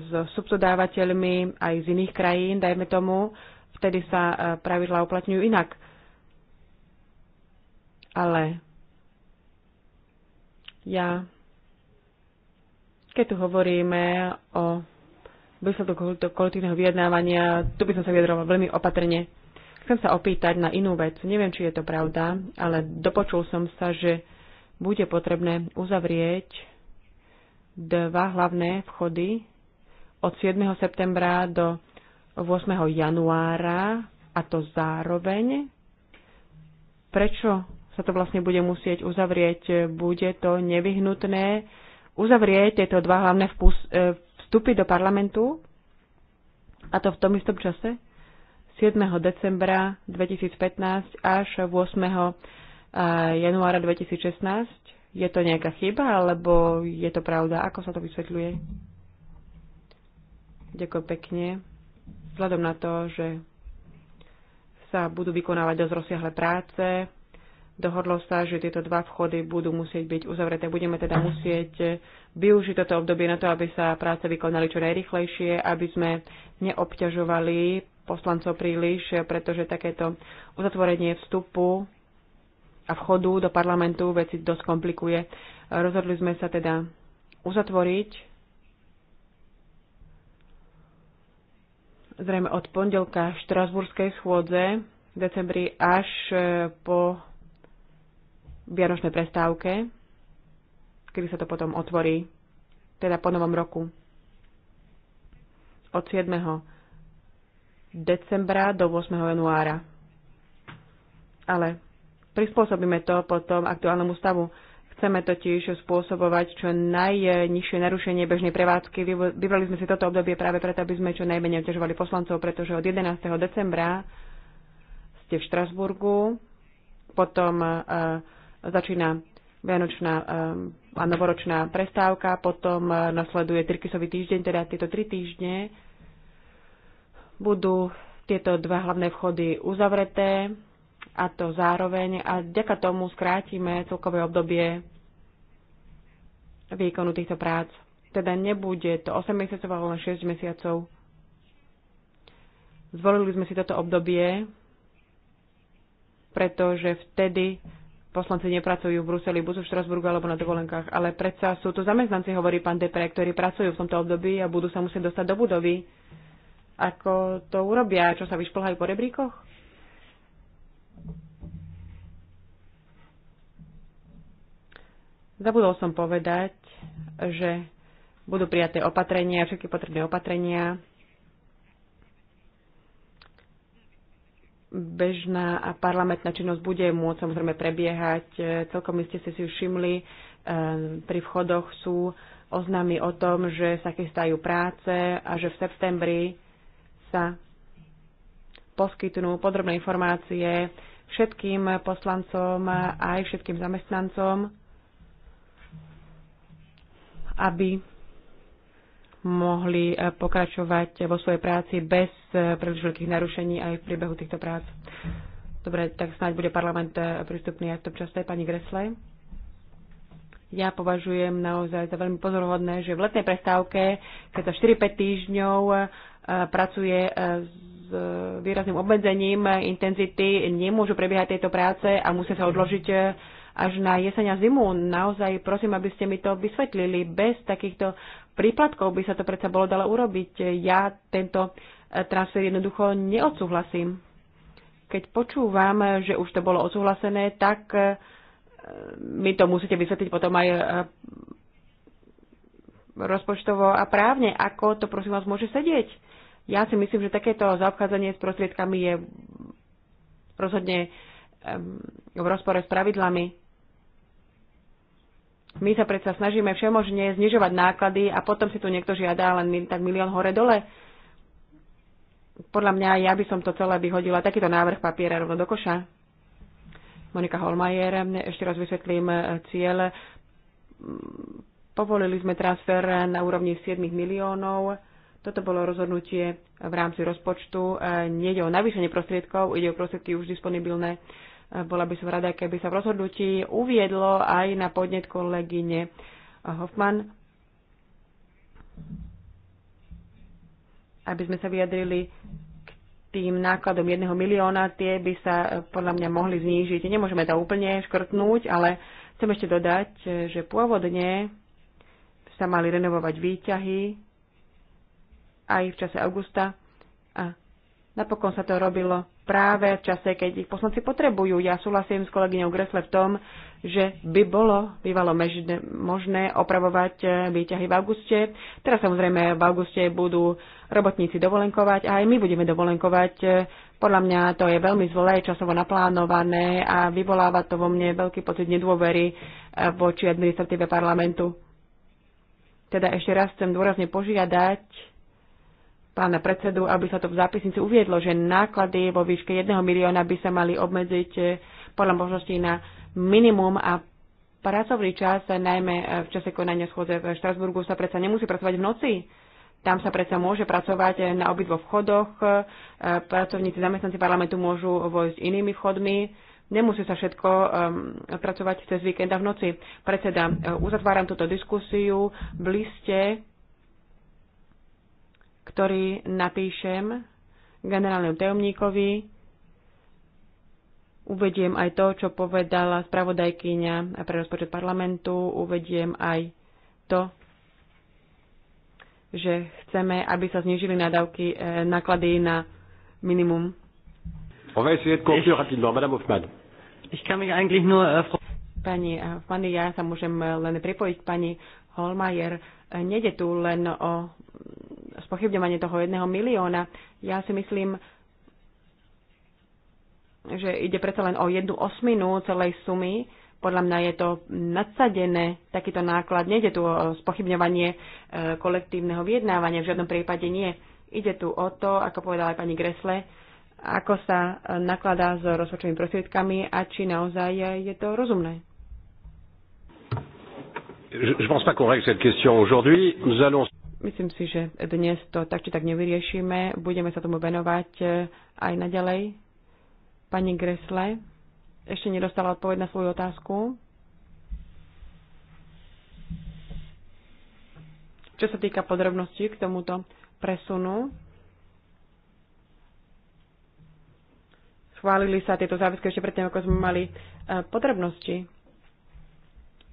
s subsodávateľmi aj z iných krajín, dajme tomu, vtedy sa e, pravidla uplatňujú inak. Ale ja keď tu hovoríme o výsledku kolektívneho vyjednávania, tu by som sa vyjadrovala veľmi opatrne. Chcem sa opýtať na inú vec. Neviem, či je to pravda, ale dopočul som sa, že bude potrebné uzavrieť dva hlavné vchody od 7. septembra do 8. januára a to zároveň. Prečo sa to vlastne bude musieť uzavrieť? Bude to nevyhnutné uzavrie tieto dva hlavné e, vstupy do parlamentu, a to v tom istom čase, 7. decembra 2015 až 8. E, januára 2016. Je to nejaká chyba, alebo je to pravda? Ako sa to vysvetľuje? Ďakujem pekne. Vzhľadom na to, že sa budú vykonávať dosť rozsiahle práce, Dohodlo sa, že tieto dva vchody budú musieť byť uzavreté. Budeme teda musieť využiť toto obdobie na to, aby sa práce vykonali čo najrychlejšie, aby sme neobťažovali poslancov príliš, pretože takéto uzatvorenie vstupu a vchodu do parlamentu veci dosť komplikuje. Rozhodli sme sa teda uzatvoriť zrejme od pondelka štrasburskej schôdze v decembri až po vianočnej prestávke, kedy sa to potom otvorí, teda po novom roku. Od 7. decembra do 8. januára. Ale prispôsobíme to potom aktuálnemu stavu. Chceme totiž spôsobovať čo najnižšie narušenie bežnej prevádzky. Vybrali sme si toto obdobie práve preto, aby sme čo najmenej obťažovali poslancov, pretože od 11. decembra ste v Štrasburgu, potom uh, Začína vianočná a novoročná prestávka, potom eh, nasleduje Tyrkisový týždeň, teda tieto tri týždne budú tieto dva hlavné vchody uzavreté a to zároveň a vďaka tomu skrátime celkové obdobie výkonu týchto prác. Teda nebude to 8 mesiacov, ale len 6 mesiacov. Zvolili sme si toto obdobie, pretože vtedy poslanci nepracujú v Bruseli, buď v Štrasburgu alebo na dovolenkách, ale predsa sú to zamestnanci, hovorí pán Depre, ktorí pracujú v tomto období a budú sa musieť dostať do budovy. Ako to urobia? Čo sa vyšplhajú po rebríkoch? Zabudol som povedať, že budú prijaté opatrenia, všetky potrebné opatrenia, bežná a parlamentná činnosť bude môcť samozrejme prebiehať. E, Celkom iste ste si všimli, e, pri vchodoch sú oznámy o tom, že sa chystajú práce a že v septembri sa poskytnú podrobné informácie všetkým poslancom a aj všetkým zamestnancom, aby mohli eh, pokračovať vo svojej práci bez eh, príliš veľkých narušení aj v priebehu týchto prác. Dobre, tak snáď bude parlament eh, prístupný aj v tom čase. Pani Gresley. Ja považujem naozaj za veľmi pozorhodné, že v letnej prestávke, keď sa 4-5 týždňov pracuje s výrazným obmedzením intenzity, nemôžu prebiehať tieto práce a musia sa odložiť až na jeseň a zimu. Naozaj prosím, aby ste mi to vysvetlili. Bez takýchto príplatkov by sa to predsa bolo dalo urobiť. Ja tento e, transfer jednoducho neodsúhlasím. Keď počúvam, že už to bolo odsúhlasené, tak e, mi to musíte vysvetliť potom aj e, rozpočtovo a právne, ako to prosím vás môže sedieť. Ja si myslím, že takéto zaobchádzanie s prostriedkami je rozhodne v rozpore s pravidlami my sa predsa snažíme všemožne znižovať náklady a potom si tu niekto žiada len tak milión hore-dole. Podľa mňa ja by som to celé vyhodila takýto návrh papiera rovno do koša. Monika Holmajer, ešte raz vysvetlím e, cieľ. Mm, povolili sme transfer na úrovni 7 miliónov. Toto bolo rozhodnutie v rámci rozpočtu. E, nejde o navýšenie prostriedkov, ide o prostriedky už disponibilné bola by som rada, keby sa v rozhodnutí uviedlo aj na podnet kolegyne Hoffman, aby sme sa vyjadrili k tým nákladom jedného milióna, tie by sa eh, podľa mňa mohli znížiť. Nemôžeme to úplne škrtnúť, ale chcem ešte dodať, že pôvodne sa mali renovovať výťahy aj v čase augusta a Napokon sa to robilo práve v čase, keď ich poslanci potrebujú. Ja súhlasím s kolegyňou Gresle v tom, že by bolo bývalo možné opravovať eh, výťahy v auguste. Teraz samozrejme v auguste budú robotníci dovolenkovať a aj my budeme dovolenkovať. Eh, podľa mňa to je veľmi zlé, časovo naplánované a vyvoláva to vo mne veľký pocit nedôvery eh, voči administratíve parlamentu. Teda ešte raz chcem dôrazne požiadať pána predsedu, aby sa to v zápisnici uviedlo, že náklady vo výške 1 milióna by sa mali obmedziť eh, podľa možností na minimum a pracovný čas, eh, najmä eh, v čase konania schôdze v Štrasburgu, sa predsa nemusí pracovať v noci. Tam sa predsa môže pracovať na obidvo vchodoch, pracovníci, zamestnanci parlamentu môžu vojsť inými vchodmi, nemusí sa všetko ehm, pracovať cez víkend a v noci. Predseda, uzatváram túto diskusiu v ktorý napíšem generálnemu tajomníkovi. Uvediem aj to, čo povedala spravodajkyňa pre rozpočet parlamentu. Uvediem aj to, že chceme, aby sa znižili nadávky, e, náklady na minimum. Äh, pani e, Fanny, ja sa môžem e, len pripojiť pani Holmajer. Nede tu len o spochybňovanie toho jedného milióna. Ja si myslím, že ide predsa len o jednu osminu celej sumy. Podľa mňa je to nadsadené, takýto náklad. Nejde tu o spochybňovanie e, kolektívneho vyjednávania, v žiadnom prípade nie. Ide tu o to, ako povedala aj pani Gresle, ako sa e, nakladá s rozpočtovými prostriedkami a či naozaj je to rozumné. Je, je pense pas qu'on règle cette question aujourd'hui. Nous allons Myslím si, že dnes to tak či tak nevyriešime. Budeme sa tomu venovať e, aj naďalej. Pani Gresle ešte nedostala odpoveď na svoju otázku. Čo sa týka podrobností k tomuto presunu, schválili sa tieto záväzky ešte predtým, ako sme mali e, podrobnosti.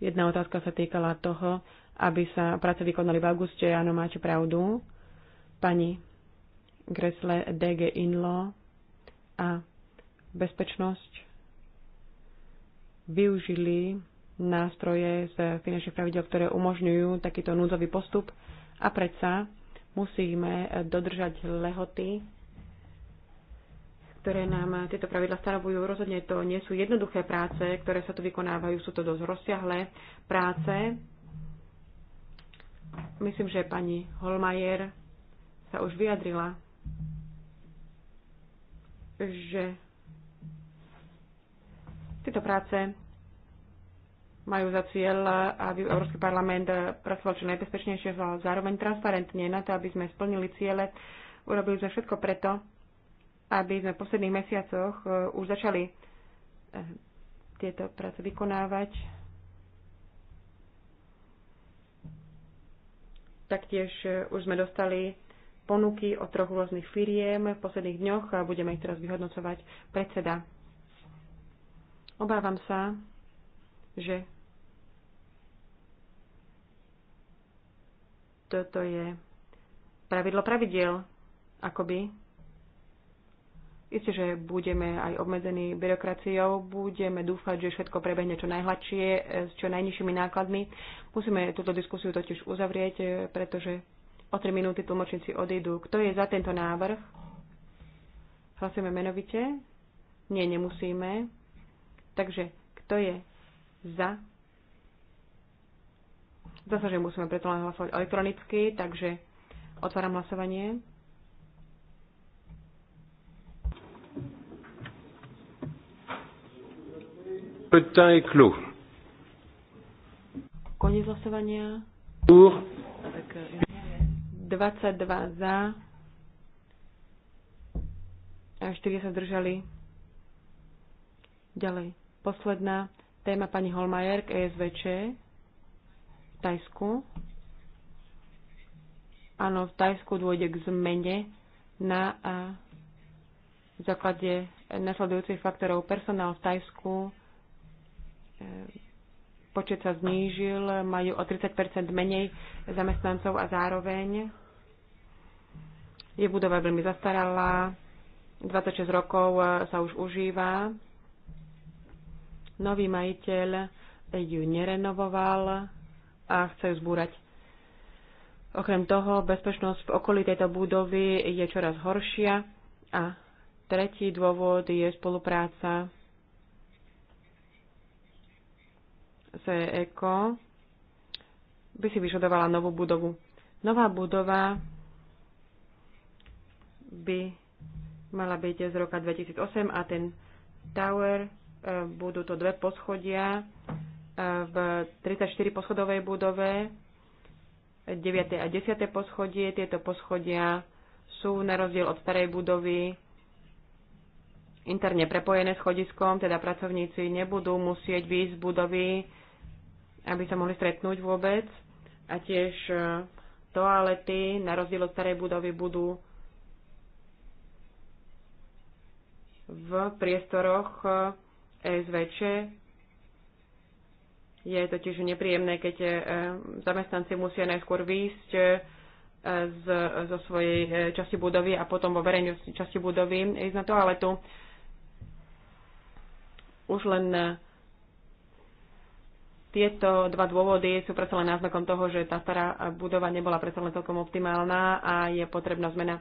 Jedna otázka sa týkala toho, aby sa práce vykonali v auguste. Áno, máte pravdu. Pani Gresle, DG Inlo a bezpečnosť využili nástroje z finančných pravidel, ktoré umožňujú takýto núdzový postup a predsa musíme dodržať lehoty, ktoré nám tieto pravidla stanovujú. Rozhodne to nie sú jednoduché práce, ktoré sa tu vykonávajú, sú to dosť rozsiahlé práce Myslím, že pani Holmajer sa už vyjadrila, že tieto práce majú za cieľ, aby Európsky parlament pracoval čo najbezpečnejšie a zároveň transparentne na to, aby sme splnili ciele. Urobili sme všetko preto, aby sme v posledných mesiacoch eh, už začali eh, tieto práce vykonávať Taktiež e, už sme dostali ponuky od troch rôznych firiem v posledných dňoch a budeme ich teraz vyhodnocovať predseda. Obávam sa, že toto je pravidlo pravidiel, akoby Isté, že budeme aj obmedzení byrokraciou, budeme dúfať, že všetko prebehne čo najhladšie, s čo najnižšími nákladmi. Musíme túto diskusiu totiž uzavrieť, pretože o 3 minúty tlmočníci odídu. Kto je za tento návrh? Hlasujeme menovite? Nie, nemusíme. Takže kto je za? Zase, že musíme preto len hlasovať elektronicky, takže otváram hlasovanie. petain est clos. Koniec hlasovania. Pour. 22 eh, za. A 4 sa zdržali. Ďalej. Posledná téma pani Holmajer k ESVČ v Tajsku. Áno, v Tajsku dôjde k zmene na a, eh, v základe nasledujúcich faktorov. Personál v Tajsku E, počet sa znížil, majú o 30 menej zamestnancov a zároveň je budova veľmi zastaralá, 26 rokov e, sa už užíva. Nový majiteľ ju nerenovoval a chce ju zbúrať. Okrem toho, bezpečnosť v okolí tejto budovy je čoraz horšia a tretí dôvod je spolupráca CECO by si vyžadovala novú budovu. Nová budova by mala byť z roka 2008 a ten tower, e, budú to dve poschodia e, v 34 poschodovej budove, 9. a 10. poschodie. Tieto poschodia sú na rozdiel od starej budovy interne prepojené schodiskom, teda pracovníci nebudú musieť výjsť z budovy aby sa mohli stretnúť vôbec. A tiež e, toalety, na rozdiel od starej budovy, budú v priestoroch e, SVČ. Je totiž nepríjemné, keď e, zamestnanci musia najskôr výjsť z, zo svojej časti budovy a potom vo verejnej časti budovy ísť na toaletu. Už len tieto dva dôvody sú predsa len náznakom toho, že tá stará budova nebola predsa len celkom optimálna a je potrebná zmena.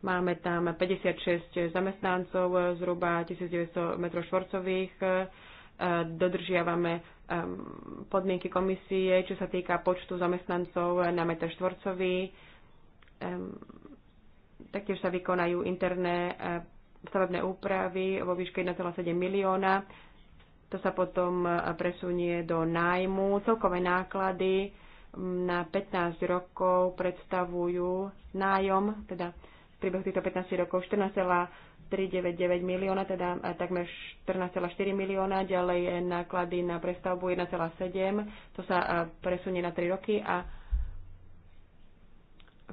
Máme tam 56 zamestnancov, zhruba 1900 m 2 Dodržiavame e, podmienky komisie, čo sa týka počtu zamestnancov na m2. E, taktiež sa vykonajú interné e, stavebné úpravy vo výške 1,7 milióna. To sa potom eh, presunie do nájmu. Celkové náklady mm, na 15 rokov predstavujú nájom, teda v priebehu týchto 15 rokov 14,399 milióna, teda eh, takmer 14,4 milióna, ďalej eh, náklady na prestavbu 1,7, to sa presunie na 3 roky a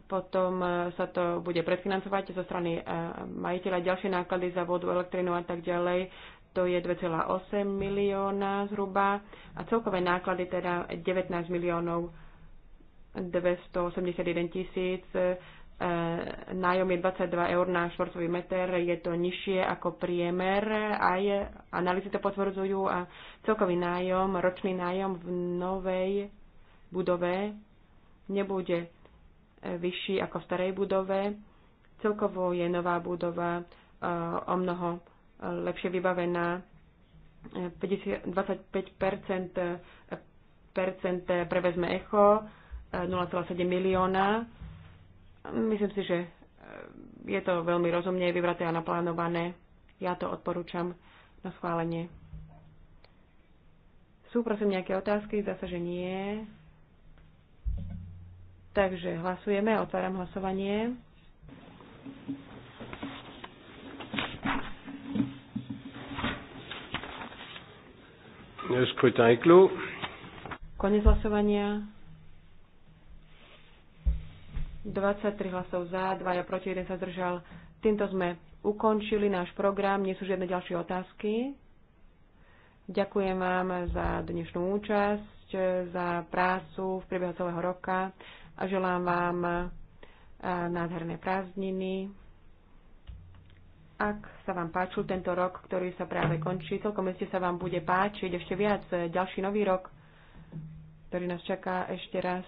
potom sa to bude predfinancovať zo strany majiteľa ďalšie náklady za vodu, elektrinu a tak ďalej to je 2,8 milióna zhruba a celkové náklady teda 19 miliónov 281 tisíc. E, nájom je 22 eur na štvorcový meter, je to nižšie ako priemer, aj analýzy to potvrdzujú a celkový nájom, ročný nájom v novej budove nebude e, vyšší ako v starej budove. Celkovo je nová budova e, o mnoho lepšie vybavená. 50, 25 percent prevezme echo, 0,7 milióna. Myslím si, že eh, je to veľmi rozumne vyvraté a naplánované. Ja to odporúčam na schválenie. Sú prosím nejaké otázky? Zase, že nie. Takže hlasujeme, otváram hlasovanie. Konec hlasovania. 23 hlasov za, 2 proti, 1 sa zdržal. Týmto sme ukončili náš program. Nie sú žiadne ďalšie otázky. Ďakujem vám za dnešnú účasť, za prácu v priebehu celého roka a želám vám eh, nádherné prázdniny ak sa vám páčil tento rok, ktorý sa práve končí, celkom ste sa vám bude páčiť ešte viac e, ďalší nový rok, ktorý nás čaká ešte raz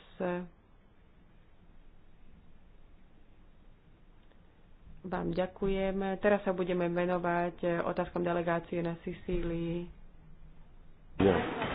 vám ďakujem. Teraz sa budeme venovať e, otázkom delegácie na Sicílii. Yeah.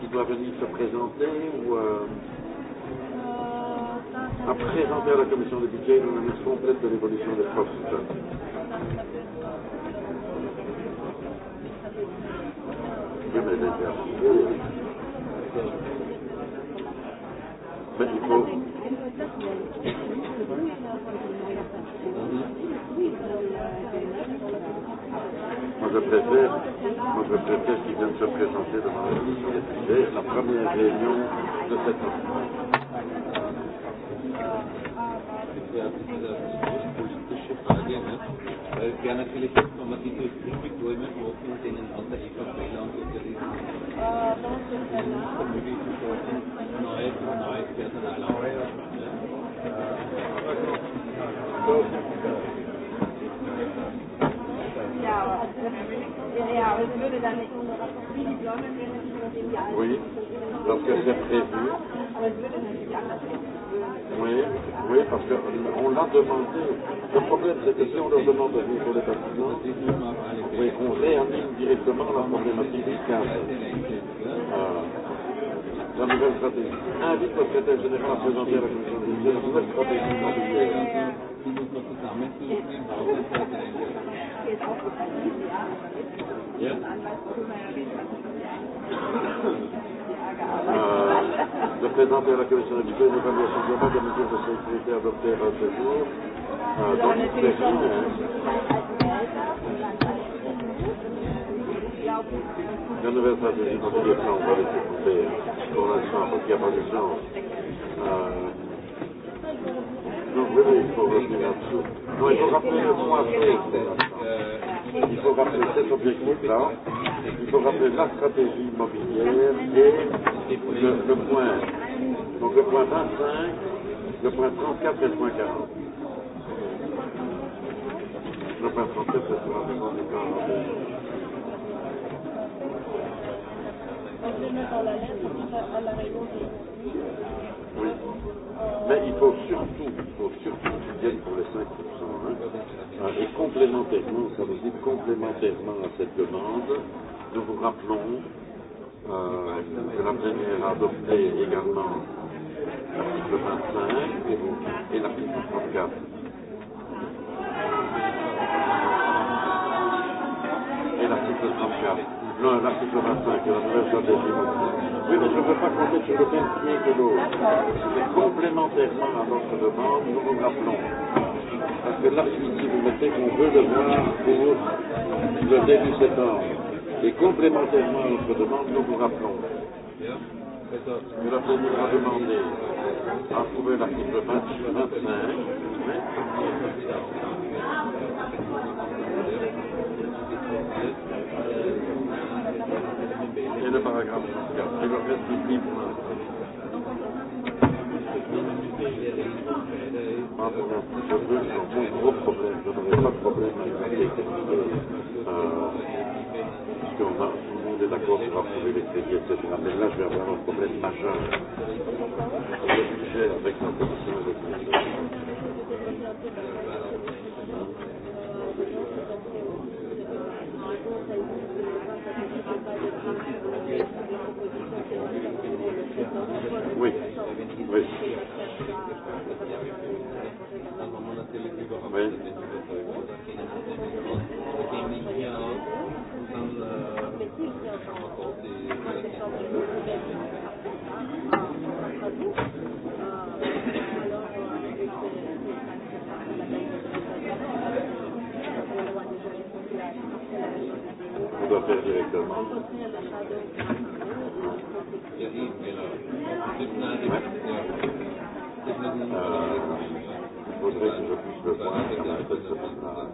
qui doit venir se présenter ou euh, à présenter à la commission des budgets une analyse complète de l'évolution des profs. Oui, mais les gars, mais il faut. je préfère, moi je préfère qu'ils viennent se présenter devant la société, la première réunion de cette année. Thank you. Oui, parce que c'est prévu. Oui, oui, parce qu'on euh, l'a demandé. Le problème, c'est que si on leur demande de sur les bâtiments, oui, on réanime directement la problématique du cadre. Euh, la nouvelle stratégie. Invite le secrétaire général à présenter à la Commission de la nouvelle stratégie immobilière jetzt auch bekannt ist, ja, aber jetzt ja. Le président de la commission des budgets, l'évaluation globale des mesures de sécurité adoptées à ce jour, euh, dans toutes les lignes. La nouvelle stratégie dans tous les plans, on va les écouter pour l'instant, parce qu'il n'y a pas de chance. Euh, non volevo correggere assunto. No, il faut rappeler le nom après, Il faut rappeler cet objectif-là, il faut rappeler la stratégie immobilière et le, le point. Donc le point 25, le point 34 et le point 40. Le point 37, c'est sur la maison des 40. Je vais mettre à la lettre à la réunion Mais il faut surtout, il faut surtout qu'ils viennent pour les 5%. Hein. Ah, et complémentairement, ça veut dire complémentairement à cette demande, nous vous rappelons euh, que la première a adopté également l'article 25 et, et l'article 34. Et l'article 34. Non, l'article 25, la nouvelle loi des finances. Oui, mais je ne veux pas compter sur le même pied que l'autre. Mais complémentairement à notre demande, nous vous rappelons. Parce que là, si vous mettez qu'on veut le voir pour le début septembre. Et complémentairement à notre demande, nous nous rappelons. Nous avons demandé à trouver l'article 25. der Paragraph. Ja, ich glaube, das ist blieb immer. Das ist Problem, das ist immer Problem. Parce qu'on a tout le monde est d'accord sur approuver les crédits, etc. Mais là, je vais avoir un problème majeur. Le budget avec la Commission et le Thank you. Amen. Oui. doit faire directement. Euh, il faudrait que je puisse le voir à la fin de ce matin.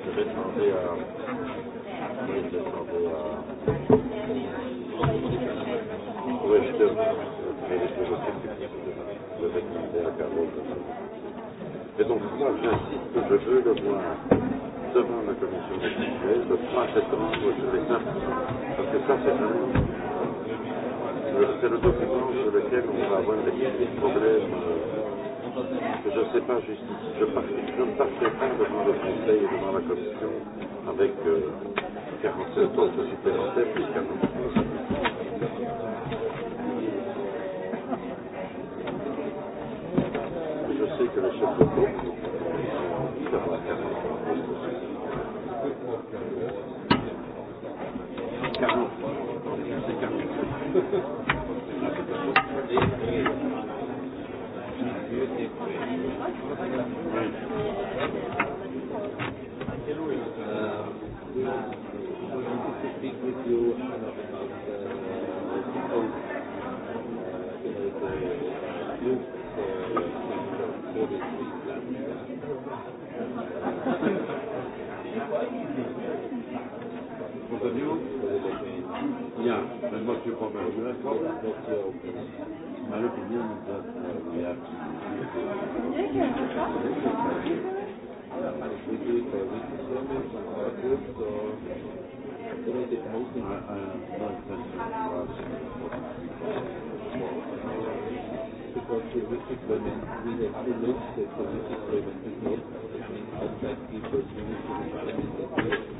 Je vais demander à. Oui, je vais demander à. Oui, je vais. Je vais Carlos. Et donc moi j'insiste que je veux le voir devant la commission des budgets le 3 septembre sur les impôts. Parce que ça c'est un euh, c'est le document sur lequel on va avoir des petits problèmes euh, que je ne sais pas justifier. Je, ne partirai pas devant le Conseil et devant la Commission avec euh, 47 autres supplémentaires puisqu'à notre che le scelte tecniche Thank you. much a problem. The problem that uh, my opinion is that uh, we have to because heuristic women, we have to look at heuristic women, because outside people, we need to develop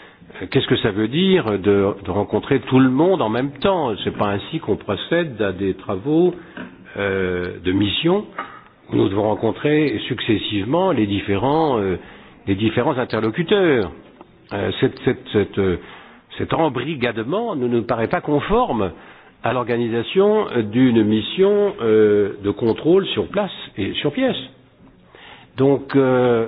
qu'est-ce que ça veut dire de, de rencontrer tout le monde en même temps C'est pas ainsi qu'on procède à des travaux euh, de mission où nous devons rencontrer successivement les différents, euh, les différents interlocuteurs. Euh, cette, cette, cette, euh, cet embrigadement ne nous paraît pas conforme à l'organisation d'une mission euh, de contrôle sur place et sur pièce. Donc, euh,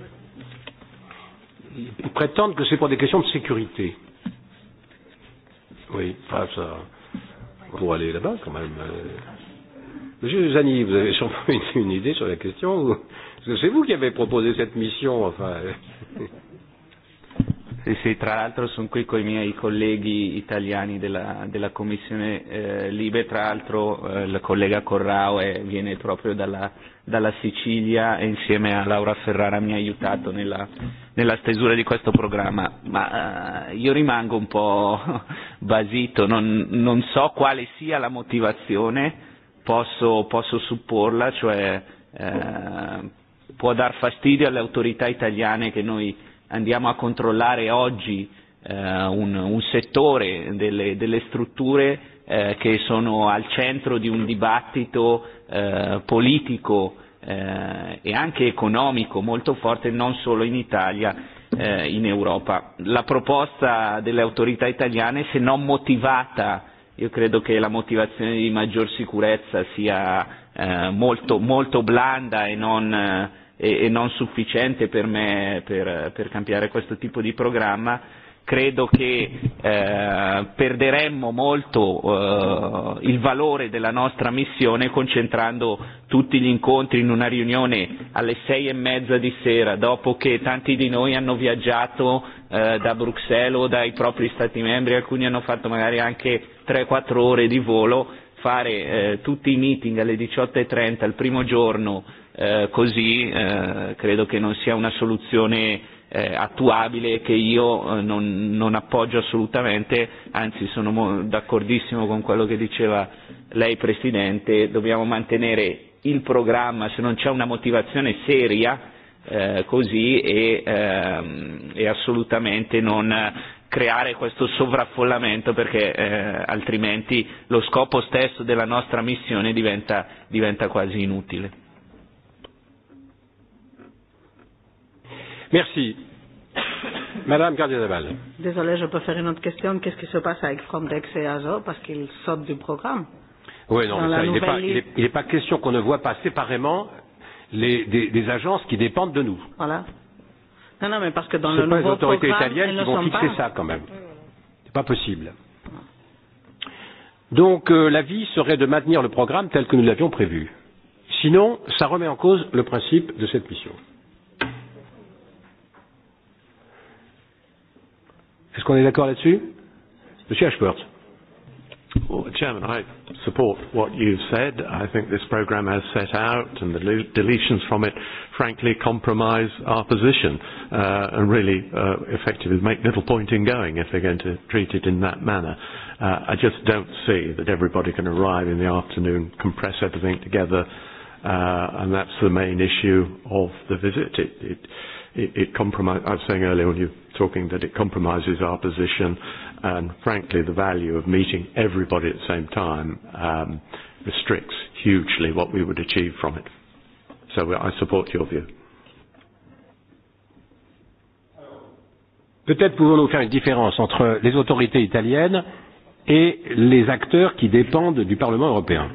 ils prétendent que c'est pour des questions de sécurité. Oui, enfin ça. Pour aller là-bas, quand même. Euh. Monsieur Zani, vous avez sûrement une, une idée sur la question ou... Parce que c'est vous qui avez proposé cette mission, enfin. Sì, sì, tra l'altro sono qui con i miei colleghi italiani della, della Commissione eh, Libe, tra l'altro eh, il collega Corrao è, viene proprio dalla, dalla Sicilia e insieme a Laura Ferrara mi ha aiutato nella, nella stesura di questo programma, ma uh, io rimango un po' basito, non, non so quale sia la motivazione, posso, posso supporla, cioè uh, può dar fastidio alle autorità italiane che noi andiamo a controllare oggi uh, un, un settore delle, delle strutture uh, che sono al centro di un dibattito uh, politico eh, e anche economico molto forte non solo in Italia, eh, in Europa. La proposta delle autorità italiane, se non motivata, io credo che la motivazione di maggior sicurezza sia eh, molto, molto blanda e non, eh, e, e non sufficiente per me per, per cambiare questo tipo di programma, credo che eh, perderemmo molto eh, il valore della nostra missione concentrando tutti gli incontri in una riunione alle sei e mezza di sera, dopo che tanti di noi hanno viaggiato eh, da Bruxelles o dai propri Stati membri, alcuni hanno fatto magari anche 3-4 ore di volo, fare eh, tutti i meeting alle 18.30 e il primo giorno eh, così eh, credo che non sia una soluzione eh, attuabile che io eh, non, non appoggio assolutamente, anzi sono d'accordissimo con quello che diceva lei Presidente, dobbiamo mantenere il programma se non c'è una motivazione seria eh, così e, ehm, e assolutamente non creare questo sovraffollamento perché eh, altrimenti lo scopo stesso della nostra missione diventa, diventa quasi inutile. Merci. Madame Gardiazabal. Désolée, je peux faire une autre question. Qu'est-ce qui se passe avec Frontex et Azo parce qu'ils sortent du programme Oui, non, mais ça, il n'est pas, il est, il est pas question qu'on ne voit pas séparément les, des, des agences qui dépendent de nous. Voilà. Non, non, mais parce que dans le nouveau pas les autorités programme, italiennes qui vont fixer pas. ça quand même. C'est pas possible. Donc euh, l'avis serait de maintenir le programme tel que nous l'avions prévu. Sinon, ça remet en cause le principe de cette mission. Est-ce qu'on est, qu est d'accord là-dessus Monsieur Ashworth. Well, Chairman, I support what you've said. I think this programme has set out, and the deletions from it, frankly, compromise our position uh, and really uh, effectively make little point in going if they're going to treat it in that manner. Uh, I just don't see that everybody can arrive in the afternoon, compress everything together, uh, and that's the main issue of the visit. It, it, it, it compromise. I was saying earlier when you talking that it compromises our position and frankly the value of meeting everybody at the same time um, restricts hugely what we would achieve from it. So I support your view. Peut-être pouvons-nous faire une différence entre les autorités italiennes et les acteurs qui dépendent du Parlement européen.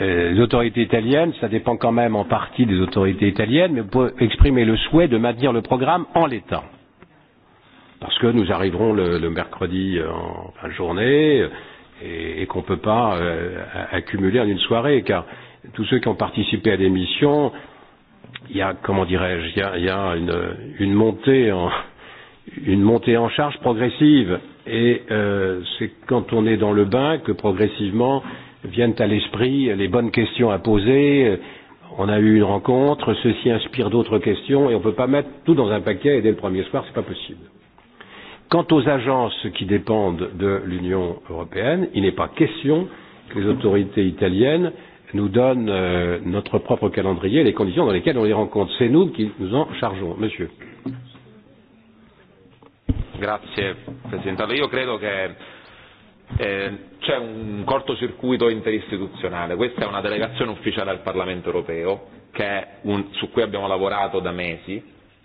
Euh, les autorités italiennes, ça dépend quand même en partie des autorités italiennes, mais on peut exprimer le souhait de maintenir le programme en l'état parce que nous arriverons le, le mercredi euh, en fin de journée et, et qu'on ne peut pas euh, accumuler en une soirée, car tous ceux qui ont participé à l'émission, il y a, comment dirais-je, il y a, y a une, une, montée en, une montée en charge progressive, et euh, c'est quand on est dans le bain que progressivement viennent à l'esprit les bonnes questions à poser. On a eu une rencontre, ceci inspire d'autres questions, et on ne peut pas mettre tout dans un paquet et dès le premier soir, ce n'est pas possible. Quant aux agences qui dépendent de l'Union européenne, il n'est pas question que les autorités italiennes nous donnent euh, notre propre calendrier et les conditions dans lesquelles on les rencontre. C'est nous qui nous en chargeons. Monsieur. Grazie Presidente. io credo che eh, c'è un cortocircuito interistituzionale. Questa è una delegazione ufficiale al Parlamento europeo che un, su cui abbiamo lavorato da mesi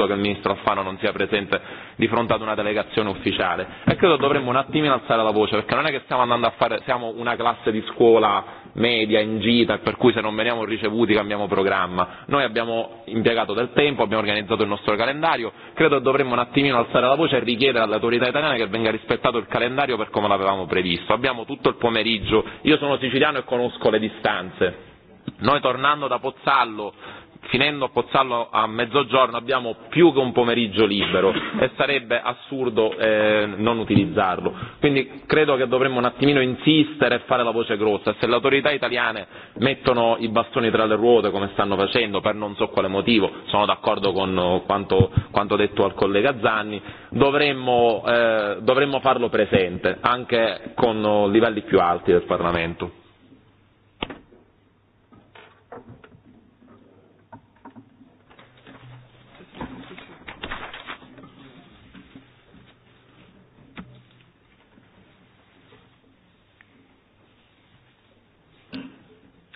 assurdo che il ministro Alfano non sia presente di fronte ad una delegazione ufficiale e credo dovremmo un attimino alzare la voce perché non è che stiamo andando a fare siamo una classe di scuola media in gita e per cui se non veniamo ricevuti cambiamo programma noi abbiamo impiegato del tempo abbiamo organizzato il nostro calendario credo dovremmo un attimino alzare la voce e richiedere all'autorità italiana che venga rispettato il calendario per come l'avevamo previsto abbiamo tutto il pomeriggio io sono siciliano e conosco le distanze noi tornando da Pozzallo finendo a Pozzallo a mezzogiorno abbiamo più che un pomeriggio libero e sarebbe assurdo eh, non utilizzarlo. Quindi credo che dovremmo un attimino insistere e fare la voce grossa. Se le autorità italiane mettono i bastoni tra le ruote come stanno facendo per non so quale motivo, sono d'accordo con eh, quanto, quanto detto al collega Zanni, dovremmo, eh, dovremmo farlo presente anche con livelli più alti del Parlamento.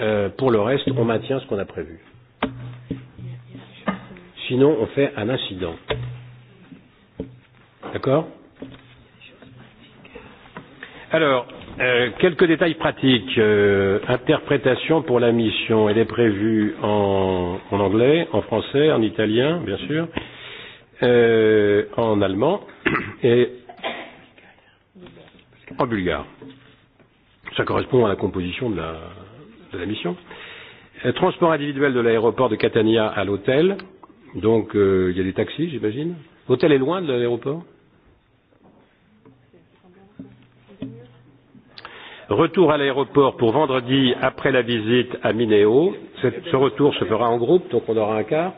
Euh, pour le reste, on maintient ce qu'on a prévu. Sinon, on fait un incident. D'accord Alors, euh, quelques détails pratiques. Euh, interprétation pour la mission, elle est prévue en, en anglais, en français, en italien, bien sûr, euh, en allemand et en bulgare. Ça correspond à la composition de la, de la mission. Euh, transport individuel de l'aéroport de Catania à l'hôtel. Donc, euh, il y a des taxis, j'imagine. L'hôtel est loin de l'aéroport Retour à l'aéroport pour vendredi après la visite à Mineo. Cette, ce retour se fera en groupe, donc on aura un quart.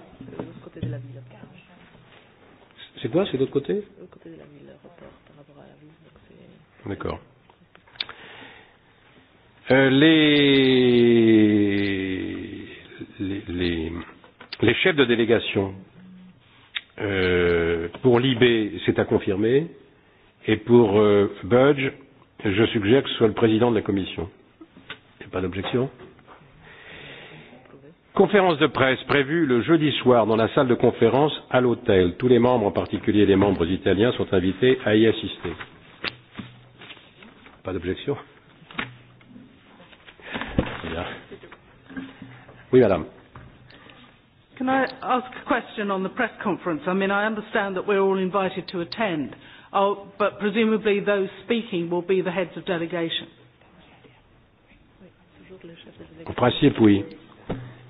C'est quoi C'est de l'autre côté D'accord euh, les, les, les, les chefs de délégation euh, pour l'IB, c'est à confirmer, et pour euh, Budge, je suggère que ce soit le président de la commission. a pas d'objection Conférence de presse prévue le jeudi soir dans la salle de conférence à l'hôtel. Tous les membres, en particulier les membres italiens, sont invités à y assister. Pas d'objection Yeah. Oui, madame. Can I ask a question on the press conference? I mean, I understand that we're all invited to attend, oh, but presumably those speaking will be the heads of delegation. En principe, oui.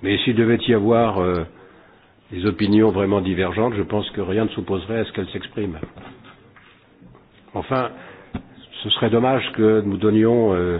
Mais s'il devait y avoir euh, des opinions vraiment divergentes, je pense que rien ne s'opposerait à ce qu'elles s'expriment. Enfin, ce serait dommage que nous donnions euh,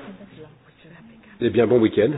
Eh bien, bon week-end.